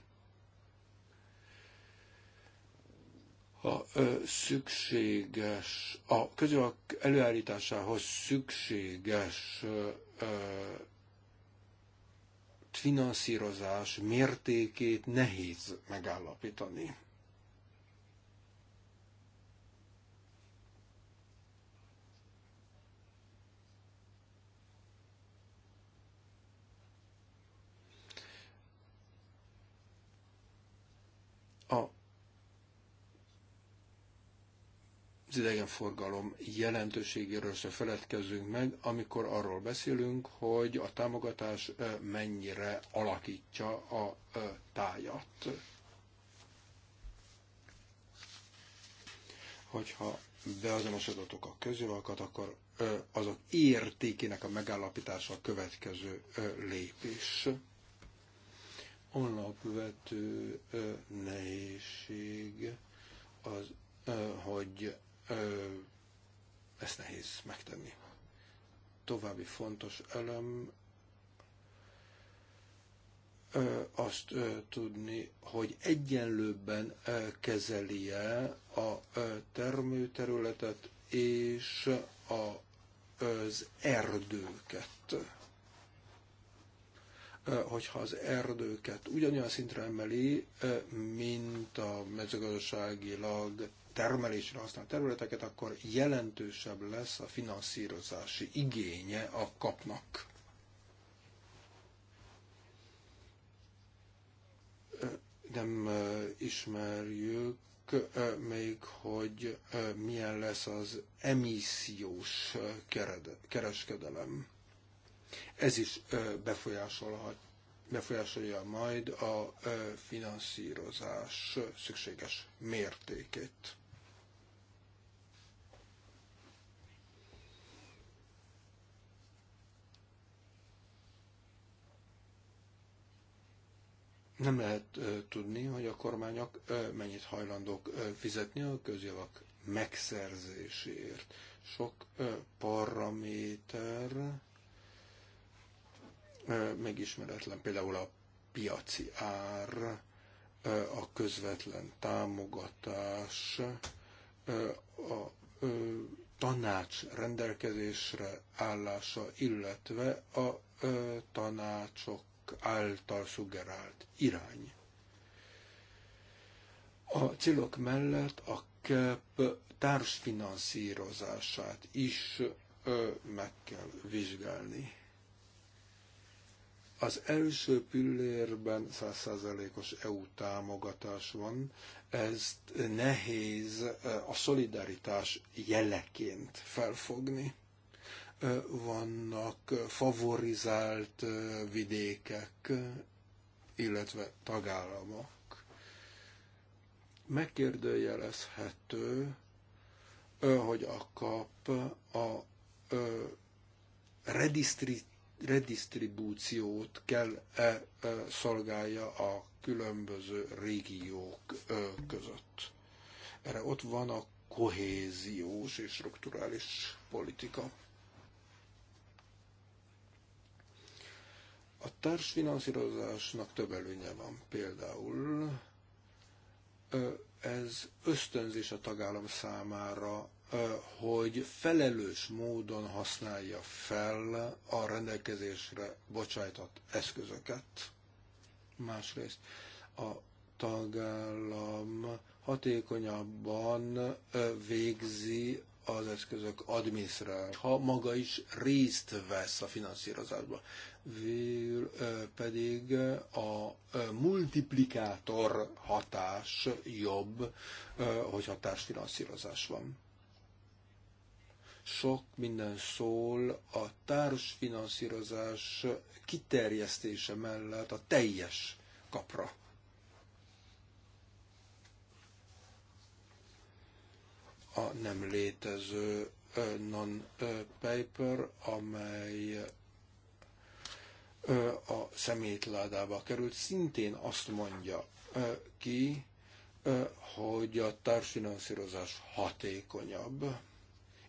ö, szükséges, a közjavak előállításához szükséges finanszírozás mértékét nehéz megállapítani. az idegenforgalom jelentőségéről se feledkezzünk meg, amikor arról beszélünk, hogy a támogatás mennyire alakítja a tájat. Hogyha beazonosodottok a közjavakat, akkor azok értékének a megállapítása a következő lépés. Alapvető nehézség az, hogy ezt nehéz megtenni. További fontos elem azt tudni, hogy egyenlőbben kezeli -e a termőterületet és a, az erdőket. Hogyha az erdőket ugyanolyan szintre emeli, mint a mezőgazdaságilag termelésre használt területeket, akkor jelentősebb lesz a finanszírozási igénye a kapnak. Nem ismerjük még, hogy milyen lesz az emissziós kereskedelem. Ez is befolyásolhat befolyásolja majd a finanszírozás szükséges mértékét. nem lehet tudni, hogy a kormányok mennyit hajlandók fizetni a közjavak megszerzéséért. Sok paraméter megismeretlen, például a piaci ár, a közvetlen támogatás, a tanács rendelkezésre állása, illetve a tanácsok által szuggerált irány. A célok mellett a KEP társfinanszírozását is meg kell vizsgálni. Az első pillérben 100%-os EU támogatás van, ezt nehéz a szolidaritás jeleként felfogni vannak favorizált vidékek, illetve tagállamok. Megkérdőjelezhető, hogy a kap a redistribúciót kell -e szolgálja a különböző régiók között. Erre ott van a kohéziós és strukturális politika. A társfinanszírozásnak több előnye van. Például ez ösztönzés a tagállam számára, hogy felelős módon használja fel a rendelkezésre bocsájtott eszközöket. Másrészt a tagállam hatékonyabban végzi az eszközök adminisztrál, ha maga is részt vesz a finanszírozásba. Végül pedig a multiplikátor hatás jobb, hogy hatásfinanszírozás van. Sok minden szól a társfinanszírozás kiterjesztése mellett a teljes kapra a nem létező non-paper, amely a szemétládába került, szintén azt mondja ki, hogy a társfinanszírozás hatékonyabb,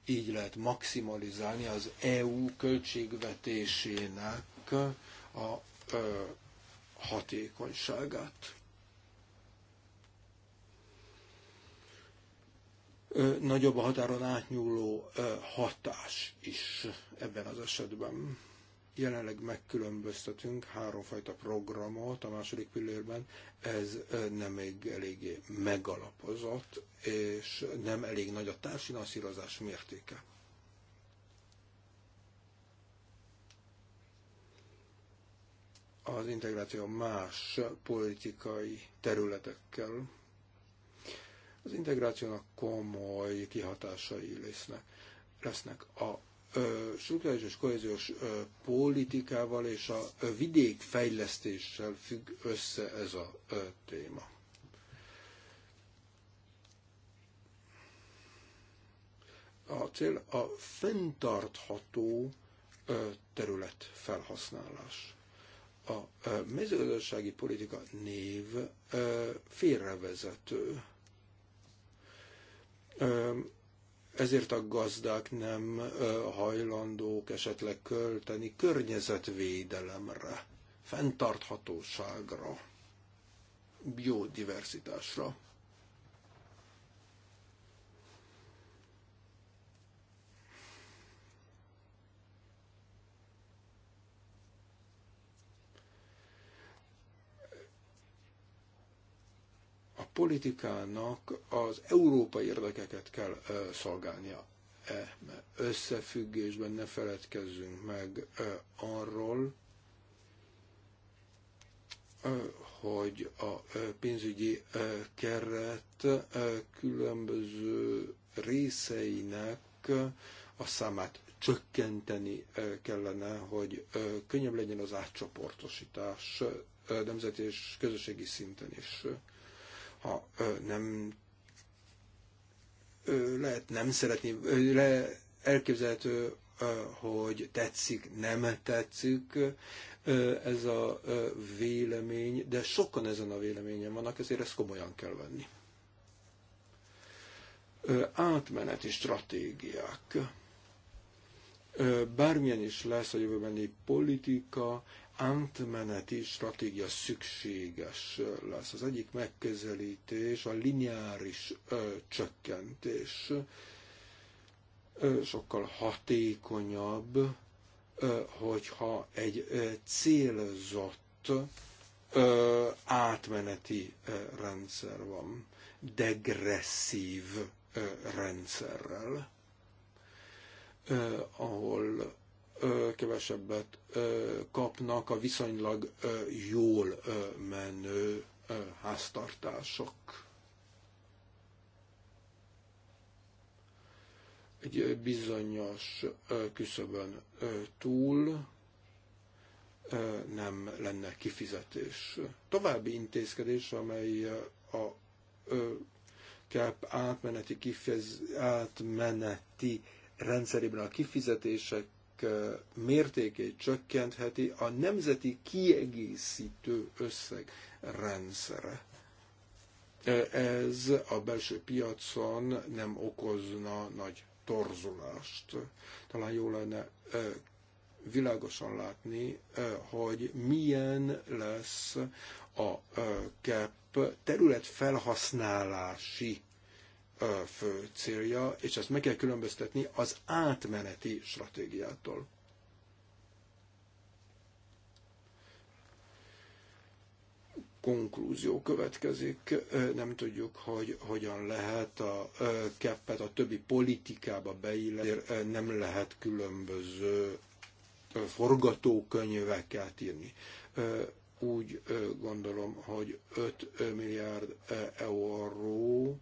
így lehet maximalizálni az EU költségvetésének a hatékonyságát. nagyobb a határon átnyúló hatás is ebben az esetben. Jelenleg megkülönböztetünk háromfajta programot a második pillérben, ez nem még eléggé megalapozott, és nem elég nagy a társfinanszírozás mértéke. Az integráció más politikai területekkel az integrációnak komoly kihatásai lesznek. lesznek. A struktúrális és kohéziós politikával és a vidékfejlesztéssel függ össze ez a téma. A cél a fenntartható terület felhasználás. A mezőgazdasági politika név félrevezető ezért a gazdák nem hajlandók esetleg költeni környezetvédelemre, fenntarthatóságra, biodiversitásra. politikának az európai érdekeket kell szolgálnia. E összefüggésben ne feledkezzünk meg arról, hogy a pénzügyi keret különböző részeinek a számát csökkenteni kellene, hogy könnyebb legyen az átcsoportosítás nemzeti és közösségi szinten is ha nem lehet nem szeretni, le, elképzelhető, hogy tetszik, nem tetszik ez a vélemény, de sokan ezen a véleményen vannak, ezért ezt komolyan kell venni. Átmeneti stratégiák. Bármilyen is lesz a jövőbeni politika, átmeneti stratégia szükséges lesz. Az egyik megközelítés a lineáris ö, csökkentés. Ö, sokkal hatékonyabb, ö, hogyha egy ö, célzott ö, átmeneti ö, rendszer van, degresszív ö, rendszerrel, ö, ahol kevesebbet kapnak a viszonylag jól menő háztartások. Egy bizonyos küszöbön túl nem lenne kifizetés. További intézkedés, amely a kép átmeneti, kifez, átmeneti rendszerében a kifizetések mértékét csökkentheti a nemzeti kiegészítő összeg rendszere. Ez a belső piacon nem okozna nagy torzulást. Talán jó lenne világosan látni, hogy milyen lesz a kep területfelhasználási fő célja, és ezt meg kell különböztetni az átmeneti stratégiától. konklúzió következik. Nem tudjuk, hogy hogyan lehet a keppet a többi politikába beilleszteni. Nem lehet különböző forgatókönyveket írni. Úgy gondolom, hogy 5 milliárd euró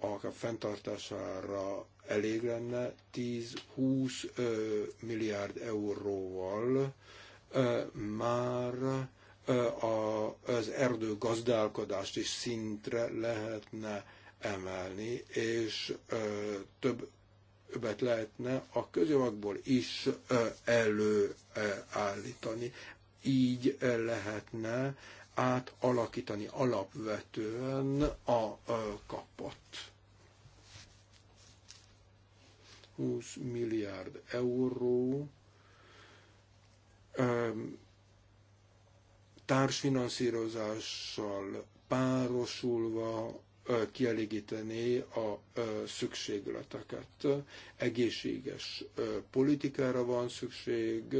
a fenntartására elég lenne 10-20 milliárd euróval már az erdő gazdálkodást is szintre lehetne emelni, és több többet lehetne a közjavakból is előállítani. Így lehetne átalakítani alapvetően a kapott. 20 milliárd euró társfinanszírozással párosulva kielégíteni a szükségleteket. Egészséges politikára van szükség,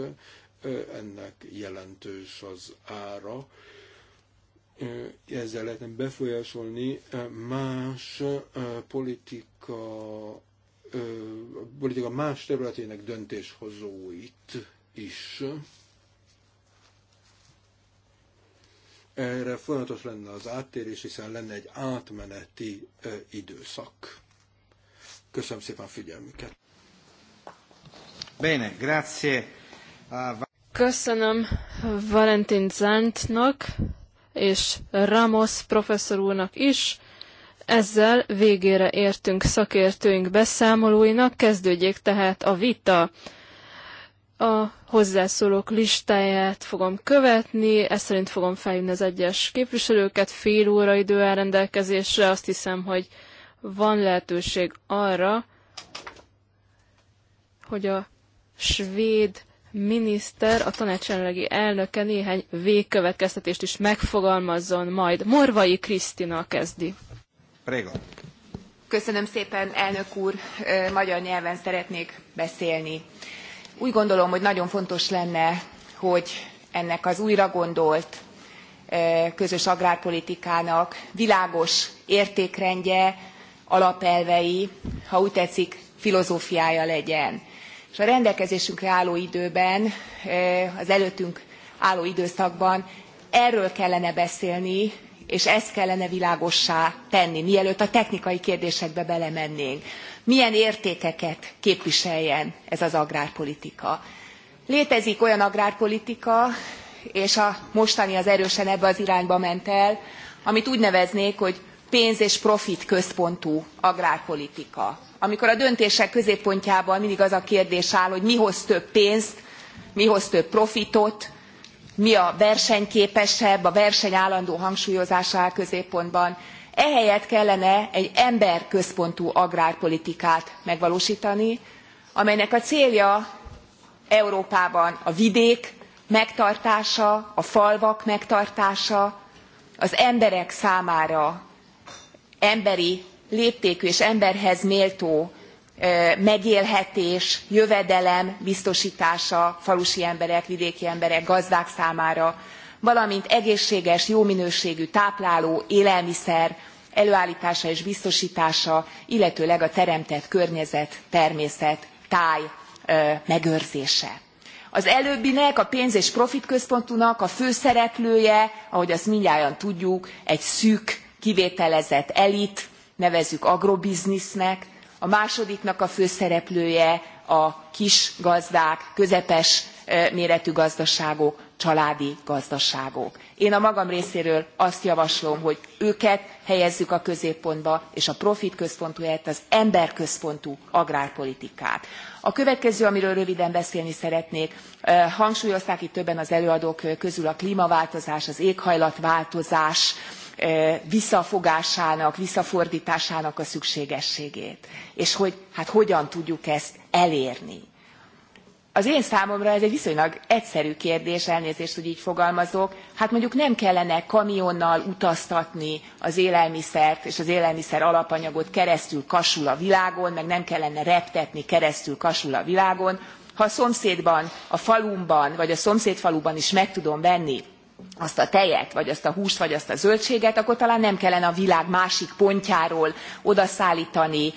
ennek jelentős az ára, ezzel lehetne befolyásolni más politika politika más területének döntéshozóit is. Erre folyamatos lenne az áttérés, hiszen lenne egy átmeneti időszak. Köszönöm szépen figyelmüket. Bene, grazie. Köszönöm Valentin Zantnak és Ramos professzor úrnak is. Ezzel végére értünk szakértőink beszámolóinak, kezdődjék tehát a vita. A hozzászólók listáját fogom követni, ezt szerint fogom felhívni az egyes képviselőket, fél óra idő áll rendelkezésre, azt hiszem, hogy van lehetőség arra, hogy a svéd miniszter, a tanács jelenlegi elnöke néhány végkövetkeztetést is megfogalmazzon majd. Morvai Krisztina kezdi. Prego. Köszönöm szépen, elnök úr, magyar nyelven szeretnék beszélni. Úgy gondolom, hogy nagyon fontos lenne, hogy ennek az gondolt közös agrárpolitikának világos értékrendje, alapelvei, ha úgy tetszik, filozófiája legyen és a rendelkezésünkre álló időben eh, az előttünk álló időszakban erről kellene beszélni és ezt kellene világossá tenni mielőtt a technikai kérdésekbe belemennénk milyen értékeket képviseljen ez az agrárpolitika. létezik olyan agrárpolitika és a mostani az erősen ebbe az irányba ment el amit úgy neveznék hogy pénz és profitközpontú agrárpolitika amikor a döntések középpontjában mindig az a kérdés áll hogy mi hoz több pénzt mi hoz több profitot mi a versenyképesebb a verseny állandó hangsúlyozása áll középpontban ehelyett kellene egy emberközpontú agrárpolitikát megvalóstani amelynek a célja európában a vidék megtartása a falvak megtartása az emberek számára emberi léptékű és emberhez méltó megélhetés jövedelem biztostása falusi emberek vidéki emberek gazdák számára valamint egészséges jó minőségű tápláló élelmiszer előálltása és biztostása illetőleg a teremtett környezet természet táj megőrzése. az előbbinek a pénz és profitközpontúnak a fő szereplője ahogy azt mindnyájan tudjuk egy szűk kivételezett elit nevezzük agrobiznisznek a másodiknak a főszereplője a kis gazdák közepes méretű gazdaságok családi gazdaságok. én a magam részéről azt javaslom hogy őket helyezzük a középpontba és a profitközpontú helyett az emberközpontú agrárpolitikát. a következő amiről röviden beszélni szeretnék hangsúlyozták itt többen az előadók közül a klmaváltozás az éghajlatváltozás Eh, visszafogásának, visszafordításának a szükségességét, és hogy hát hogyan tudjuk ezt elérni. Az én számomra ez egy viszonylag egyszerű kérdés, elnézést, hogy így fogalmazok. Hát mondjuk nem kellene kamionnal utaztatni az élelmiszert és az élelmiszer alapanyagot keresztül kasul a világon, meg nem kellene reptetni keresztül kasul a világon. Ha a szomszédban, a falumban, vagy a szomszédfaluban is meg tudom venni azt a tejet vagy azt a húst vagy azt a zöldséget akkor talán nem kellene a világ másik pontjáról odaszálltani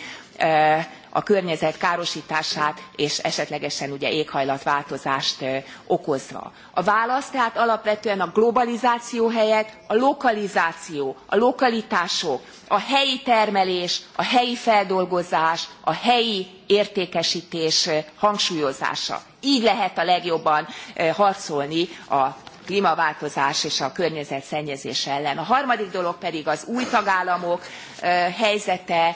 a környezet károstását és esetlegesen ugye éghajlatváltozást okozva. a válasz tehát alapvetően a globalizáció helyett a lokalizáció a lokalitások a helyi termelés a helyi feldolgozás a helyi értékestés hangsúlyozása. gy lehet a legjobban harcolni a klmaváltozás és a környezetszennyezés ellen. a harmadik dolog pedig az új tagállamok helyzete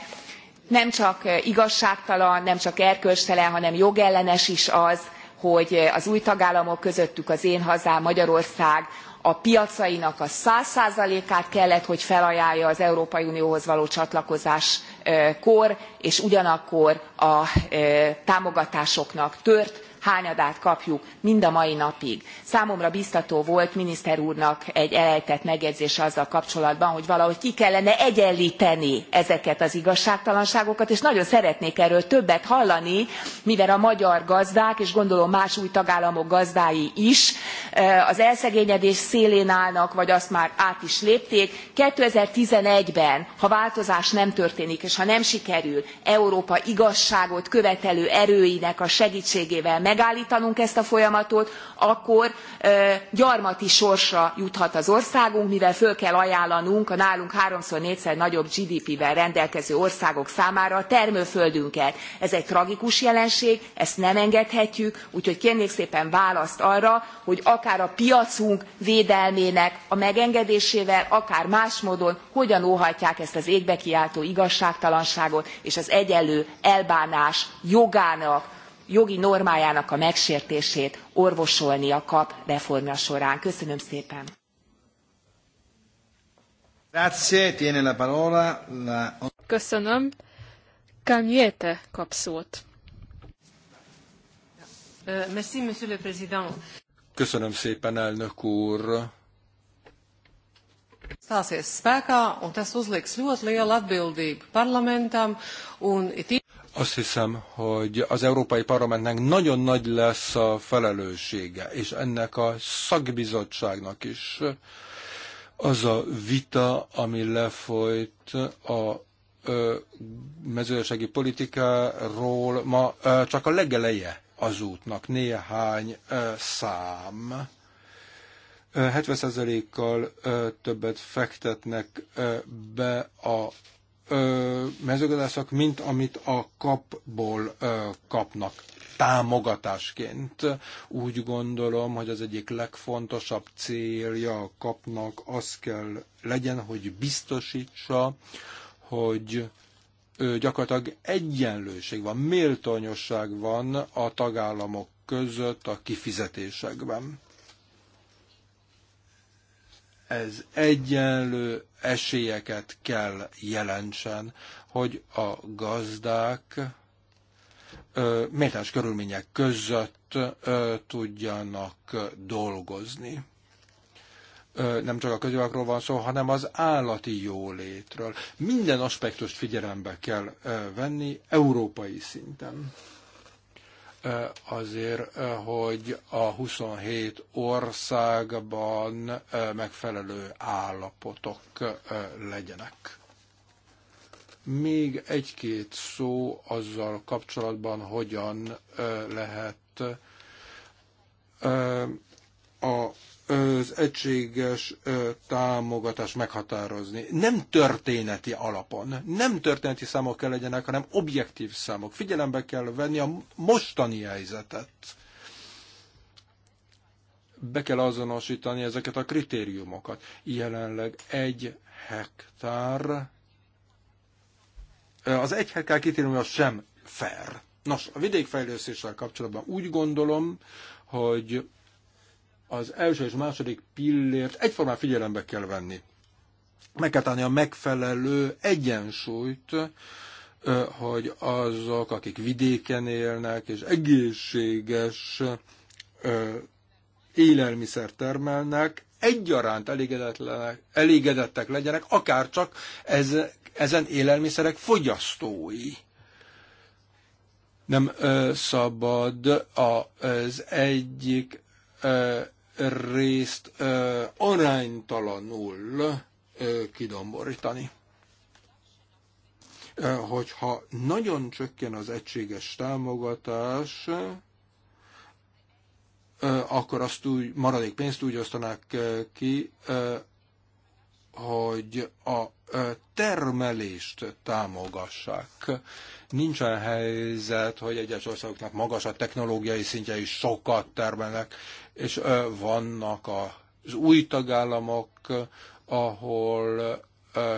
nem csak igazságtalan nem csak erkölcstelen hanem jogellenes is az hogy az új tagállamok közöttük az én hazám magyarország a piacainak a one hundred át kellett hogy felajánlja az európai unióhoz való csatlakozáskor és ugyanakkor a támogatásoknak tört hányadát kapjuk mind a mai napig. számomra biztató volt miniszter úrnak egy elejtett megjegyzése azzal kapcsolatban hogy valahogy ki kellene egyenlteni ezeket az igazságtalanságokat és nagyon szeretnék erről többet hallani mivel a magyar gazdák és gondolom más új tagállamok gazdái is eh, az elszegényedés szélén állnak vagy azt már át is lépték. two thousand and eleven ben ha változás nem történik és ha nem sikerül európa igazságot követelő erőinek a segtségével megálltanunk ezt a folyamatot akkor gyarmati sorsra juthat az országunk mivel föl kell ajánlanunk a nálunk háromszor négyszer nagyobb gdp vel rendelkező országok számára a termőföldünket. ez egy tragikus jelenség ezt nem engedhetjük úgyhogy kérnék szépen választ arra hogy akár a piacunk védelmének a megengedésével akár más módon hogyan óhajtják ezt az égbe kiáltó igazságtalanságot és az egyenlő elbánás jogának jogi normájának a megsértését orvosolnia kap reformja során. Köszönöm szépen! Köszönöm. Kalmiete kap szót. Uh, Köszönöm szépen, elnök úr. Stāsies spēkā, un tas uzliks ļoti lielu atbildību parlamentam un it azt hiszem, hogy az Európai Parlamentnek nagyon nagy lesz a felelőssége, és ennek a szakbizottságnak is az a vita, ami lefolyt a mezőgazdasági politikáról ma csak a legeleje az útnak, néhány szám. 70%-kal többet fektetnek be a mezőgazdászok, mint amit a kapból kapnak támogatásként. Úgy gondolom, hogy az egyik legfontosabb célja a kapnak az kell legyen, hogy biztosítsa, hogy gyakorlatilag egyenlőség van, méltányosság van a tagállamok között a kifizetésekben ez egyenlő esélyeket kell jelentsen, hogy a gazdák méltányos körülmények között ö, tudjanak dolgozni. Ö, nem csak a közjavakról van szó, hanem az állati jólétről. Minden aspektust figyelembe kell ö, venni európai szinten. Eh, azért, eh, hogy a 27 országban eh, megfelelő állapotok legyenek. Még egy-két szó azzal kapcsolatban, hogyan lehet a az egységes támogatás meghatározni. Nem történeti alapon, nem történeti számok kell legyenek, hanem objektív számok. Figyelembe kell venni a mostani helyzetet. Be kell azonosítani ezeket a kritériumokat. Jelenleg egy hektár, az egy hektár kritériumja sem fair. Nos, a vidékfejlesztéssel kapcsolatban úgy gondolom, hogy az első és második pillért egyformán figyelembe kell venni. Meg kell tenni a megfelelő egyensúlyt, hogy azok, akik vidéken élnek, és egészséges élelmiszer termelnek, egyaránt elégedettek legyenek, akár csak ez, ezen élelmiszerek fogyasztói. Nem ö, szabad az egyik ö, részt aránytalanul kidomborítani. Hogyha nagyon csökken az egységes támogatás, akkor azt úgy, maradék pénzt úgy osztanák ki, hogy a termelést támogassák. Nincsen helyzet, hogy egyes országoknak magas a technológiai szintje is sokat termelnek, és vannak az új tagállamok, ahol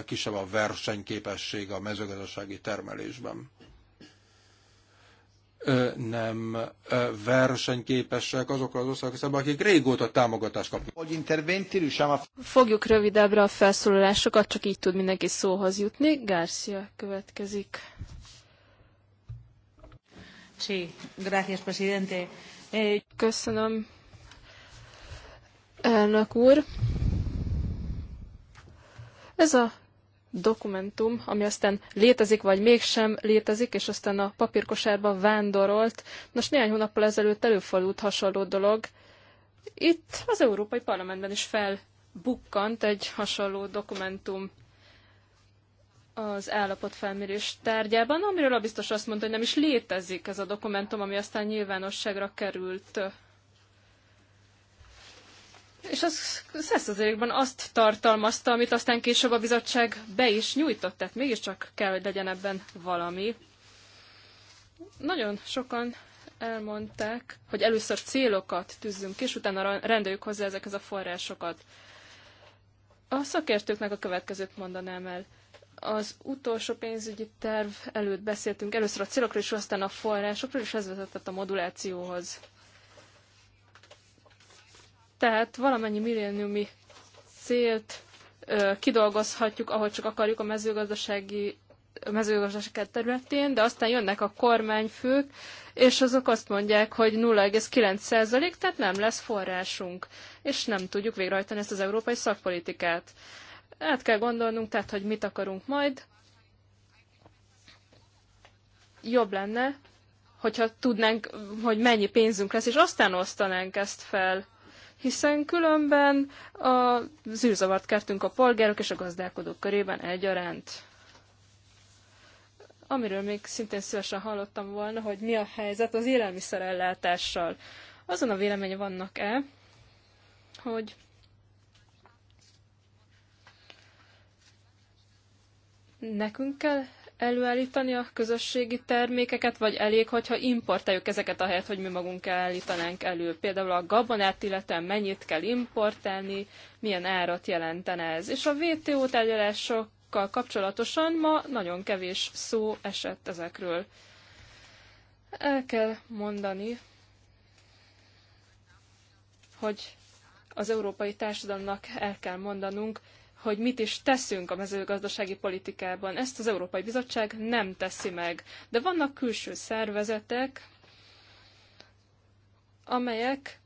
kisebb a versenyképesség a mezőgazdasági termelésben. Nem versenyképesek azok az országok akik régóta támogatást kapnak. Fogjuk rövidebbre a felszólalásokat, csak így tud mindenki szóhoz jutni. Garcia következik. Sí, gracias, presidente. Eh, Köszönöm, elnök úr. Ez a dokumentum, ami aztán létezik, vagy mégsem létezik, és aztán a papírkosárba vándorolt. Nos, néhány hónappal ezelőtt előfordult hasonló dolog. Itt az Európai Parlamentben is felbukkant egy hasonló dokumentum az állapotfelmérés tárgyában, amiről a biztos azt mondta, hogy nem is létezik ez a dokumentum, ami aztán nyilvánosságra került és az 100%-ban azt tartalmazta, amit aztán később a bizottság be is nyújtott, tehát mégiscsak kell, hogy legyen ebben valami. Nagyon sokan elmondták, hogy először célokat tűzzünk, és utána rendeljük hozzá ezekhez a forrásokat. A szakértőknek a következőt mondanám el. Az utolsó pénzügyi terv előtt beszéltünk először a célokról, és aztán a forrásokról, és ez vezetett a modulációhoz. Tehát valamennyi milléniumi célt kidolgozhatjuk, ahogy csak akarjuk a mezőgazdasági a területén, de aztán jönnek a kormányfők, és azok azt mondják, hogy 0,9%, tehát nem lesz forrásunk, és nem tudjuk végrehajtani ezt az európai szakpolitikát. Át kell gondolnunk, tehát, hogy mit akarunk majd. Jobb lenne, hogyha tudnánk, hogy mennyi pénzünk lesz, és aztán osztanánk ezt fel hiszen különben a zűrzavart kertünk a polgárok és a gazdálkodók körében egyaránt. Amiről még szintén szívesen hallottam volna, hogy mi a helyzet az élelmiszerellátással. Azon a vélemény vannak-e, hogy nekünk kell előállítani a közösségi termékeket, vagy elég, hogyha importáljuk ezeket a helyet, hogy mi magunk elállítanánk elő. Például a gabonát, illetve mennyit kell importálni, milyen árat jelenten ez. És a WTO tárgyalásokkal kapcsolatosan ma nagyon kevés szó esett ezekről. El kell mondani, hogy az európai társadalomnak el kell mondanunk, hogy mit is teszünk a mezőgazdasági politikában. Ezt az Európai Bizottság nem teszi meg. De vannak külső szervezetek, amelyek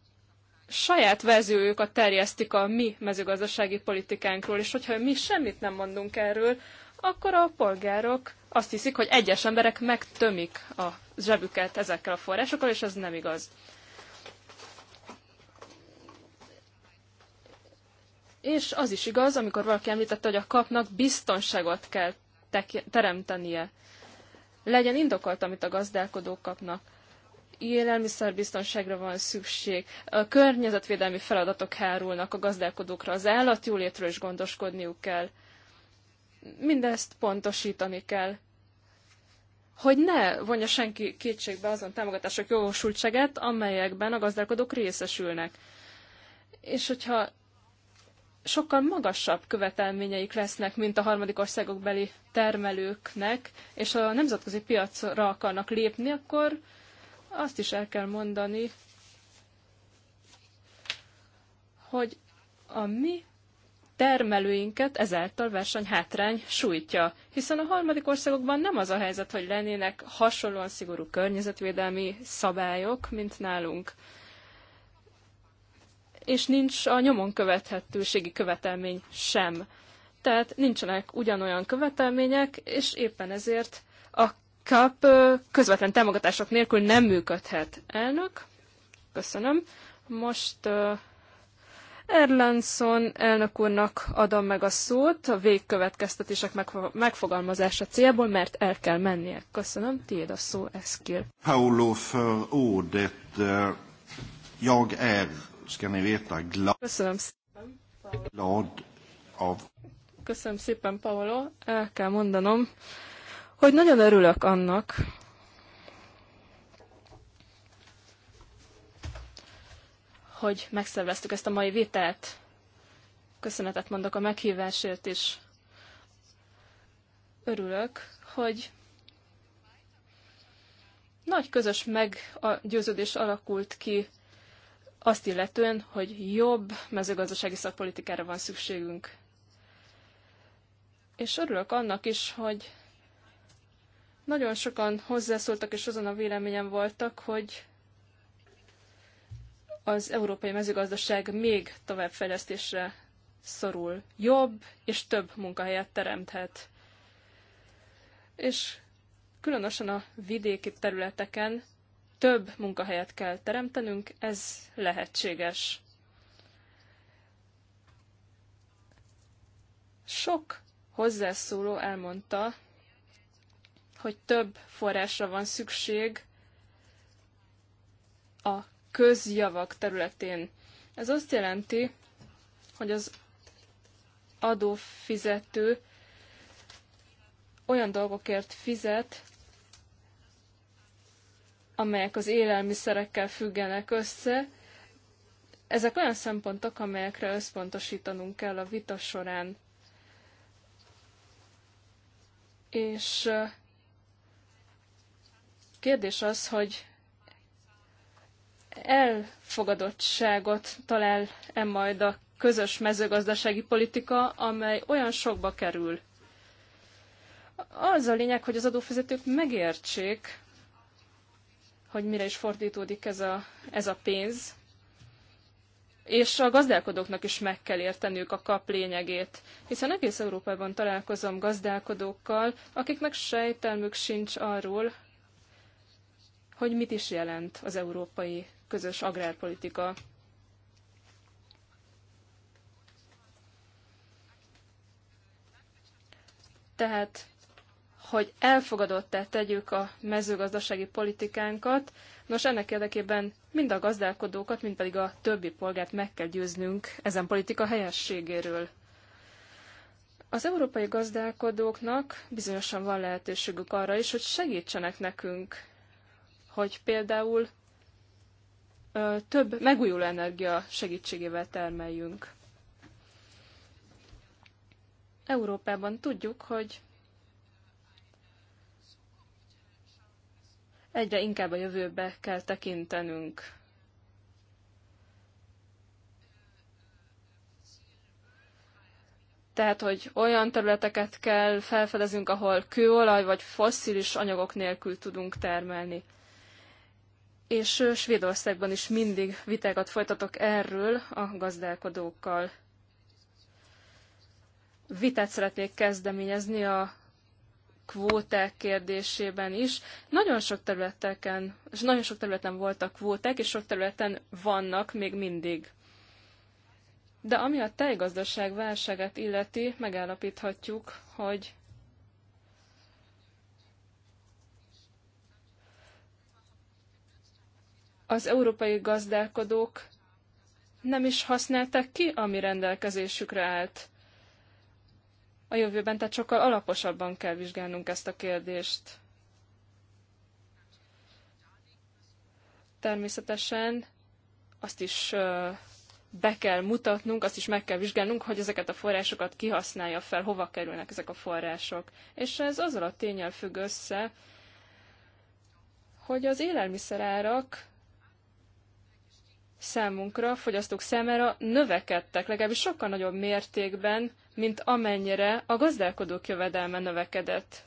saját vezőjükat terjesztik a mi mezőgazdasági politikánkról, és hogyha mi semmit nem mondunk erről, akkor a polgárok azt hiszik, hogy egyes emberek megtömik a zsebüket ezekkel a forrásokkal, és ez nem igaz. És az is igaz, amikor valaki említette, hogy a kapnak biztonságot kell teremtenie. Legyen indokolt, amit a gazdálkodók kapnak. Élelmiszerbiztonságra van szükség. A környezetvédelmi feladatok hárulnak a gazdálkodókra. Az állatjólétről is gondoskodniuk kell. Mindezt pontosítani kell hogy ne vonja senki kétségbe azon támogatások jogosultságát, amelyekben a gazdálkodók részesülnek. És hogyha sokkal magasabb követelményeik lesznek, mint a harmadik országok beli termelőknek, és a nemzetközi piacra akarnak lépni, akkor azt is el kell mondani, hogy a mi termelőinket ezáltal versenyhátrány sújtja, hiszen a harmadik országokban nem az a helyzet, hogy lennének hasonlóan szigorú környezetvédelmi szabályok, mint nálunk és nincs a nyomon követhetőségi követelmény sem. Tehát nincsenek ugyanolyan követelmények, és éppen ezért a kap közvetlen támogatások nélkül nem működhet. Elnök, köszönöm. Most uh, Erlenson elnök úrnak adom meg a szót a végkövetkeztetések megfogalmazása célból, mert el kell mennie. Köszönöm, tiéd a szó, Eszkil. Paulo för ordet. Jag är ska ni veta, glad, Köszönöm szépen, glad av... Köszönöm szépen, Paolo. El kell mondanom, hogy nagyon örülök annak, hogy megszerveztük ezt a mai vitát. Köszönetet mondok a meghívásért is. Örülök, hogy nagy közös meggyőződés alakult ki azt illetően, hogy jobb mezőgazdasági szakpolitikára van szükségünk. És örülök annak is, hogy nagyon sokan hozzászóltak, és azon a véleményen voltak, hogy az európai mezőgazdaság még továbbfejlesztésre szorul. Jobb és több munkahelyet teremthet. És különösen a vidéki területeken több munkahelyet kell teremtenünk, ez lehetséges. Sok hozzászóló elmondta, hogy több forrásra van szükség a közjavak területén. Ez azt jelenti, hogy az adófizető olyan dolgokért fizet, amelyek az élelmiszerekkel függenek össze. Ezek olyan szempontok, amelyekre összpontosítanunk kell a vita során. És kérdés az, hogy elfogadottságot talál-e majd a közös mezőgazdasági politika, amely olyan sokba kerül. Az a lényeg, hogy az adófizetők megértsék, hogy mire is fordítódik ez a, ez a pénz. És a gazdálkodóknak is meg kell érteniük a kap lényegét, hiszen egész Európában találkozom gazdálkodókkal, akiknek sejtelmük sincs arról, hogy mit is jelent az európai közös agrárpolitika. Tehát hogy elfogadott-e tegyük a mezőgazdasági politikánkat. Nos, ennek érdekében mind a gazdálkodókat, mind pedig a többi polgárt meg kell győznünk ezen politika helyességéről. Az európai gazdálkodóknak bizonyosan van lehetőségük arra is, hogy segítsenek nekünk, hogy például ö, több megújuló energia segítségével termeljünk. Európában tudjuk, hogy Egyre inkább a jövőbe kell tekintenünk. Tehát, hogy olyan területeket kell felfedezünk, ahol kőolaj vagy fosszilis anyagok nélkül tudunk termelni. És Svédországban is mindig vitákat folytatok erről a gazdálkodókkal vitát szeretnék kezdeményezni a kvóták kérdésében is. Nagyon sok területeken, és nagyon sok területen voltak kvóták, és sok területen vannak még mindig. De ami a tejgazdaság válságát illeti, megállapíthatjuk, hogy az európai gazdálkodók nem is használták ki, ami rendelkezésükre állt a jövőben, tehát sokkal alaposabban kell vizsgálnunk ezt a kérdést. Természetesen azt is be kell mutatnunk, azt is meg kell vizsgálnunk, hogy ezeket a forrásokat kihasználja fel, hova kerülnek ezek a források. És ez azzal a tényel függ össze, hogy az élelmiszerárak számunkra, fogyasztók számára növekedtek, legalábbis sokkal nagyobb mértékben, mint amennyire a gazdálkodók jövedelme növekedett.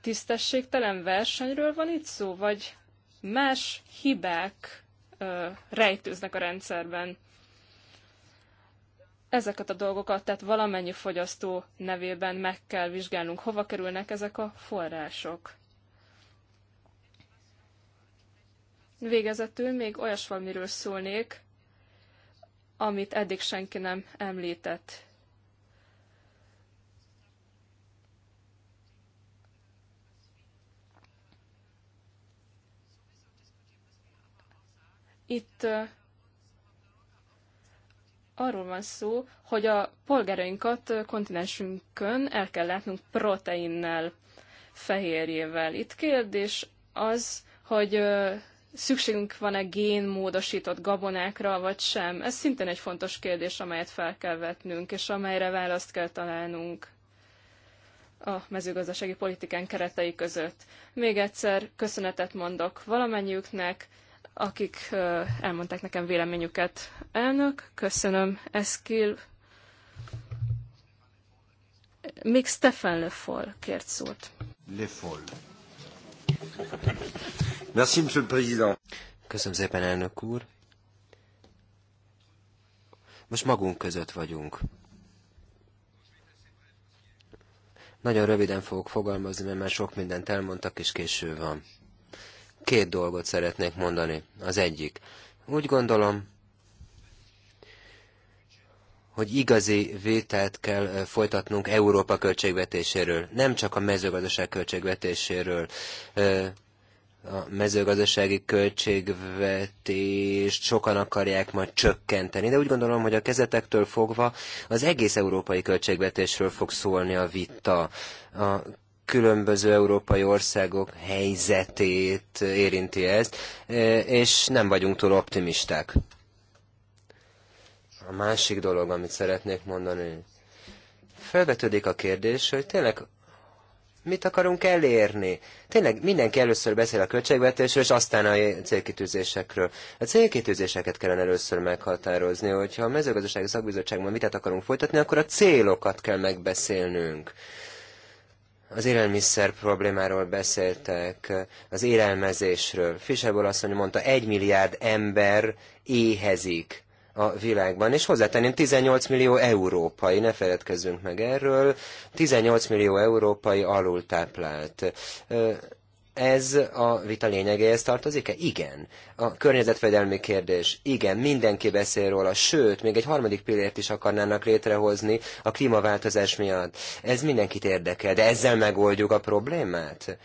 Tisztességtelen versenyről van itt szó, vagy más hibák ö, rejtőznek a rendszerben? Ezeket a dolgokat, tehát valamennyi fogyasztó nevében meg kell vizsgálnunk, hova kerülnek ezek a források. Végezetül még valamiről szólnék, amit eddig senki nem említett. Itt arról van szó, hogy a polgárainkat kontinensünkön el kell látnunk proteinnel, fehérjével. Itt kérdés az, hogy szükségünk van-e génmódosított gabonákra, vagy sem. Ez szintén egy fontos kérdés, amelyet fel kell vetnünk, és amelyre választ kell találnunk a mezőgazdasági politikán keretei között. Még egyszer köszönetet mondok valamennyiüknek, akik elmondták nekem véleményüket. Elnök, köszönöm, Eszkil. Még Stefan Foll kért szót. Merci, Monsieur le Président. Köszönöm szépen, elnök úr. Most magunk között vagyunk. Nagyon röviden fogok fogalmazni, mert már sok mindent elmondtak, és késő van. Két dolgot szeretnék mondani. Az egyik. Úgy gondolom, hogy igazi vételt kell folytatnunk Európa költségvetéséről, nem csak a mezőgazdaság költségvetéséről a mezőgazdasági költségvetést sokan akarják majd csökkenteni, de úgy gondolom, hogy a kezetektől fogva az egész európai költségvetésről fog szólni a vita. A különböző európai országok helyzetét érinti ezt, és nem vagyunk túl optimisták. A másik dolog, amit szeretnék mondani, felvetődik a kérdés, hogy tényleg mit akarunk elérni? Tényleg mindenki először beszél a költségvetésről, és aztán a célkitűzésekről. A célkitűzéseket kellene először meghatározni, hogyha a mezőgazdasági szakbizottságban vitát akarunk folytatni, akkor a célokat kell megbeszélnünk. Az élelmiszer problémáról beszéltek, az élelmezésről. Fischerből azt mondta, egy milliárd ember éhezik a világban. És hozzátenném, 18 millió európai, ne feledkezzünk meg erről, 18 millió európai alultáplált. Ez a vita lényegéhez tartozik-e? Igen. A környezetvédelmi kérdés, igen, mindenki beszél róla, sőt, még egy harmadik pillért is akarnának létrehozni a klímaváltozás miatt. Ez mindenkit érdekel, de ezzel megoldjuk a problémát?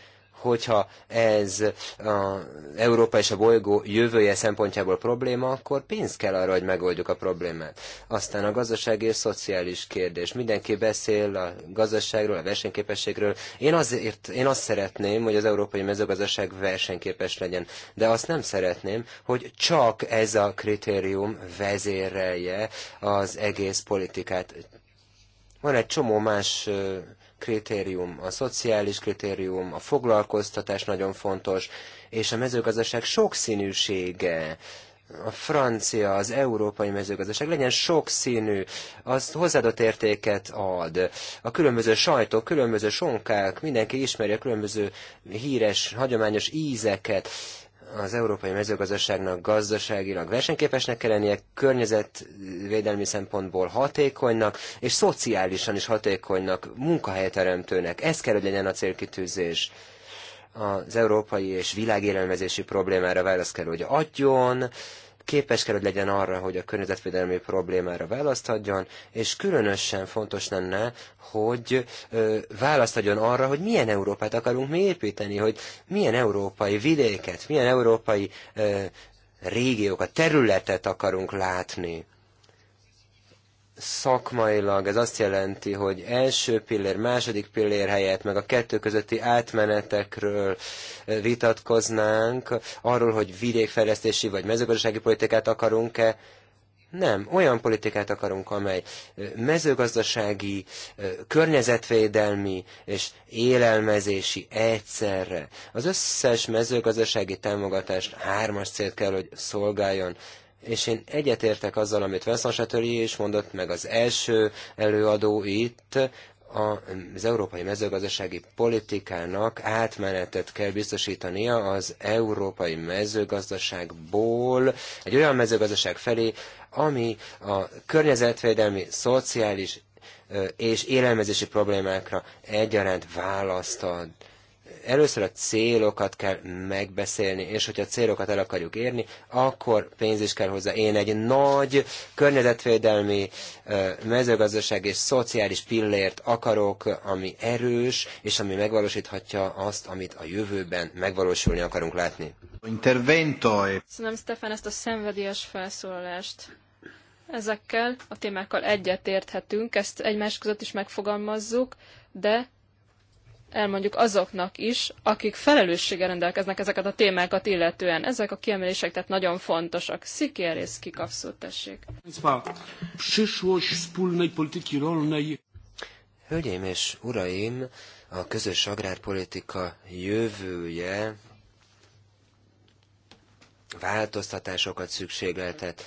Hogyha ez a Európa és a bolygó jövője szempontjából probléma, akkor pénz kell arra, hogy megoldjuk a problémát. Aztán a gazdasági és szociális kérdés. Mindenki beszél a gazdaságról, a versenyképességről. Én, azért, én azt szeretném, hogy az európai mezőgazdaság versenyképes legyen, de azt nem szeretném, hogy csak ez a kritérium vezérelje az egész politikát. Van egy csomó más kritérium, a szociális kritérium, a foglalkoztatás nagyon fontos, és a mezőgazdaság sokszínűsége, a francia, az európai mezőgazdaság legyen sokszínű, az hozzáadott értéket ad. A különböző sajtok, különböző sonkák, mindenki ismeri a különböző híres, hagyományos ízeket, az európai mezőgazdaságnak gazdaságilag versenyképesnek kell lennie, környezetvédelmi szempontból hatékonynak, és szociálisan is hatékonynak, munkahelyteremtőnek. Ez kell, hogy legyen a célkitűzés az európai és világélelmezési problémára válasz kell, hogy adjon, képes kell, hogy legyen arra, hogy a környezetvédelmi problémára választ adjon, és különösen fontos lenne, hogy választ adjon arra, hogy milyen Európát akarunk mi építeni, hogy milyen európai vidéket, milyen európai régiókat, területet akarunk látni szakmailag ez azt jelenti, hogy első pillér, második pillér helyett, meg a kettő közötti átmenetekről eh, vitatkoznánk, arról, hogy vidékfejlesztési vagy mezőgazdasági politikát akarunk-e, nem, olyan politikát akarunk, amely eh, mezőgazdasági, eh, környezetvédelmi és élelmezési egyszerre. Az összes mezőgazdasági támogatást hármas célt kell, hogy szolgáljon és én egyetértek azzal, amit Vincent Chatelier is mondott, meg az első előadó itt, az európai mezőgazdasági politikának átmenetet kell biztosítania az európai mezőgazdaságból egy olyan mezőgazdaság felé, ami a környezetvédelmi, szociális és élelmezési problémákra egyaránt választ ad. Először a célokat kell megbeszélni, és hogyha a célokat el akarjuk érni, akkor pénz is kell hozzá. Én egy nagy környezetvédelmi, mezőgazdaság és szociális pillért akarok, ami erős, és ami megvalósíthatja azt, amit a jövőben megvalósulni akarunk látni. Intervento. E- Szerintem, Stefan, ezt a szenvedélyes felszólalást ezekkel a témákkal egyetérthetünk, ezt egymás között is megfogalmazzuk, de elmondjuk azoknak is, akik felelősséggel rendelkeznek ezeket a témákat illetően. Ezek a kiemelések tehát nagyon fontosak. Szikér és kikapszót tessék. Hölgyeim és uraim, a közös agrárpolitika jövője változtatásokat szükségeltet.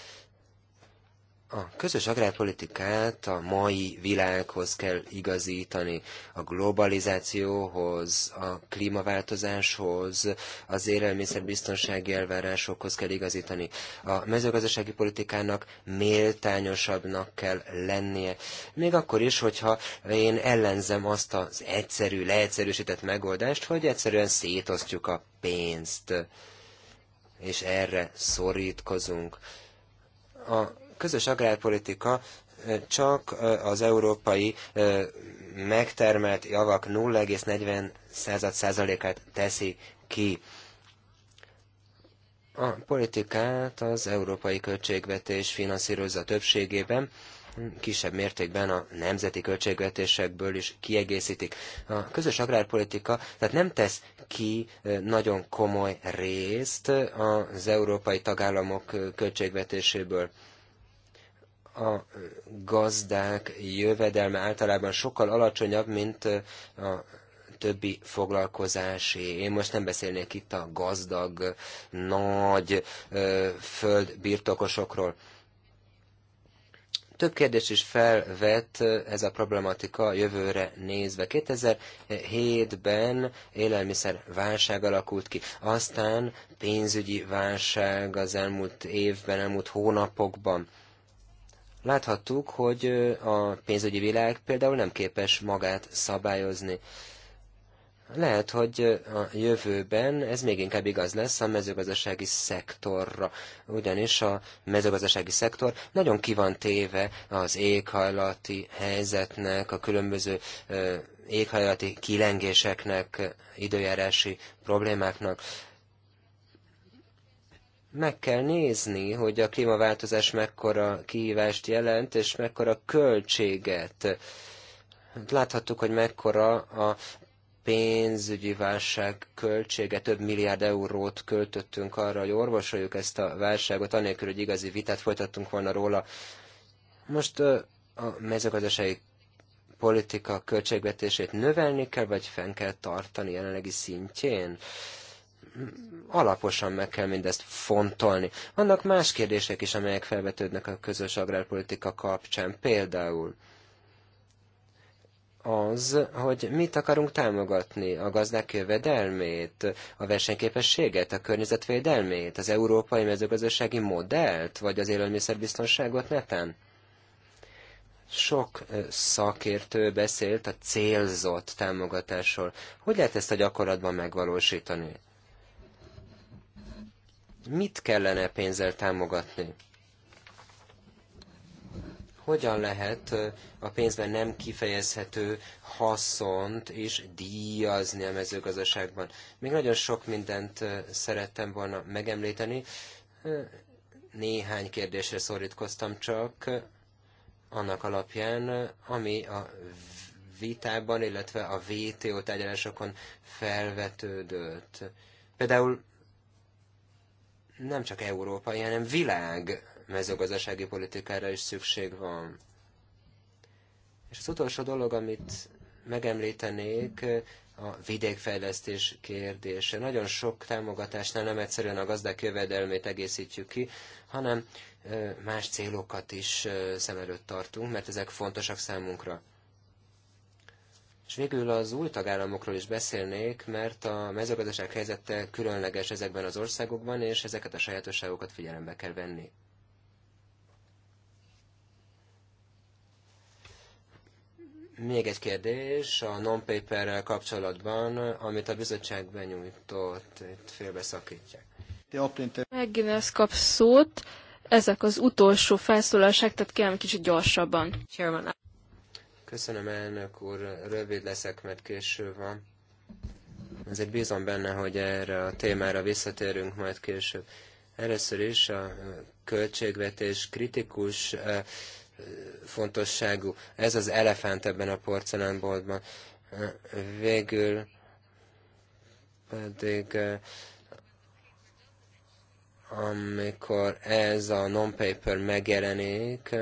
A közös agrárpolitikát a mai világhoz kell igazítani, a globalizációhoz, a klímaváltozáshoz, az élelmiszerbiztonsági elvárásokhoz kell igazítani. A mezőgazdasági politikának méltányosabbnak kell lennie. Még akkor is, hogyha én ellenzem azt az egyszerű, leegyszerűsített megoldást, hogy egyszerűen szétosztjuk a pénzt, és erre szorítkozunk. A közös agrárpolitika csak az európai megtermelt javak 0,40%-át teszi ki. A politikát az európai költségvetés finanszírozza többségében, kisebb mértékben a nemzeti költségvetésekből is kiegészítik. A közös agrárpolitika tehát nem tesz ki nagyon komoly részt az európai tagállamok költségvetéséből a gazdák jövedelme általában sokkal alacsonyabb, mint a többi foglalkozásé. Én most nem beszélnék itt a gazdag, nagy földbirtokosokról. Több kérdés is felvet ez a problematika jövőre nézve. 2007-ben élelmiszer válság alakult ki, aztán pénzügyi válság az elmúlt évben, elmúlt hónapokban. Láthattuk, hogy a pénzügyi világ például nem képes magát szabályozni. Lehet, hogy a jövőben ez még inkább igaz lesz a mezőgazdasági szektorra, ugyanis a mezőgazdasági szektor nagyon ki van téve az éghajlati helyzetnek, a különböző éghajlati kilengéseknek, időjárási problémáknak meg kell nézni, hogy a klímaváltozás mekkora kihívást jelent, és mekkora költséget. Láthattuk, hogy mekkora a pénzügyi válság költsége, több milliárd eurót költöttünk arra, hogy orvosoljuk ezt a válságot, anélkül, hogy igazi vitát folytattunk volna róla. Most a mezőgazdasági politika költségvetését növelni kell, vagy fenn kell tartani jelenlegi szintjén? alaposan meg kell mindezt fontolni. Vannak más kérdések is, amelyek felvetődnek a közös agrárpolitika kapcsán. Például az, hogy mit akarunk támogatni, a gazdák jövedelmét, a versenyképességet, a környezetvédelmét, az európai mezőgazdasági modellt, vagy az élelmiszerbiztonságot netán? Sok szakértő beszélt a célzott támogatásról. Hogy lehet ezt a gyakorlatban megvalósítani? Mit kellene pénzzel támogatni? Hogyan lehet a pénzben nem kifejezhető haszont és díjazni a mezőgazdaságban? Még nagyon sok mindent szerettem volna megemlíteni. Néhány kérdésre szorítkoztam csak annak alapján, ami a vitában, illetve a VTO tárgyalásokon felvetődött. Például nem csak európai, hanem világ mezőgazdasági politikára is szükség van. És az utolsó dolog, amit megemlítenék, a vidékfejlesztés kérdése. Nagyon sok támogatásnál nem egyszerűen a gazdák jövedelmét egészítjük ki, hanem más célokat is szem előtt tartunk, mert ezek fontosak számunkra. És végül az új tagállamokról is beszélnék, mert a mezőgazdaság helyzete különleges ezekben az országokban, és ezeket a sajátosságokat figyelembe kell venni. Még egy kérdés a non-paperrel kapcsolatban, amit a bizottság benyújtott, itt félbeszakítják. Megint kap szót. Ezek az utolsó felszólalások, tehát kérem kicsit gyorsabban. Chairman. Köszönöm, elnök úr, rövid leszek, mert késő van. Azért bízom benne, hogy erre a témára visszatérünk majd később. Először is a eh, költségvetés kritikus eh, fontosságú. Ez az elefánt ebben a porcelánboltban. Eh, végül pedig amikor ez a non-paper megjelenik,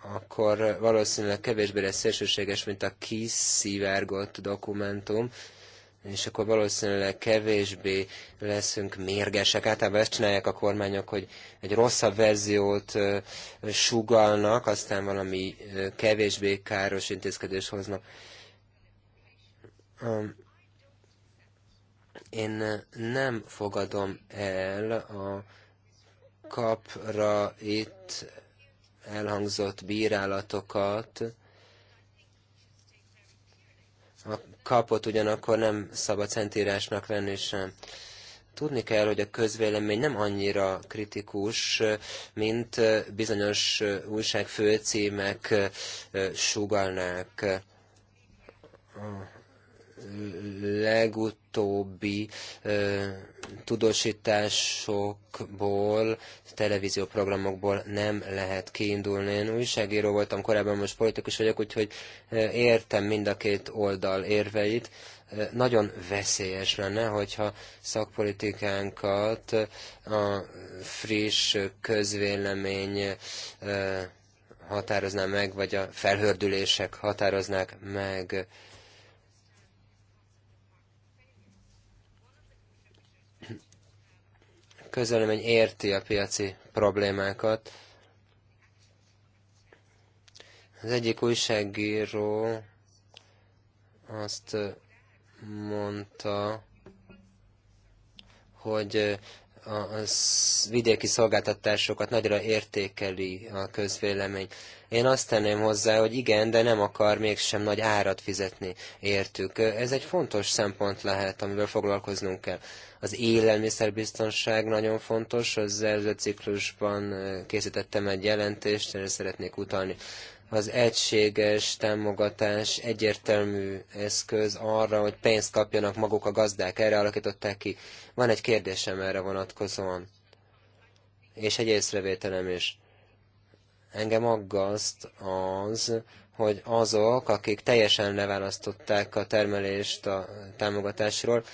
akkor valószínűleg kevésbé lesz szélsőséges, mint a kiszivárgott dokumentum, és akkor valószínűleg kevésbé leszünk mérgesek. Általában ezt csinálják a kormányok, hogy egy rosszabb verziót sugalnak, aztán valami kevésbé káros intézkedés hoznak. Én nem fogadom el a kapra itt elhangzott bírálatokat. A kapot ugyanakkor nem szabad szentírásnak venni sem tudni kell, hogy a közvélemény nem annyira kritikus, mint bizonyos újság főcímek sugalnák legutóbbi ö, tudósításokból, televízióprogramokból nem lehet kiindulni. Én újságíró voltam, korábban most politikus vagyok, úgyhogy értem mind a két oldal érveit. Nagyon veszélyes lenne, hogyha szakpolitikánkat a friss közvélemény határozná meg, vagy a felhördülések határoznák meg közelem egy érti a piaci problémákat. Az egyik újságíró azt mondta, hogy a vidéki szolgáltatásokat nagyra értékeli a közvélemény. Én azt tenném hozzá, hogy igen, de nem akar mégsem nagy árat fizetni értük. Ez egy fontos szempont lehet, amivel foglalkoznunk kell. Az élelmiszerbiztonság nagyon fontos, az előző ciklusban eh, készítettem egy jelentést, erre szeretnék utalni az egységes támogatás egyértelmű eszköz arra, hogy pénzt kapjanak maguk a gazdák. Erre alakították ki. Van egy kérdésem erre vonatkozóan, és egy észrevételem is. Engem aggaszt az, hogy azok, akik teljesen leválasztották a termelést a támogatásról,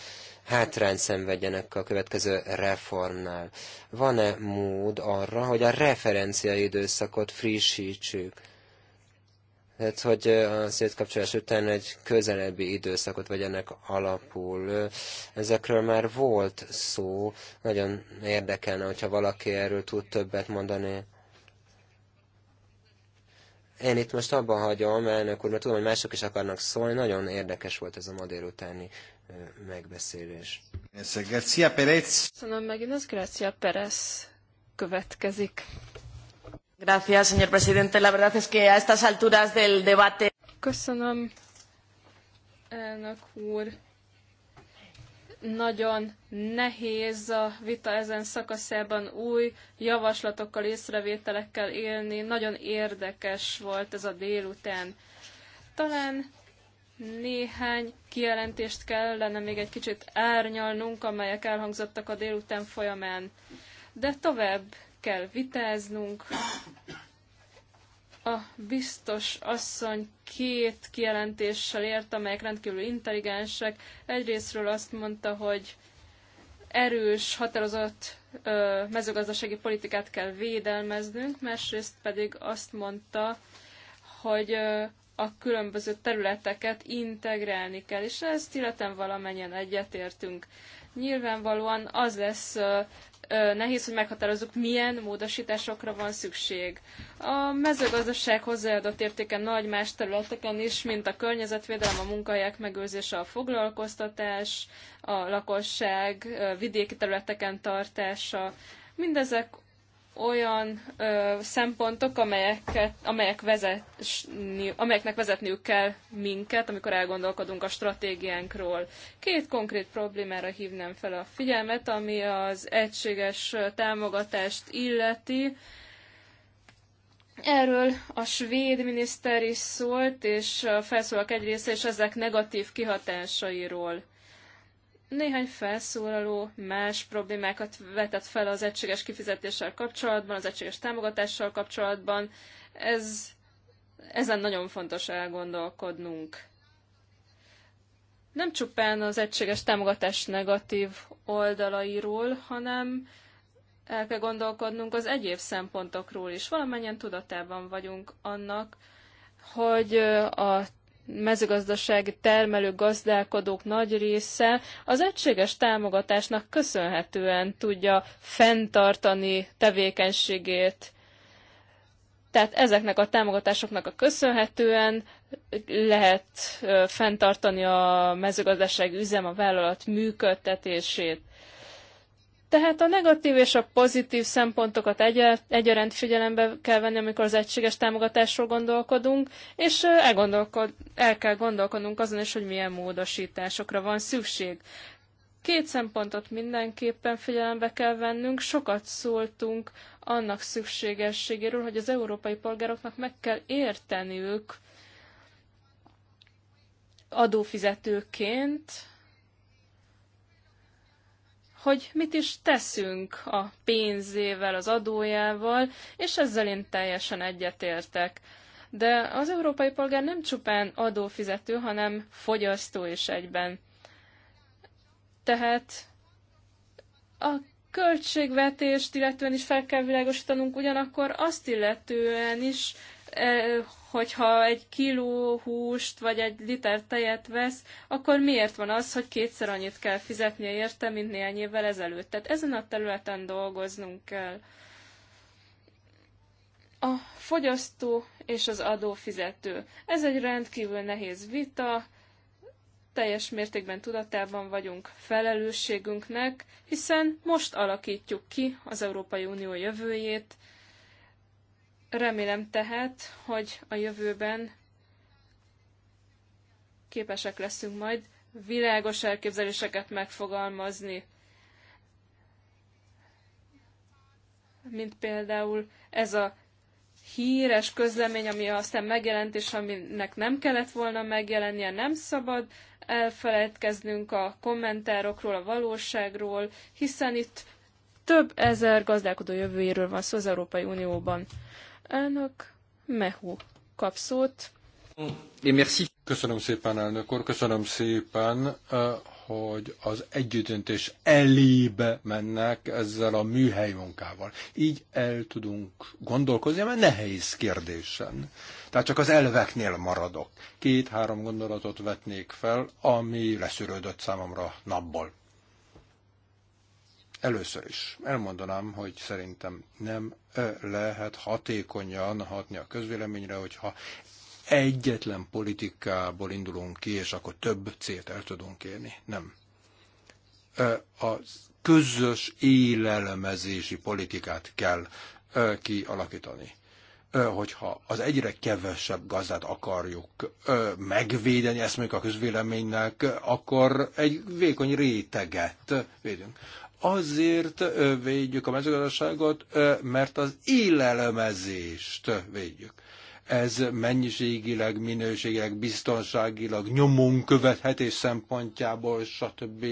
hátrányt szenvedjenek a következő reformnál. Van-e mód arra, hogy a referencia időszakot frissítsük? tehát, hogy a szétkapcsolás után egy közelebbi időszakot vegyenek alapul. Ezekről már volt szó, nagyon érdekelne, hogyha valaki erről tud többet mondani. Én itt most abban hagyom, elnök úr, mert tudom, hogy mások is akarnak szólni. Nagyon érdekes volt ez a ma délutáni megbeszélés. Perez. Köszönöm megint az Grácia Perez következik. Gracias, señor presidente. La verdad es que a estas alturas del debate... Köszönöm, elnök úr. Nagyon nehéz a vita ezen szakaszában új javaslatokkal, észrevételekkel élni. Nagyon érdekes volt ez a délután. Talán néhány kijelentést kellene még egy kicsit árnyalnunk, amelyek elhangzottak a délután folyamán. De tovább kell vitáznunk. A biztos asszony két kijelentéssel ért, amelyek rendkívül intelligensek. Egyrésztről azt mondta, hogy erős, határozott ö, mezőgazdasági politikát kell védelmeznünk, másrészt pedig azt mondta, hogy ö, a különböző területeket integrálni kell, és ezt illetve valamennyien egyetértünk. Nyilvánvalóan az lesz nehéz, hogy meghatározzuk, milyen módosításokra van szükség. A mezőgazdaság hozzáadott értéke nagy más területeken is, mint a környezetvédelem, a munkahelyek megőrzése, a foglalkoztatás, a lakosság vidéki területeken tartása. Mindezek olyan ö, szempontok, amelyeket, amelyek vezetni, amelyeknek vezetniük kell minket, amikor elgondolkodunk a stratégiánkról. Két konkrét problémára hívnám fel a figyelmet, ami az egységes támogatást illeti. Erről a svéd miniszter is szólt, és felszólak egy része, és ezek negatív kihatásairól. Néhány felszólaló más problémákat vetett fel az egységes kifizetéssel kapcsolatban, az egységes támogatással kapcsolatban. Ez, ezen nagyon fontos elgondolkodnunk. Nem csupán az egységes támogatás negatív oldalairól, hanem el kell gondolkodnunk az egyéb szempontokról is. Valamennyien tudatában vagyunk annak, hogy a mezőgazdasági termelők, gazdálkodók nagy része az egységes támogatásnak köszönhetően tudja fenntartani tevékenységét. Tehát ezeknek a támogatásoknak a köszönhetően lehet fenntartani a mezőgazdasági üzem, a vállalat működtetését. Tehát a negatív és a pozitív szempontokat egyaránt figyelembe kell venni, amikor az egységes támogatásról gondolkodunk, és el kell gondolkodnunk azon is, hogy milyen módosításokra van szükség. Két szempontot mindenképpen figyelembe kell vennünk. Sokat szóltunk annak szükségességéről, hogy az európai polgároknak meg kell érteniük adófizetőként, hogy mit is teszünk a pénzével, az adójával, és ezzel én teljesen egyetértek. De az európai polgár nem csupán adófizető, hanem fogyasztó is egyben. Tehát a költségvetést illetően is fel kell világosítanunk, ugyanakkor azt illetően is, eh, hogyha egy kiló húst vagy egy liter tejet vesz, akkor miért van az, hogy kétszer annyit kell fizetnie érte, mint néhány évvel ezelőtt? Tehát ezen a területen dolgoznunk kell. A fogyasztó és az adófizető. Ez egy rendkívül nehéz vita, teljes mértékben tudatában vagyunk felelősségünknek, hiszen most alakítjuk ki az Európai Unió jövőjét, Remélem tehát, hogy a jövőben képesek leszünk majd világos elképzeléseket megfogalmazni. Mint például ez a híres közlemény, ami aztán megjelent, és aminek nem kellett volna megjelennie, nem szabad elfeledkeznünk a kommentárokról, a valóságról, hiszen itt több ezer gazdálkodó jövőjéről van szó az Európai Unióban. Elnök Mehu kap szót. Köszönöm szépen, elnök úr, köszönöm szépen, eh, hogy az együttöntés elébe mennek ezzel a műhely munkával. Így el tudunk gondolkozni, mert nehéz kérdésen. Tehát csak az elveknél maradok. Két-három gondolatot vetnék fel, ami leszűrődött számomra napból. Először is elmondanám, hogy szerintem nem lehet hatékonyan hatni a közvéleményre, hogyha egyetlen politikából indulunk ki, és akkor több célt el tudunk érni. Nem. A közös élelmezési politikát kell kialakítani hogyha az egyre kevesebb gazdát akarjuk megvédeni, ezt mondjuk a közvéleménynek, akkor egy vékony réteget védünk. Azért védjük a mezőgazdaságot, mert az élelmezést védjük. Ez mennyiségileg, minőségileg, biztonságilag, nyomunk követhetés szempontjából, stb.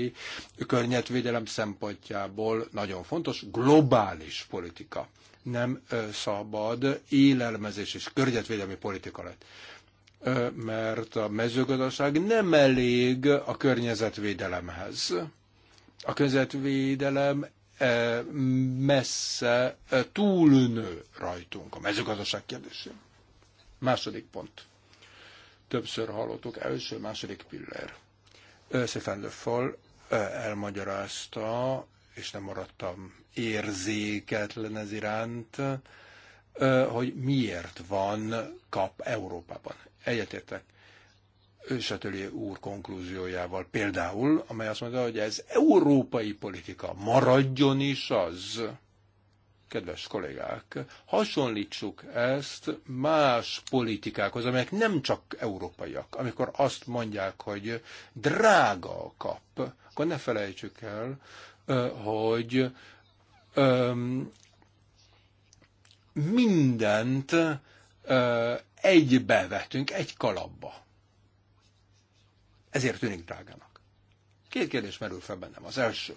környezetvédelem szempontjából nagyon fontos globális politika. Nem szabad élelmezés és környezetvédelmi politika lett mert a mezőgazdaság nem elég a környezetvédelemhez. A közvetvédelem eh, messze eh, túlnő rajtunk a mezőgazdaság kérdésén. Második pont. Többször hallottuk, első, második pillér. Stephen Fall eh, elmagyarázta, és nem maradtam érzéketlen ez iránt, hogy miért van kap Európában. Egyetértek Sötöli úr konklúziójával például, amely azt mondja, hogy ez európai politika, maradjon is az. Kedves kollégák, hasonlítsuk ezt más politikákhoz, amelyek nem csak európaiak. Amikor azt mondják, hogy drága a kap, akkor ne felejtsük el, hogy mindent egybe vetünk, egy kalapba ezért tűnik drágának. Két kérdés merül fel bennem. Az első.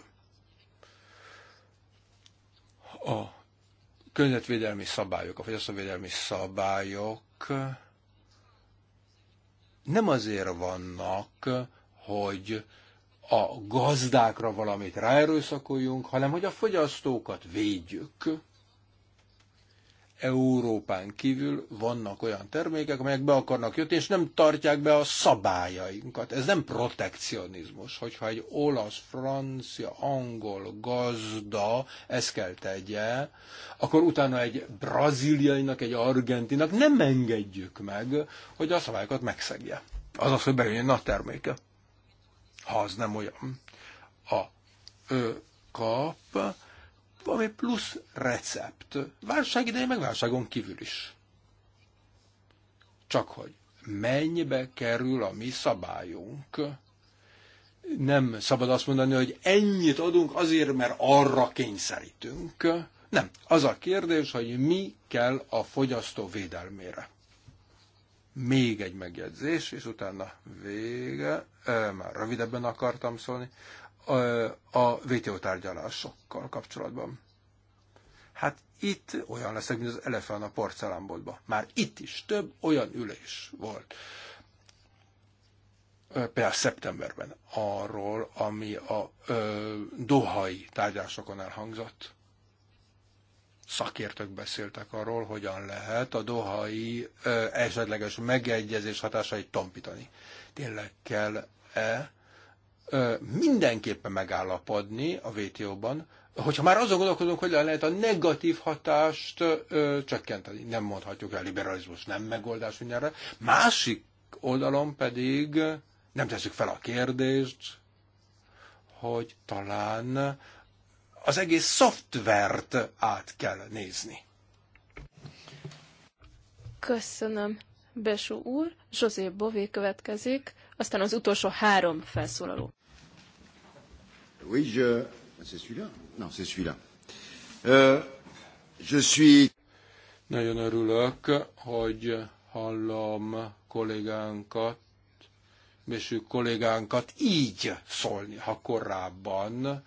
A környezetvédelmi szabályok, a fogyasztóvédelmi szabályok nem azért vannak, hogy a gazdákra valamit ráerőszakoljunk, hanem hogy a fogyasztókat védjük Európán kívül vannak olyan termékek, amelyek be akarnak jutni, és nem tartják be a szabályainkat. Ez nem protekcionizmus, hogyha egy olasz, francia, angol gazda ezt kell tegye, akkor utána egy braziliainak, egy argentinak nem engedjük meg, hogy a szabályokat megszegje. Az az, hogy bejön a terméke. Ha az nem olyan. A ő kap valami plusz recept. Válság idején, meg válságon kívül is. Csak hogy mennyibe kerül a mi szabályunk. Nem szabad azt mondani, hogy ennyit adunk azért, mert arra kényszerítünk. Nem. Az a kérdés, hogy mi kell a fogyasztó védelmére. Még egy megjegyzés, és utána vége. Már rövidebben akartam szólni a WTO tárgyalásokkal kapcsolatban. Hát itt olyan leszek, mint az elefán a porcelánboltban. Már itt is több olyan ülés volt. Például szeptemberben arról, ami a ö, dohai tárgyalásokon elhangzott. Szakértők beszéltek arról, hogyan lehet a dohai ö, esetleges megegyezés hatásait tompítani. Tényleg kell-e mindenképpen megállapodni a WTO-ban, hogyha már azon gondolkodunk, hogy lehet a negatív hatást ö, csökkenteni. Nem mondhatjuk el, liberalizmus nem megoldás mindenre. Másik oldalon pedig nem teszük fel a kérdést, hogy talán az egész szoftvert át kell nézni. Köszönöm, Besú úr. José Bové következik, aztán az utolsó három felszólaló. Oui, je... C'est celui-là Non, c'est celui-là. Euh, je suis... Nagyon örülök, hogy hallom kollégánkat, És kollégánkat így szólni, ha korábban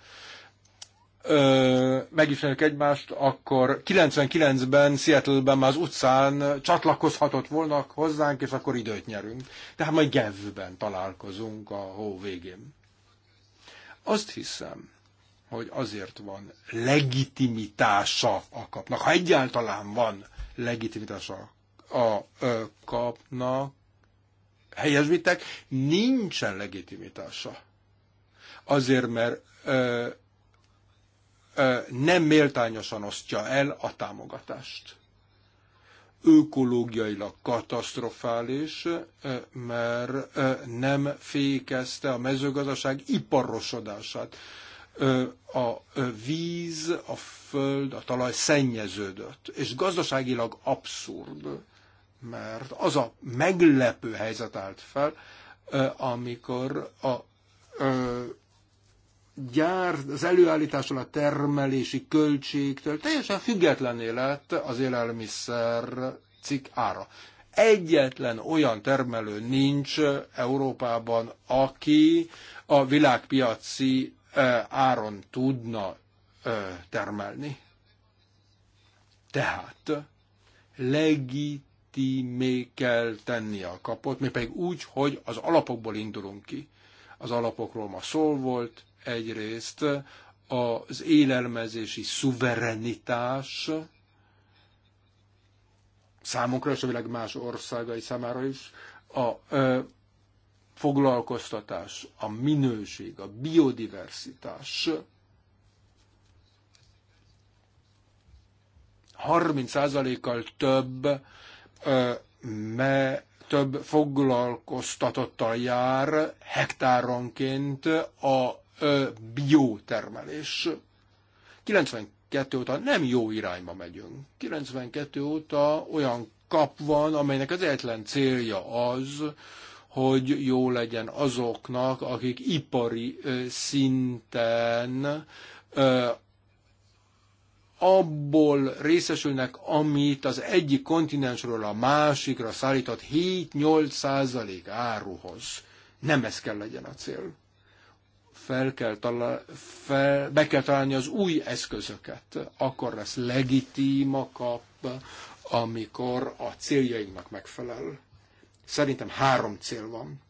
megismerjük egymást, akkor 99-ben Seattle-ben már az utcán csatlakozhatott volna hozzánk, és akkor időt nyerünk. Tehát majd Gevben találkozunk a hó végén. Azt hiszem, hogy azért van legitimitása a kapnak, ha egyáltalán van legitimitása a kapnak, helyesbitek, nincsen legitimitása. Azért, mert ö, ö, nem méltányosan osztja el a támogatást ökológiailag katasztrofális, eh, mert eh, nem fékezte a mezőgazdaság iparosodását. Eh, a víz, a föld, a talaj szennyeződött, és gazdaságilag abszurd, mert az a meglepő helyzet állt fel, amikor a gyár, az előállítással a termelési költségtől teljesen függetlené lett az élelmiszer cikk ára. Egyetlen olyan termelő nincs Európában, aki a világpiaci áron tudna termelni. Tehát legitimé kell tenni a kapot, mi pedig úgy, hogy az alapokból indulunk ki. Az alapokról ma szól volt, Egyrészt az élelmezési szuverenitás számunkra és a világ más országai számára is a ö, foglalkoztatás, a minőség, a biodiversitás 30%-kal több, ö, me, több foglalkoztatottal jár hektáronként a biótermelés. 92 óta nem jó irányba megyünk. 92 óta olyan kap van, amelynek az egyetlen célja az, hogy jó legyen azoknak, akik ipari szinten abból részesülnek, amit az egyik kontinensről a másikra szállított 7-8 százalék áruhoz. Nem ez kell legyen a cél fel kell fel, be kell találni az új eszközöket. Akkor lesz legitim a kap, amikor a céljainknak megfelel. Szerintem három cél van.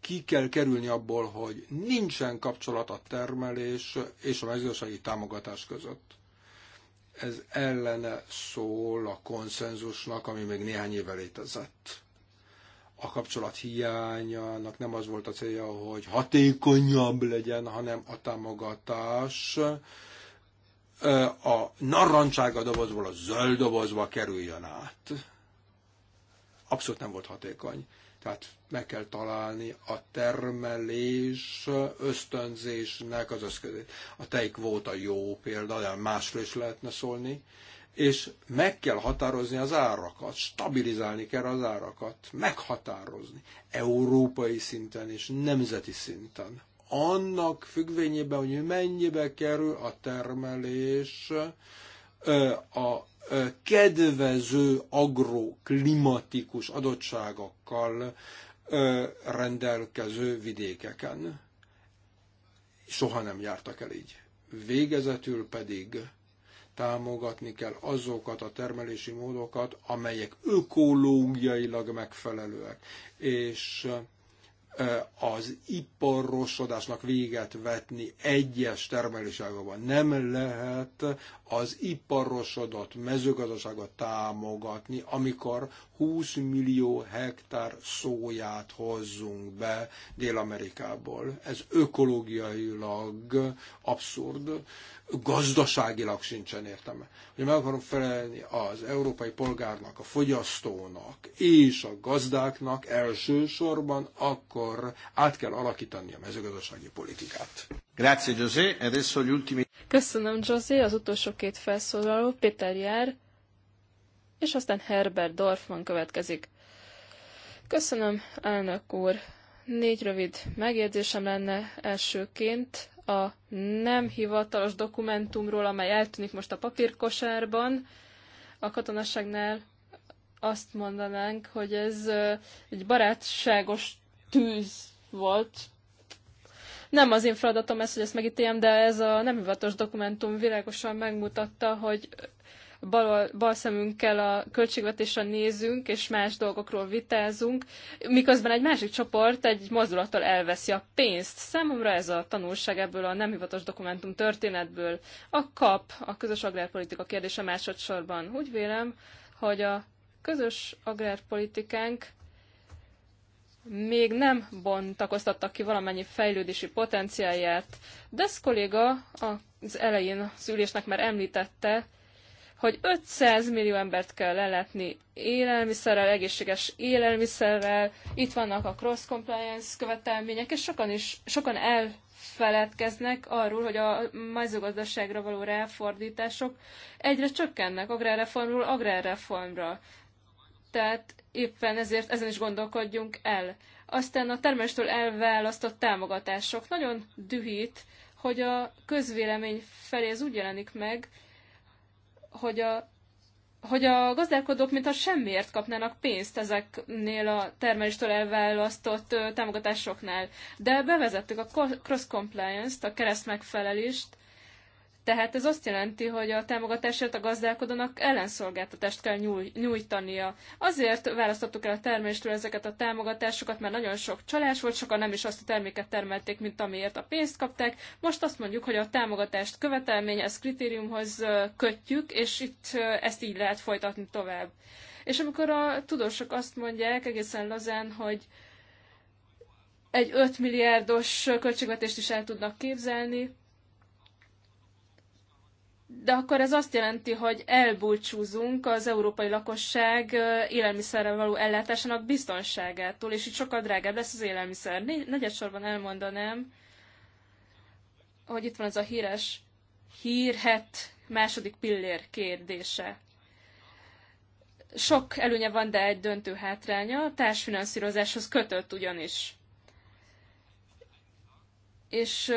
Ki kell kerülni abból, hogy nincsen kapcsolat a termelés és a mezőgazdasági támogatás között ez ellene szól a konszenzusnak, ami még néhány éve létezett a kapcsolat hiányának nem az volt a célja, hogy hatékonyabb legyen, hanem a támogatás a narancsága dobozból a zöld dobozba kerüljön át. Abszolút nem volt hatékony. Tehát meg kell találni a termelés ösztönzésnek az összközét. A tejkvóta jó példa, de másról is lehetne szólni és meg kell határozni az árakat, stabilizálni kell az árakat, meghatározni európai szinten és nemzeti szinten. Annak függvényében, hogy mennyibe kerül a termelés, a kedvező agroklimatikus adottságokkal rendelkező vidékeken. Soha nem jártak el így. Végezetül pedig támogatni kell azokat a termelési módokat, amelyek ökológiailag megfelelőek, és az iparosodásnak véget vetni egyes termeléságokban. Nem lehet az iparosodott mezőgazdaságot támogatni, amikor 20 millió hektár szóját hozzunk be Dél-Amerikából. Ez ökológiailag abszurd gazdaságilag sincsen értelme. Hogy meg akarom felelni az európai polgárnak, a fogyasztónak és a gazdáknak elsősorban, akkor át kell alakítani a mezőgazdasági politikát. Grazie José, adesso gli ultimi... Köszönöm José, az utolsó két felszólaló, Péter Jár, és aztán Herbert Dorfman következik. Köszönöm, elnök úr. Négy rövid megjegyzésem lenne elsőként a nem hivatalos dokumentumról, amely eltűnik most a papírkosárban, a katonasságnál azt mondanánk, hogy ez egy barátságos tűz volt. Nem az én feladatom ez, hogy ezt megítéljem, de ez a nem hivatalos dokumentum világosan megmutatta, hogy bal, bal szemünkkel a költségvetésre nézünk, és más dolgokról vitázunk, miközben egy másik csoport egy mozdulattal elveszi a pénzt. Számomra ez a tanulság ebből a nem hivatos dokumentum történetből. A kap, a közös agrárpolitika kérdése másodszorban. Úgy vélem, hogy a közös agrárpolitikánk még nem bontakoztatta ki valamennyi fejlődési potenciálját. Desz kolléga az elején az ülésnek már említette, hogy 500 millió embert kell ellátni élelmiszerrel, egészséges élelmiszerrel, itt vannak a cross compliance követelmények, és sokan is, sokan elfeledkeznek arról, hogy a mezőgazdaságra való ráfordítások egyre csökkennek agrárreformról agrárreformra. Tehát éppen ezért ezen is gondolkodjunk el. Aztán a termeléstől elválasztott támogatások nagyon dühít, hogy a közvélemény felé ez úgy jelenik meg, hogy a hogy a gazdálkodók mint semmiért kapnának pénzt ezeknél a termeléstől elválasztott támogatásoknál. De bevezettük a cross compliance-t, a keresztmegfelelést. Tehát ez azt jelenti, hogy a támogatásért a gazdálkodónak ellenszolgáltatást kell nyújtania. Azért választottuk el a terméstől ezeket a támogatásokat, mert nagyon sok csalás volt, sokan nem is azt a terméket termelték, mint amiért a pénzt kapták. Most azt mondjuk, hogy a támogatást követelményhez, kritériumhoz kötjük, és itt ezt így lehet folytatni tovább. És amikor a tudósok azt mondják egészen lazán, hogy egy 5 milliárdos költségvetést is el tudnak képzelni, de akkor ez azt jelenti, hogy elbúcsúzunk az európai lakosság élelmiszerrel való ellátásának biztonságától, és így sokkal drágább lesz az élelmiszer. Negyedsorban elmondanám, hogy itt van ez a híres hírhet második pillér kérdése. Sok előnye van, de egy döntő hátránya, a társfinanszírozáshoz kötött ugyanis. És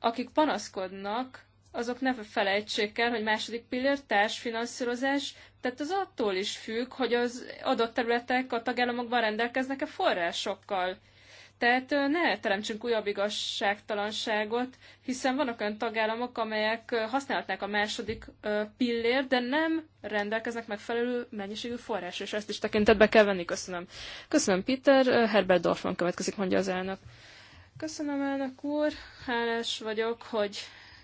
akik panaszkodnak, azok ne felejtsék el, hogy második pillér társfinanszírozás, tehát az attól is függ, hogy az adott területek a tagállamokban rendelkeznek-e forrásokkal. Tehát ne teremtsünk újabb igazságtalanságot, hiszen vannak olyan tagállamok, amelyek használhatnák a második pillért, de nem rendelkeznek megfelelő mennyiségű forrás, és ezt is tekintetbe kell venni. Köszönöm. Köszönöm, Peter. Herbert Dorfman következik, mondja az elnök. Köszönöm, elnök úr. Hálás vagyok, hogy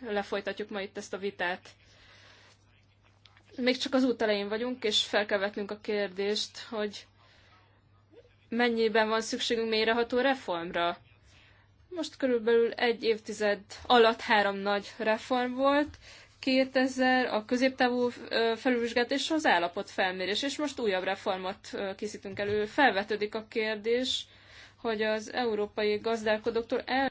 lefolytatjuk ma itt ezt a vitát. Még csak az út elején vagyunk, és fel kell vetnünk a kérdést, hogy mennyiben van szükségünk mélyreható reformra. Most körülbelül egy évtized alatt három nagy reform volt, 2000 a középtávú felülvizsgálat és az felmérés és most újabb reformot készítünk elő. Felvetődik a kérdés, hogy az európai gazdálkodóktól el